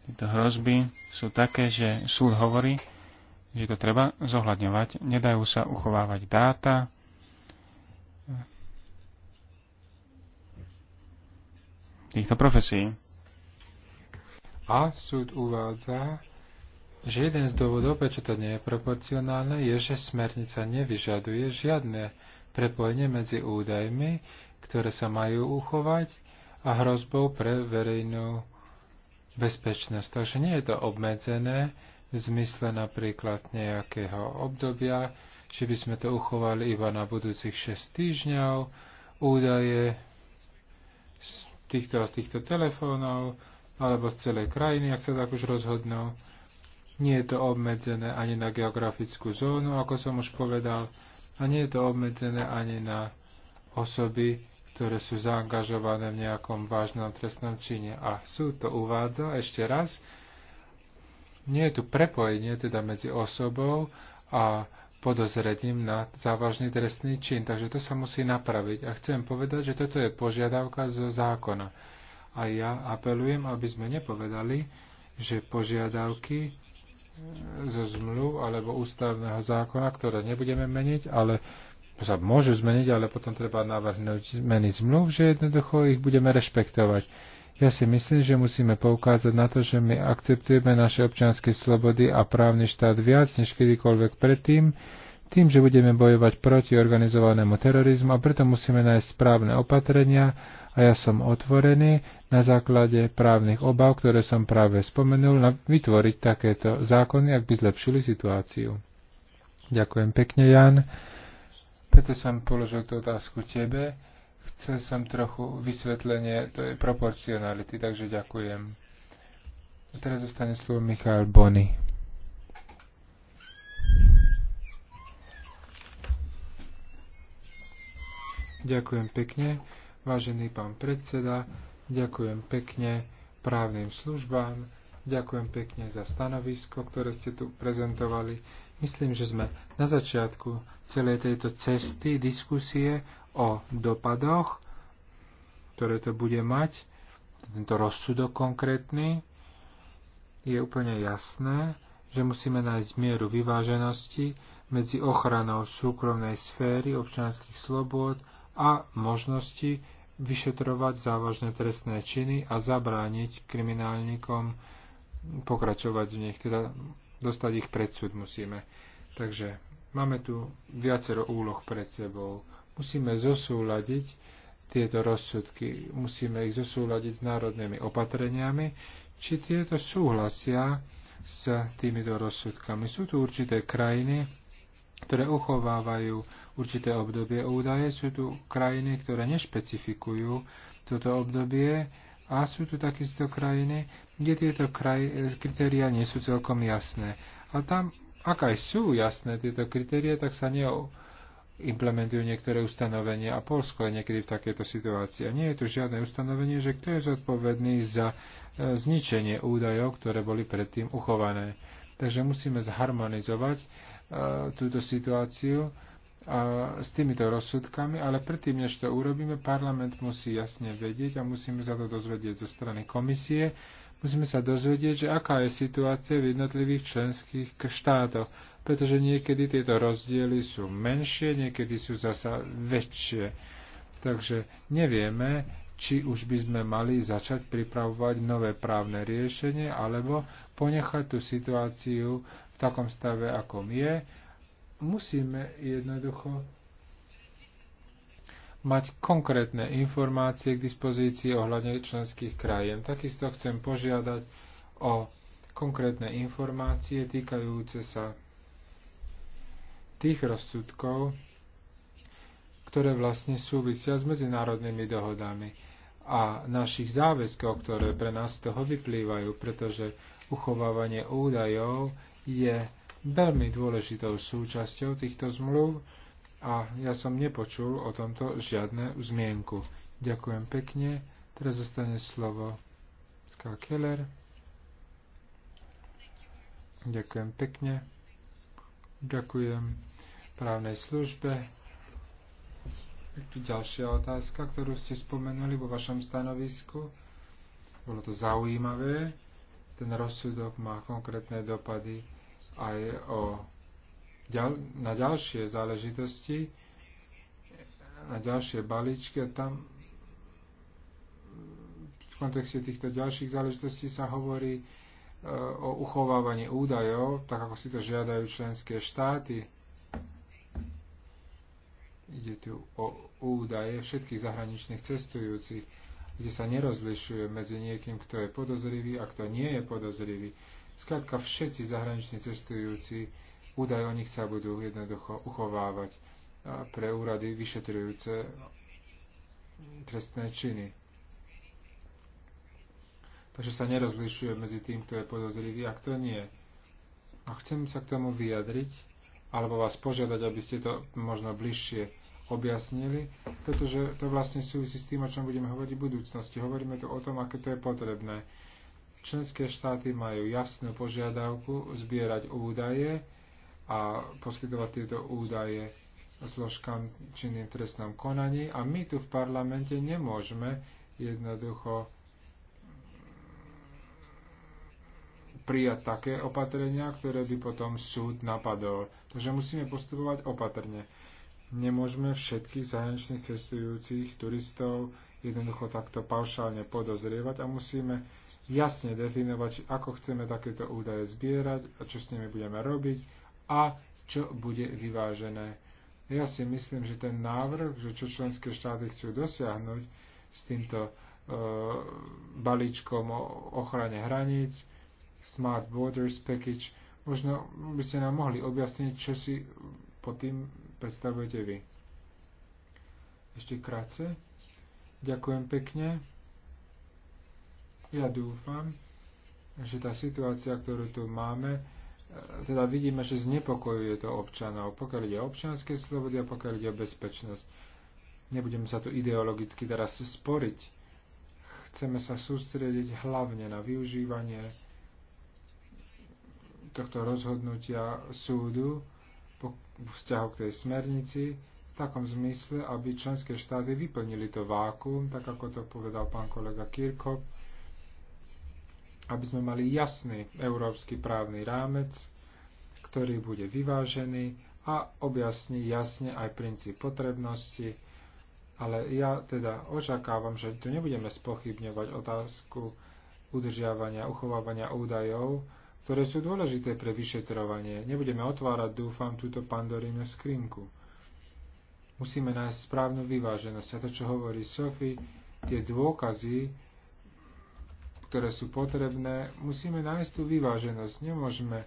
tieto hrozby sú také, že súd hovorí, že to treba zohľadňovať. Nedajú sa uchovávať dáta, týchto profesí. A súd uvádza, že jeden z dôvodov, prečo to nie je proporcionálne, je, že smernica nevyžaduje žiadne prepojenie medzi údajmi, ktoré sa majú uchovať a hrozbou pre verejnú bezpečnosť. Takže nie je to obmedzené v zmysle napríklad nejakého obdobia, že by sme to uchovali iba na budúcich 6 týždňov, údaje z týchto, z týchto telefónov, alebo z celej krajiny, ak sa tak už rozhodnú. Nie je to obmedzené ani na geografickú zónu, ako som už povedal, a nie je to obmedzené ani na osoby, ktoré sú zaangažované v nejakom vážnom trestnom čine. A súd to uvádza ešte raz. Nie je tu prepojenie teda medzi osobou a podozredím na závažný trestný čin, takže to sa musí napraviť. A chcem povedať, že toto je požiadavka zo zákona. A ja apelujem, aby sme nepovedali, že požiadavky e, zo zmluv alebo ústavného zákona, ktoré nebudeme meniť, ale sa môžu zmeniť, ale potom treba navrhnúť zmeny zmluv, že jednoducho ich budeme rešpektovať. Ja si myslím, že musíme poukázať na to, že my akceptujeme naše občianske slobody a právny štát viac než kedykoľvek predtým, tým, že budeme bojovať proti organizovanému terorizmu a preto musíme nájsť správne opatrenia, a ja som otvorený na základe právnych obav, ktoré som práve spomenul, na vytvoriť takéto zákony, ak by zlepšili situáciu. Ďakujem pekne, Jan. Preto som položil tú otázku tebe. Chcel som trochu vysvetlenie, to je proporcionality, takže ďakujem. A teraz zostane slovo Michal Bony. Ďakujem pekne. Vážený pán predseda, ďakujem pekne právnym službám, ďakujem pekne za stanovisko, ktoré ste tu prezentovali. Myslím, že sme na začiatku celej tejto cesty diskusie o dopadoch, ktoré to bude mať, tento rozsudok konkrétny, je úplne jasné, že musíme nájsť mieru vyváženosti medzi ochranou súkromnej sféry občanských slobôd a možnosti vyšetrovať závažné trestné činy a zabrániť kriminálnikom pokračovať v nich, teda dostať ich pred súd musíme. Takže máme tu viacero úloh pred sebou. Musíme zosúľadiť tieto rozsudky, musíme ich zosúľadiť s národnými opatreniami, či tieto súhlasia s týmito rozsudkami. Sú tu určité krajiny, ktoré uchovávajú určité obdobie údaje. Sú tu krajiny, ktoré nešpecifikujú toto obdobie a sú tu takisto krajiny, kde tieto kraj, kritéria nie sú celkom jasné. A tam, ak aj sú jasné tieto kritéria, tak sa ne implementujú niektoré ustanovenia a Polsko je niekedy v takejto situácii. A nie je tu žiadne ustanovenie, že kto je zodpovedný za e, zničenie údajov, ktoré boli predtým uchované. Takže musíme zharmonizovať túto situáciu a s týmito rozsudkami, ale predtým, než to urobíme, parlament musí jasne vedieť a musíme sa to dozvedieť zo strany komisie. Musíme sa dozvedieť, že aká je situácia v jednotlivých členských štátoch, pretože niekedy tieto rozdiely sú menšie, niekedy sú zasa väčšie. Takže nevieme, či už by sme mali začať pripravovať nové právne riešenie, alebo ponechať tú situáciu takom stave, akom je, musíme jednoducho mať konkrétne informácie k dispozícii ohľadne členských krajín. Takisto chcem požiadať o konkrétne informácie týkajúce sa tých rozsudkov, ktoré vlastne súvisia s medzinárodnými dohodami a našich záväzkov, ktoré pre nás z toho vyplývajú, pretože uchovávanie údajov je veľmi dôležitou súčasťou týchto zmluv a ja som nepočul o tomto žiadne zmienku. Ďakujem pekne. Teraz zostane slovo Ska Keller. Ďakujem pekne. Ďakujem právnej službe. Tu ďalšia otázka, ktorú ste spomenuli vo vašom stanovisku. Bolo to zaujímavé. Ten rozsudok má konkrétne dopady aj o, ďal, na ďalšie záležitosti, na ďalšie balíčky a tam v kontexte týchto ďalších záležitostí sa hovorí e, o uchovávaní údajov, tak ako si to žiadajú členské štáty. Ide tu o údaje všetkých zahraničných cestujúcich, kde sa nerozlišuje medzi niekým, kto je podozrivý a kto nie je podozrivý. Skladka všetci zahraniční cestujúci, údaj o nich sa budú jednoducho uchovávať pre úrady vyšetrujúce trestné činy. Takže sa nerozlišuje medzi tým, kto je podozrivý a kto nie. A chcem sa k tomu vyjadriť, alebo vás požiadať, aby ste to možno bližšie objasnili, pretože to vlastne súvisí s tým, o čom budeme hovoriť v budúcnosti. Hovoríme tu o tom, aké to je potrebné. Členské štáty majú jasnú požiadavku zbierať údaje a poskytovať tieto údaje zložkám činným trestnom konaní a my tu v parlamente nemôžeme jednoducho prijať také opatrenia, ktoré by potom súd napadol. Takže musíme postupovať opatrne. Nemôžeme všetkých zahraničných cestujúcich turistov jednoducho takto paušálne podozrievať a musíme jasne definovať, ako chceme takéto údaje zbierať a čo s nimi budeme robiť a čo bude vyvážené. Ja si myslím, že ten návrh, že čo členské štáty chcú dosiahnuť s týmto e, balíčkom o ochrane hraníc, Smart Borders Package, možno by ste nám mohli objasniť, čo si pod tým predstavujete vy. Ešte krátce. Ďakujem pekne. Ja dúfam, že tá situácia, ktorú tu máme, e, teda vidíme, že znepokojuje to občanov, pokiaľ ide o občanské slobody a pokiaľ ide o bezpečnosť. Nebudem sa tu ideologicky teraz sporiť. Chceme sa sústrediť hlavne na využívanie tohto rozhodnutia súdu po vzťahu k tej smernici, takom zmysle, aby členské štáty vyplnili to vákuum, tak ako to povedal pán kolega Kirchhoff, aby sme mali jasný európsky právny rámec, ktorý bude vyvážený a objasní jasne aj princíp potrebnosti. Ale ja teda očakávam, že tu nebudeme spochybňovať otázku udržiavania, uchovávania údajov, ktoré sú dôležité pre vyšetrovanie. Nebudeme otvárať, dúfam, túto pandorínu skrinku. Musíme nájsť správnu vyváženosť. A to, čo hovorí Sofi, tie dôkazy, ktoré sú potrebné, musíme nájsť tú vyváženosť. Nemôžeme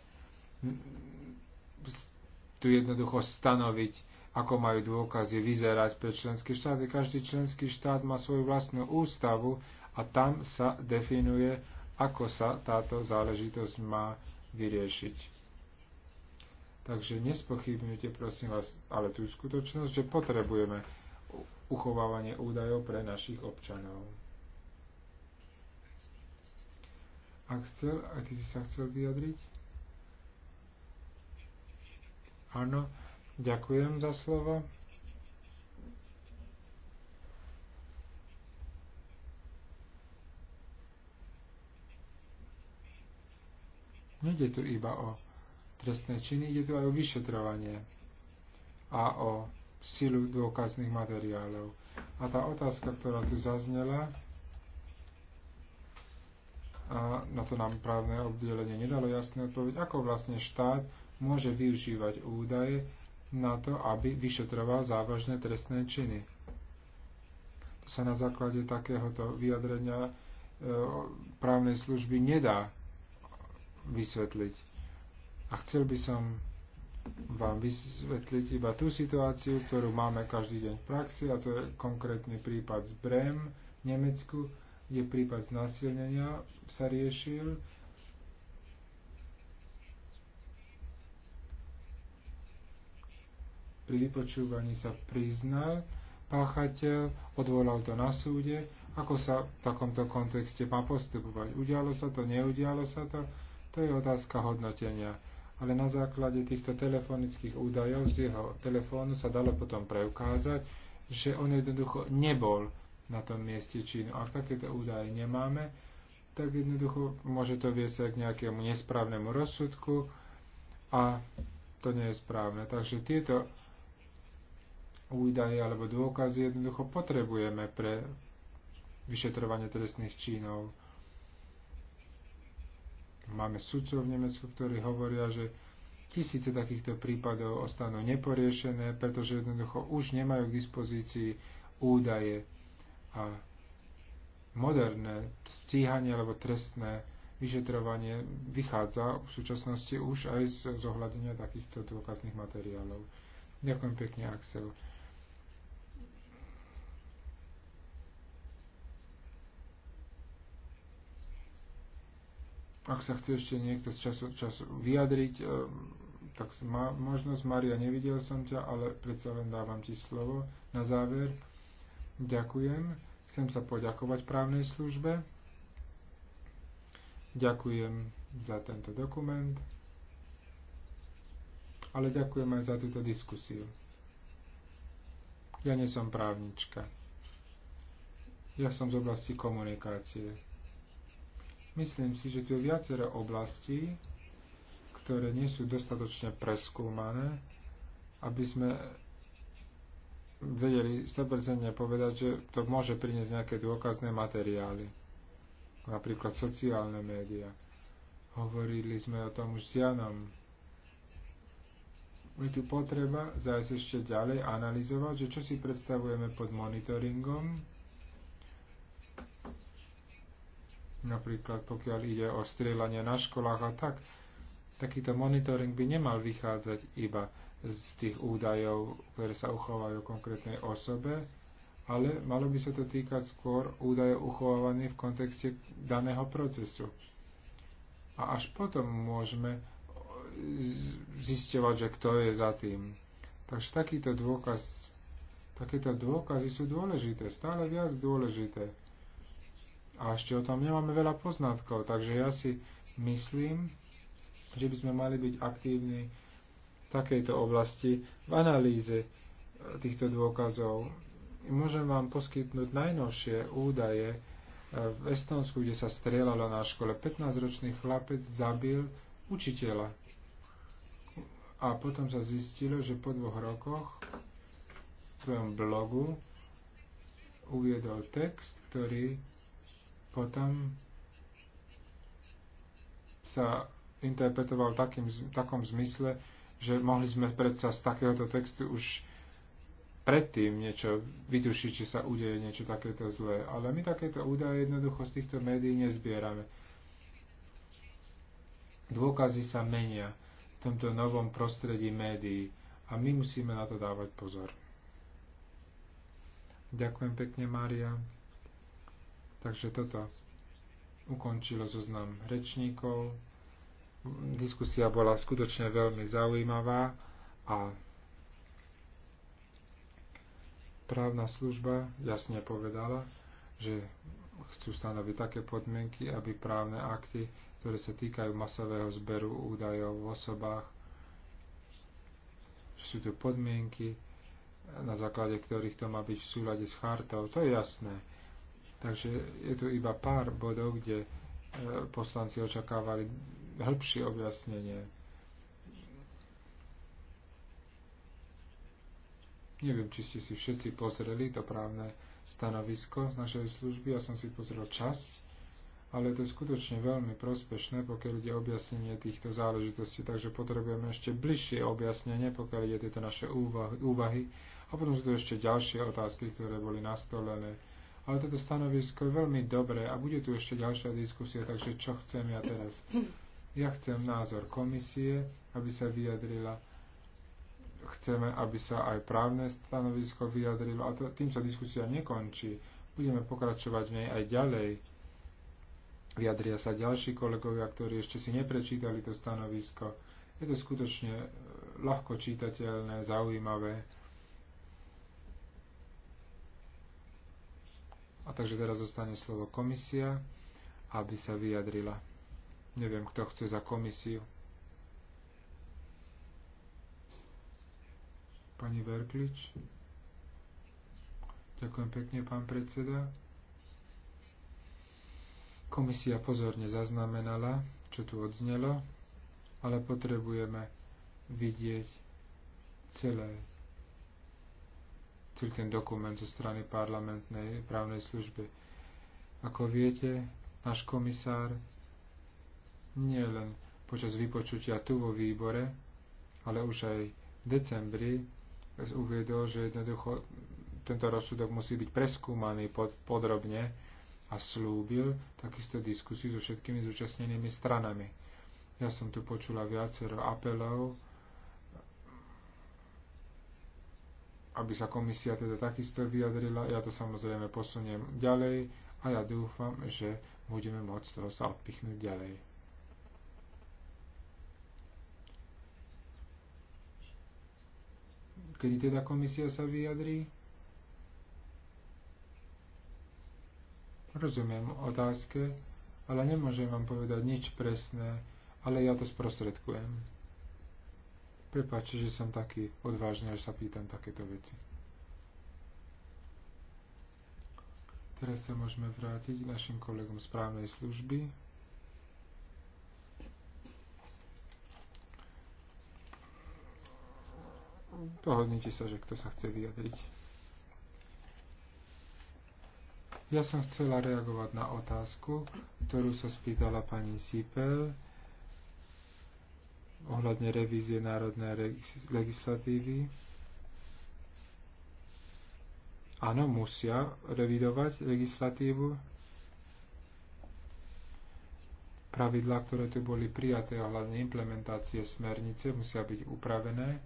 tu jednoducho stanoviť, ako majú dôkazy vyzerať pre členské štáty. Každý členský štát má svoju vlastnú ústavu a tam sa definuje, ako sa táto záležitosť má vyriešiť. Takže nespochybňujte, prosím vás, ale tú skutočnosť, že potrebujeme uchovávanie údajov pre našich občanov. Ak chcel, a ty si sa chcel vyjadriť? Áno, ďakujem za slovo. Nede tu iba o trestné činy, ide tu aj o vyšetrovanie a o silu dôkazných materiálov. A tá otázka, ktorá tu zaznela, a na to nám právne oddelenie nedalo jasné odpoveď, ako vlastne štát môže využívať údaje na to, aby vyšetroval závažné trestné činy. To sa na základe takéhoto vyjadrenia e, právnej služby nedá vysvetliť. A chcel by som vám vysvetliť iba tú situáciu, ktorú máme každý deň v praxi, a to je konkrétny prípad z Brem v Nemecku, kde prípad znásilnenia sa riešil. Pri vypočúvaní sa priznal páchateľ, odvolal to na súde, ako sa v takomto kontexte má postupovať. Udialo sa to, neudialo sa to, to je otázka hodnotenia ale na základe týchto telefonických údajov z jeho telefónu sa dalo potom preukázať, že on jednoducho nebol na tom mieste činu. Ak takéto údaje nemáme, tak jednoducho môže to viesť aj k nejakému nesprávnemu rozsudku a to nie je správne. Takže tieto údaje alebo dôkazy jednoducho potrebujeme pre vyšetrovanie trestných činov. Máme sudcov v Nemecku, ktorí hovoria, že tisíce takýchto prípadov ostanú neporiešené, pretože jednoducho už nemajú k dispozícii údaje a moderné stíhanie alebo trestné vyšetrovanie vychádza v súčasnosti už aj z zohľadenia takýchto dôkazných materiálov. Ďakujem pekne, Axel. Ak sa chce ešte niekto z času, času vyjadriť, eh, tak má možnosť. Maria, nevidel som ťa, ale predsa len dávam ti slovo. Na záver, ďakujem. Chcem sa poďakovať právnej službe. Ďakujem za tento dokument, ale ďakujem aj za túto diskusiu. Ja nie som právnička. Ja som z oblasti komunikácie. Myslím si, že tu je viacero oblastí, ktoré nie sú dostatočne preskúmané, aby sme vedeli 100% povedať, že to môže priniesť nejaké dôkazné materiály, napríklad sociálne médiá. Hovorili sme o tom už s Janom. Je tu potreba zájsť ešte ďalej analyzovať, že čo si predstavujeme pod monitoringom, napríklad pokiaľ ide o strieľanie na školách a tak, takýto monitoring by nemal vychádzať iba z tých údajov, ktoré sa uchovajú konkrétnej osobe, ale malo by sa to týkať skôr údajov uchovávaných v kontexte daného procesu. A až potom môžeme zistovať, že kto je za tým. Takže takýto dôkaz, takéto dôkazy sú dôležité, stále viac dôležité. A ešte o tom nemáme veľa poznatkov, takže ja si myslím, že by sme mali byť aktívni v takejto oblasti v analýze e, týchto dôkazov. Môžem vám poskytnúť najnovšie údaje. E, v Estonsku, kde sa strieľalo na škole, 15-ročný chlapec zabil učiteľa. A potom sa zistilo, že po dvoch rokoch v svojom blogu uviedol text, ktorý potom sa interpretoval takým, v takom zmysle, že mohli sme predsa z takéhoto textu už predtým niečo vytušiť, či sa udeje niečo takéto zlé. Ale my takéto údaje jednoducho z týchto médií nezbierame. Dôkazy sa menia v tomto novom prostredí médií a my musíme na to dávať pozor. Ďakujem pekne, Mária. Takže toto ukončilo zoznam rečníkov. Diskusia bola skutočne veľmi zaujímavá a právna služba jasne povedala, že chcú stanoviť také podmienky, aby právne akty, ktoré sa týkajú masového zberu údajov v osobách, sú to podmienky, na základe ktorých to má byť v súlade s chartou. To je jasné. Takže je tu iba pár bodov, kde e, poslanci očakávali hĺbšie objasnenie. Neviem, či ste si všetci pozreli to právne stanovisko z našej služby, ja som si pozrel časť, ale to je skutočne veľmi prospešné, pokiaľ ide objasnenie týchto záležitostí, takže potrebujeme ešte bližšie objasnenie, pokiaľ ide tieto naše úvahy. A potom sú tu ešte ďalšie otázky, ktoré boli nastolené ale toto stanovisko je veľmi dobré a bude tu ešte ďalšia diskusia, takže čo chcem ja teraz? Ja chcem názor komisie, aby sa vyjadrila. Chceme, aby sa aj právne stanovisko vyjadrilo. A to, tým sa diskusia nekončí. Budeme pokračovať v nej aj ďalej. Vyjadria sa ďalší kolegovia, ktorí ešte si neprečítali to stanovisko. Je to skutočne eh, ľahko čítateľné, zaujímavé A takže teraz zostane slovo komisia, aby sa vyjadrila. Neviem, kto chce za komisiu. Pani Verklič. Ďakujem pekne, pán predseda. Komisia pozorne zaznamenala, čo tu odznelo, ale potrebujeme vidieť celé celý ten dokument zo strany parlamentnej právnej služby. Ako viete, náš komisár nie len počas vypočutia tu vo výbore, ale už aj v decembri uviedol, že jednoducho tento rozsudok musí byť preskúmaný pod, podrobne a slúbil takisto diskusiu so všetkými zúčastnenými stranami. Ja som tu počula viacero apelov, aby sa komisia teda takisto vyjadrila. Ja to samozrejme posuniem ďalej a ja dúfam, že budeme môcť toho sa odpichnúť ďalej. Kedy teda komisia sa vyjadrí? Rozumiem otázke, ale nemôžem vám povedať nič presné, ale ja to sprostredkujem. Prepačte, že som taký odvážny, až sa pýtam takéto veci. Teraz sa môžeme vrátiť našim kolegom z právnej služby. Pohodnite sa, že kto sa chce vyjadriť. Ja som chcela reagovať na otázku, ktorú sa spýtala pani Sipel ohľadne revízie národnej legislatívy. Áno, musia revidovať legislatívu. Pravidlá, ktoré tu boli prijaté ohľadne implementácie smernice, musia byť upravené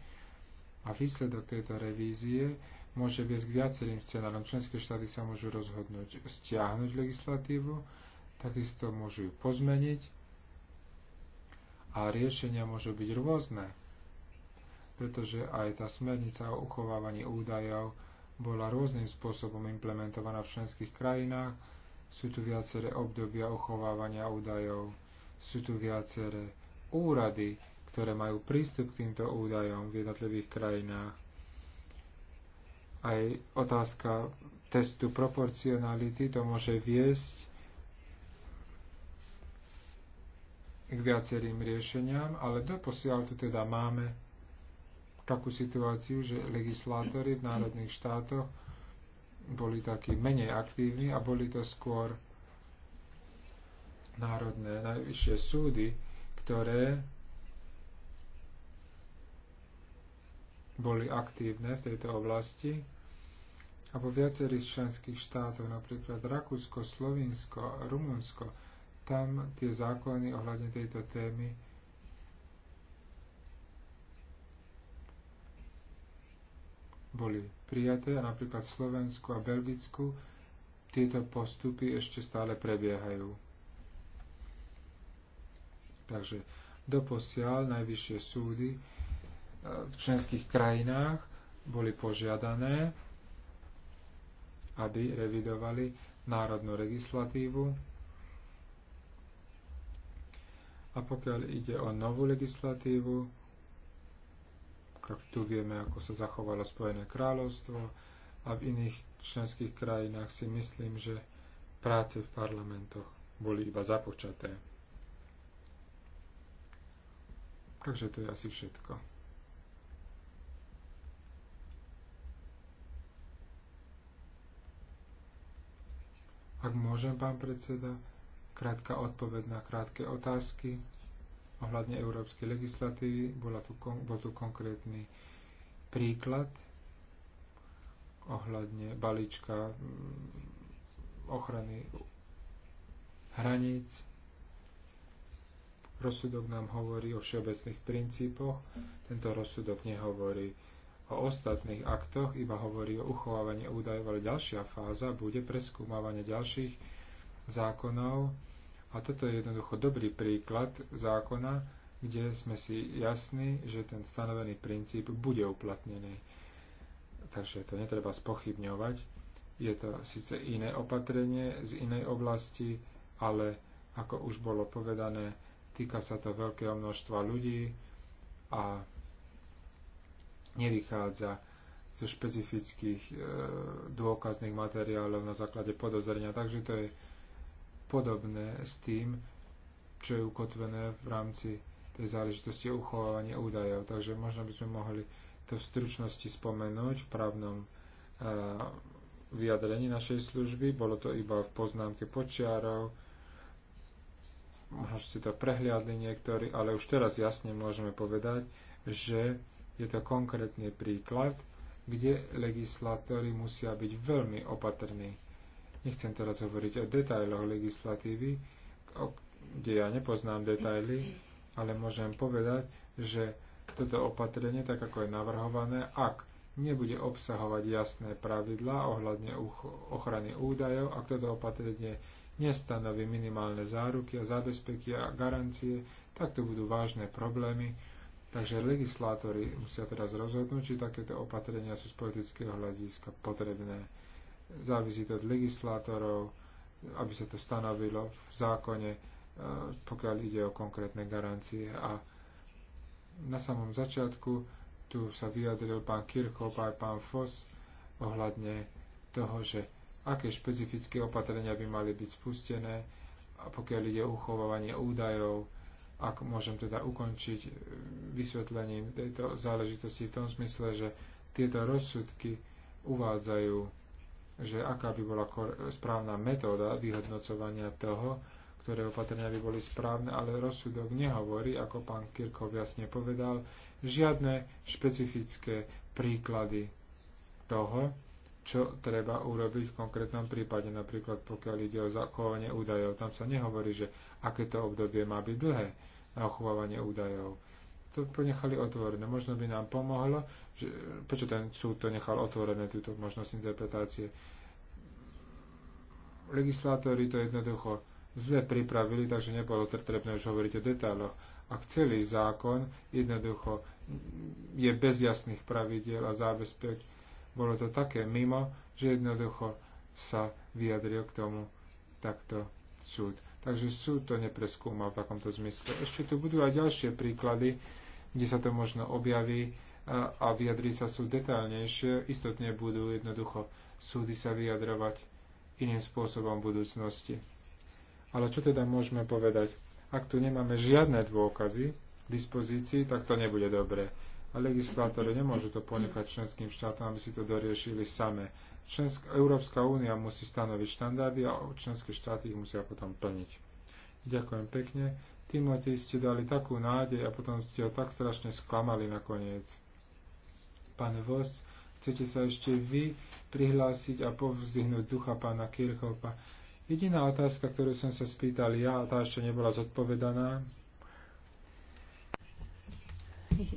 a výsledok tejto revízie môže viesť k viacerým scenárom. Členské štáty sa môžu rozhodnúť stiahnuť legislatívu, takisto môžu ju pozmeniť a riešenia môžu byť rôzne, pretože aj tá smernica o uchovávaní údajov bola rôznym spôsobom implementovaná v členských krajinách. Sú tu viaceré obdobia uchovávania údajov, sú tu viaceré úrady, ktoré majú prístup k týmto údajom v jednotlivých krajinách. Aj otázka testu proporcionality to môže viesť k viacerým riešeniam, ale doposiaľ tu teda máme takú situáciu, že legislátori v národných štátoch boli takí menej aktívni a boli to skôr národné najvyššie súdy, ktoré boli aktívne v tejto oblasti a vo viacerých členských štátoch, napríklad Rakúsko, Slovinsko, Rumunsko, tam tie zákony ohľadne tejto témy boli prijaté a napríklad v Slovensku a Belgicku tieto postupy ešte stále prebiehajú. Takže doposiaľ najvyššie súdy e, v členských krajinách boli požiadané, aby revidovali národnú legislatívu a pokiaľ ide o novú legislatívu, tak tu vieme, ako sa zachovalo Spojené kráľovstvo a v iných členských krajinách si myslím, že práce v parlamentoch boli iba započaté. Takže to je asi všetko. Ak môžem, pán predseda, krátka odpoveď na krátke otázky ohľadne európskej legislatívy. Bola tu, bol tu konkrétny príklad ohľadne balíčka mm, ochrany hraníc. Rozsudok nám hovorí o všeobecných princípoch. Tento rozsudok nehovorí o ostatných aktoch, iba hovorí o uchovávaní údajov, ale ďalšia fáza bude preskúmavanie ďalších zákonov, a toto je jednoducho dobrý príklad zákona, kde sme si jasní, že ten stanovený princíp bude uplatnený. Takže to netreba spochybňovať. Je to síce iné opatrenie z inej oblasti, ale ako už bolo povedané, týka sa to veľkého množstva ľudí a nevychádza zo špecifických e, dôkazných materiálov na základe podozrenia. Takže to je podobné s tým, čo je ukotvené v rámci tej záležitosti uchovávania údajov. Takže možno by sme mohli to v stručnosti spomenúť v právnom e, vyjadrení našej služby. Bolo to iba v poznámke počiarov. Možno ste to prehliadli niektorí, ale už teraz jasne môžeme povedať, že je to konkrétny príklad, kde legislatóri musia byť veľmi opatrní Nechcem teraz hovoriť o detailoch legislatívy, kde ja nepoznám detaily, ale môžem povedať, že toto opatrenie, tak ako je navrhované, ak nebude obsahovať jasné pravidlá ohľadne ochrany údajov, ak toto opatrenie nestanoví minimálne záruky a zabezpeky a garancie, tak to budú vážne problémy. Takže legislátori musia teraz rozhodnúť, či takéto opatrenia sú z politického hľadiska potrebné závisí to od legislátorov, aby sa to stanovilo v zákone, eh, pokiaľ ide o konkrétne garancie. A na samom začiatku tu sa vyjadril pán Kirchhoff aj pán Foss ohľadne toho, že aké špecifické opatrenia by mali byť spustené, a pokiaľ ide o uchovávanie údajov, ak môžem teda ukončiť eh, vysvetlením tejto záležitosti v tom smysle, že tieto rozsudky uvádzajú že aká by bola správna metóda vyhodnocovania toho, ktoré opatrenia by boli správne, ale rozsudok nehovorí, ako pán Kirkov jasne povedal, žiadne špecifické príklady toho, čo treba urobiť v konkrétnom prípade, napríklad pokiaľ ide o zachovanie údajov. Tam sa nehovorí, že aké to obdobie má byť dlhé na ochovávanie údajov to ponechali otvorené. Možno by nám pomohlo, že, prečo ten súd to nechal otvorené, túto možnosť interpretácie. Legislátori to jednoducho zle pripravili, takže nebolo trebné už hovoriť o detailoch. Ak celý zákon jednoducho je bez jasných pravidiel a zábezpek, bolo to také mimo, že jednoducho sa vyjadril k tomu takto súd. Takže súd to nepreskúmal v takomto zmysle. Ešte tu budú aj ďalšie príklady, kde sa to možno objaví e, a vyjadri sa sú detálnejšie, istotne budú jednoducho súdy sa vyjadrovať iným spôsobom v budúcnosti. Ale čo teda môžeme povedať? Ak tu nemáme žiadne dôkazy k dispozícii, tak to nebude dobré. A legislátory nemôžu to ponechať členským štátom, aby si to doriešili same. Členská, Európska únia musí stanoviť štandardy a členské štáty ich musia potom plniť. Ďakujem pekne. Timotej ste dali takú nádej a potom ste ho tak strašne sklamali nakoniec. Pán Vos, chcete sa ešte vy prihlásiť a povzdyhnúť ducha pána Kirchhoffa. Jediná otázka, ktorú som sa spýtal ja, a tá ešte nebola zodpovedaná,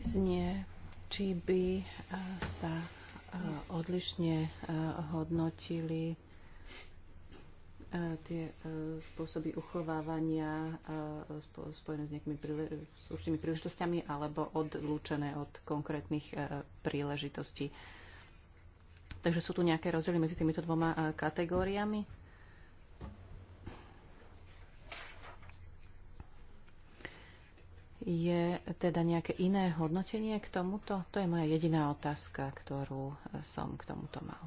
znie, či by eh, sa eh, odlišne eh, hodnotili E, tie e, spôsoby uchovávania e, spojené s nejakými slušnými príležitostiami alebo odlúčené od konkrétnych príležitostí. Takže sú tu nejaké rozdiely medzi týmito dvoma kategóriami? Je teda nejaké iné hodnotenie k tomuto? To je moja jediná otázka, ktorú som k tomuto mal.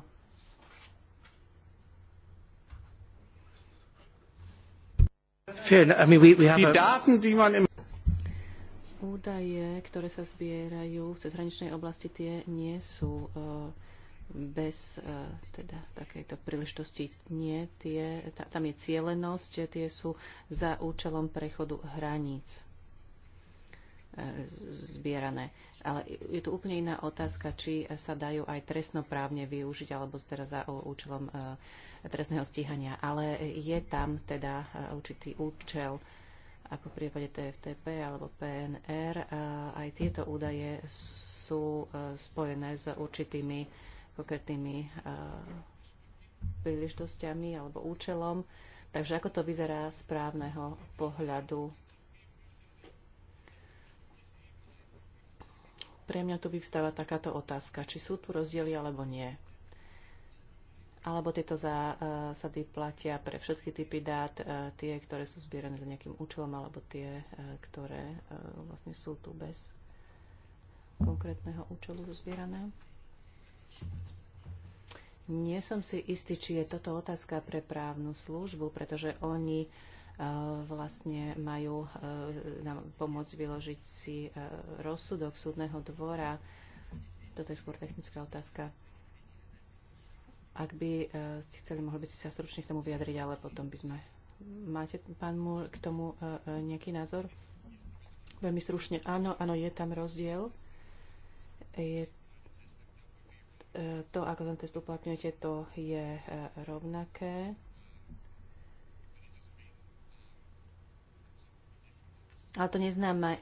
Údaje, ktoré sa zbierajú v cezhraničnej oblasti, tie nie sú e, bez e, teda takejto príležitosti nie. Tie, tam je cielenosť, tie sú za účelom prechodu hraníc zbierané. Ale je tu úplne iná otázka, či sa dajú aj trestnoprávne využiť, alebo teraz za účelom e, trestného stíhania. Ale je tam teda e, určitý účel, ako v prípade TFTP alebo PNR. E, aj tieto údaje sú spojené s určitými konkrétnymi príležitosťami alebo účelom. Takže ako to vyzerá z právneho pohľadu pre mňa tu vyvstáva takáto otázka, či sú tu rozdiely alebo nie. Alebo tieto zásady platia pre všetky typy dát, e, tie, ktoré sú zbierané za nejakým účelom, alebo tie, e, ktoré e, vlastne sú tu bez konkrétneho účelu zbierané. Nie som si istý, či je toto otázka pre právnu službu, pretože oni vlastne majú e, nám pomôcť vyložiť si e, rozsudok súdneho dvora. Toto je skôr technická otázka. Ak by e, ste chceli, mohli by ste sa stručne k tomu vyjadriť, ale potom by sme... Máte, pán Múr, k tomu nejaký názor? Veľmi stručne. Áno, áno, je tam rozdiel. Je to, ako ten test uplatňujete, to je rovnaké Ale to neznamená,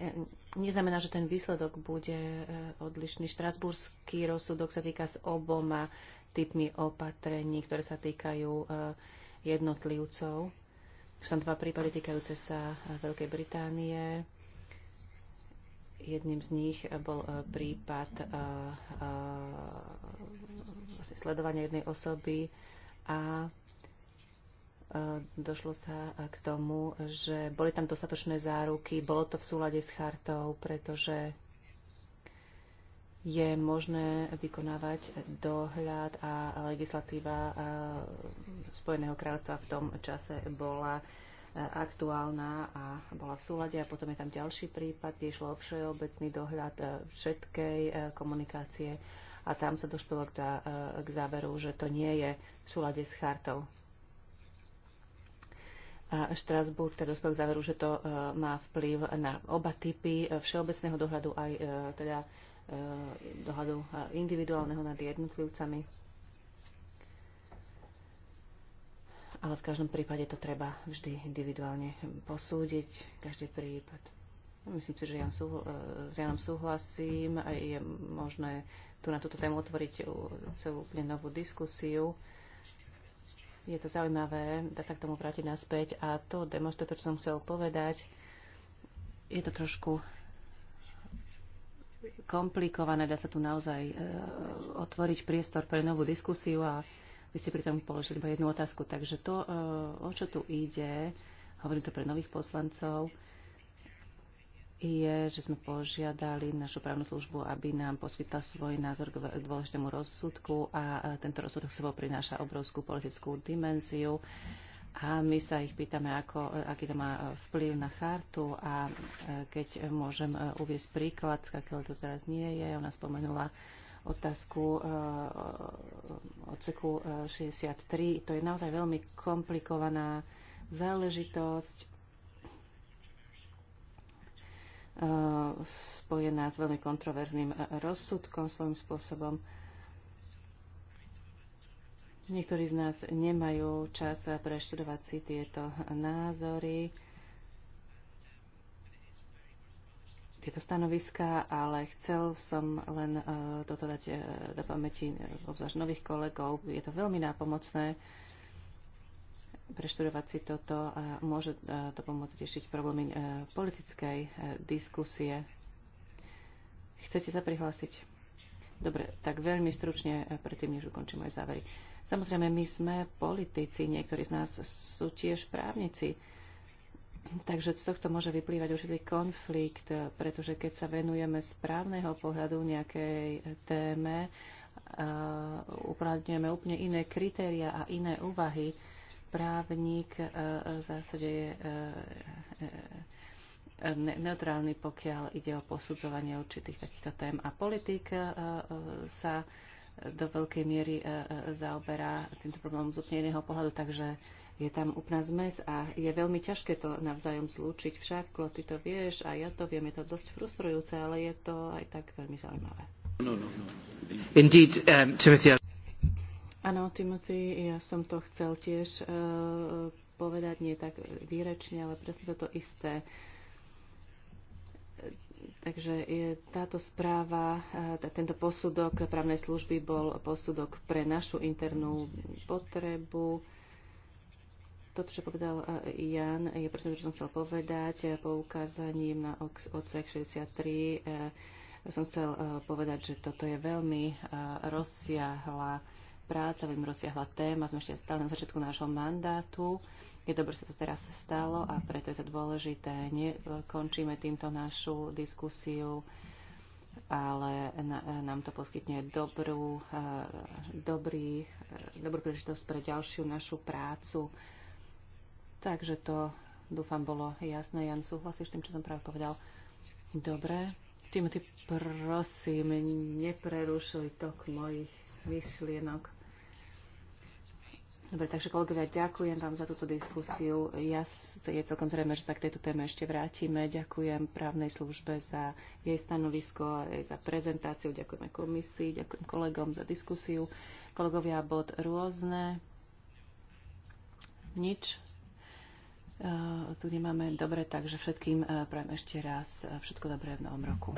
neznamená, že ten výsledok bude e, odlišný. Štrasburský rozsudok sa týka s oboma typmi opatrení, ktoré sa týkajú e, jednotlivcov. Sú tam dva prípady týkajúce sa e, Veľkej Británie. Jedným z nich bol prípad vlastne sledovania jednej osoby a došlo sa k tomu, že boli tam dostatočné záruky, bolo to v súlade s chartou, pretože je možné vykonávať dohľad a legislatíva Spojeného kráľovstva v tom čase bola aktuálna a bola v súlade. A potom je tam ďalší prípad, kde išlo o všeobecný dohľad všetkej komunikácie a tam sa došlo k záveru, že to nie je v súlade s chartou. Štrasburg teda dospel záveru, že to e, má vplyv na oba typy e, všeobecného dohľadu aj e, teda dohľadu individuálneho nad jednotlivcami. Ale v každom prípade to treba vždy individuálne posúdiť, každý prípad. Myslím si, že ja súhl- s Janom súhlasím. Je možné tu na túto tému otvoriť celú úplne novú diskusiu. Je to zaujímavé, dá sa k tomu vrátiť naspäť a to demonstruje to, čo som chcel povedať. Je to trošku komplikované, dá sa tu naozaj uh, otvoriť priestor pre novú diskusiu a vy ste pri tom položili iba jednu otázku. Takže to, uh, o čo tu ide, hovorím to pre nových poslancov, je, že sme požiadali našu právnu službu, aby nám poskytla svoj názor k dôležitému rozsudku a tento rozsudok sa prináša obrovskú politickú dimenziu. A my sa ich pýtame, ako, aký to má vplyv na chartu a keď môžem e, uviesť príklad, akého to teraz nie je, ona spomenula otázku e, odseku 63. E, to je naozaj veľmi komplikovaná záležitosť spojená s veľmi kontroverzným rozsudkom svojím spôsobom. Niektorí z nás nemajú čas preštudovať si tieto názory, tieto stanoviská, ale chcel som len eh, toto dať eh, do pamäti eh, obzvlášť nových kolegov. Je to veľmi nápomocné preštudovať si toto a môže e, to pomôcť riešiť problémy e, politickej e, diskusie. Chcete sa prihlásiť? Dobre, tak veľmi stručne, predtým než ukončím moje závery. Samozrejme, my sme politici, niektorí z nás sú tiež právnici, takže z tohto môže vyplývať určitý konflikt, pretože keď sa venujeme správneho pohľadu nejakej téme, upravňujeme úplne iné kritéria a iné úvahy, právnik e, e, v zásade je e, neutrálny, pokiaľ ide o posudzovanie určitých takýchto tém. A politik sa do veľkej miery zaoberá týmto problémom z úplne iného pohľadu, takže je tam úplná zmes a je veľmi ťažké to navzájom zlúčiť. Však, Klo, ty to vieš a ja to viem, je to dosť frustrujúce, ale je to aj tak veľmi zaujímavé. No, no, no. Indeed, um, Timothy... Áno, Timothy, ja som to chcel tiež e, povedať, nie tak výrečne, ale presne toto isté. Takže je táto správa, e, tento posudok právnej služby bol posudok pre našu internú potrebu. Toto, čo povedal e, Jan, je presne to, čo som chcel povedať e, poukázaním na odsek 63. Som chcel povedať, že toto je veľmi rozsiahla práca, veľmi rozsiahla téma, sme ešte stále na začiatku nášho mandátu. Je dobré, že sa to teraz stalo a preto je to dôležité. Nekončíme týmto našu diskusiu, ale nám to poskytne dobrú, eh, dobrý, eh, dobrú príležitosť pre ďalšiu našu prácu. Takže to, dúfam, bolo jasné. Jan, súhlasíš s tým, čo som práve povedal? Dobre, Timothy, prosím, neprerušuj tok mojich myšlienok. Dobre, takže kolegovia, ďakujem vám za túto diskusiu. Ja je celkom zrejme, že sa k tejto téme ešte vrátime. Ďakujem právnej službe za jej stanovisko, aj za prezentáciu. Ďakujem komisii, ďakujem kolegom za diskusiu. Kolegovia, bod rôzne. Nič tu nemáme. Dobre, takže všetkým e, prajem ešte raz e, všetko dobré v novom roku.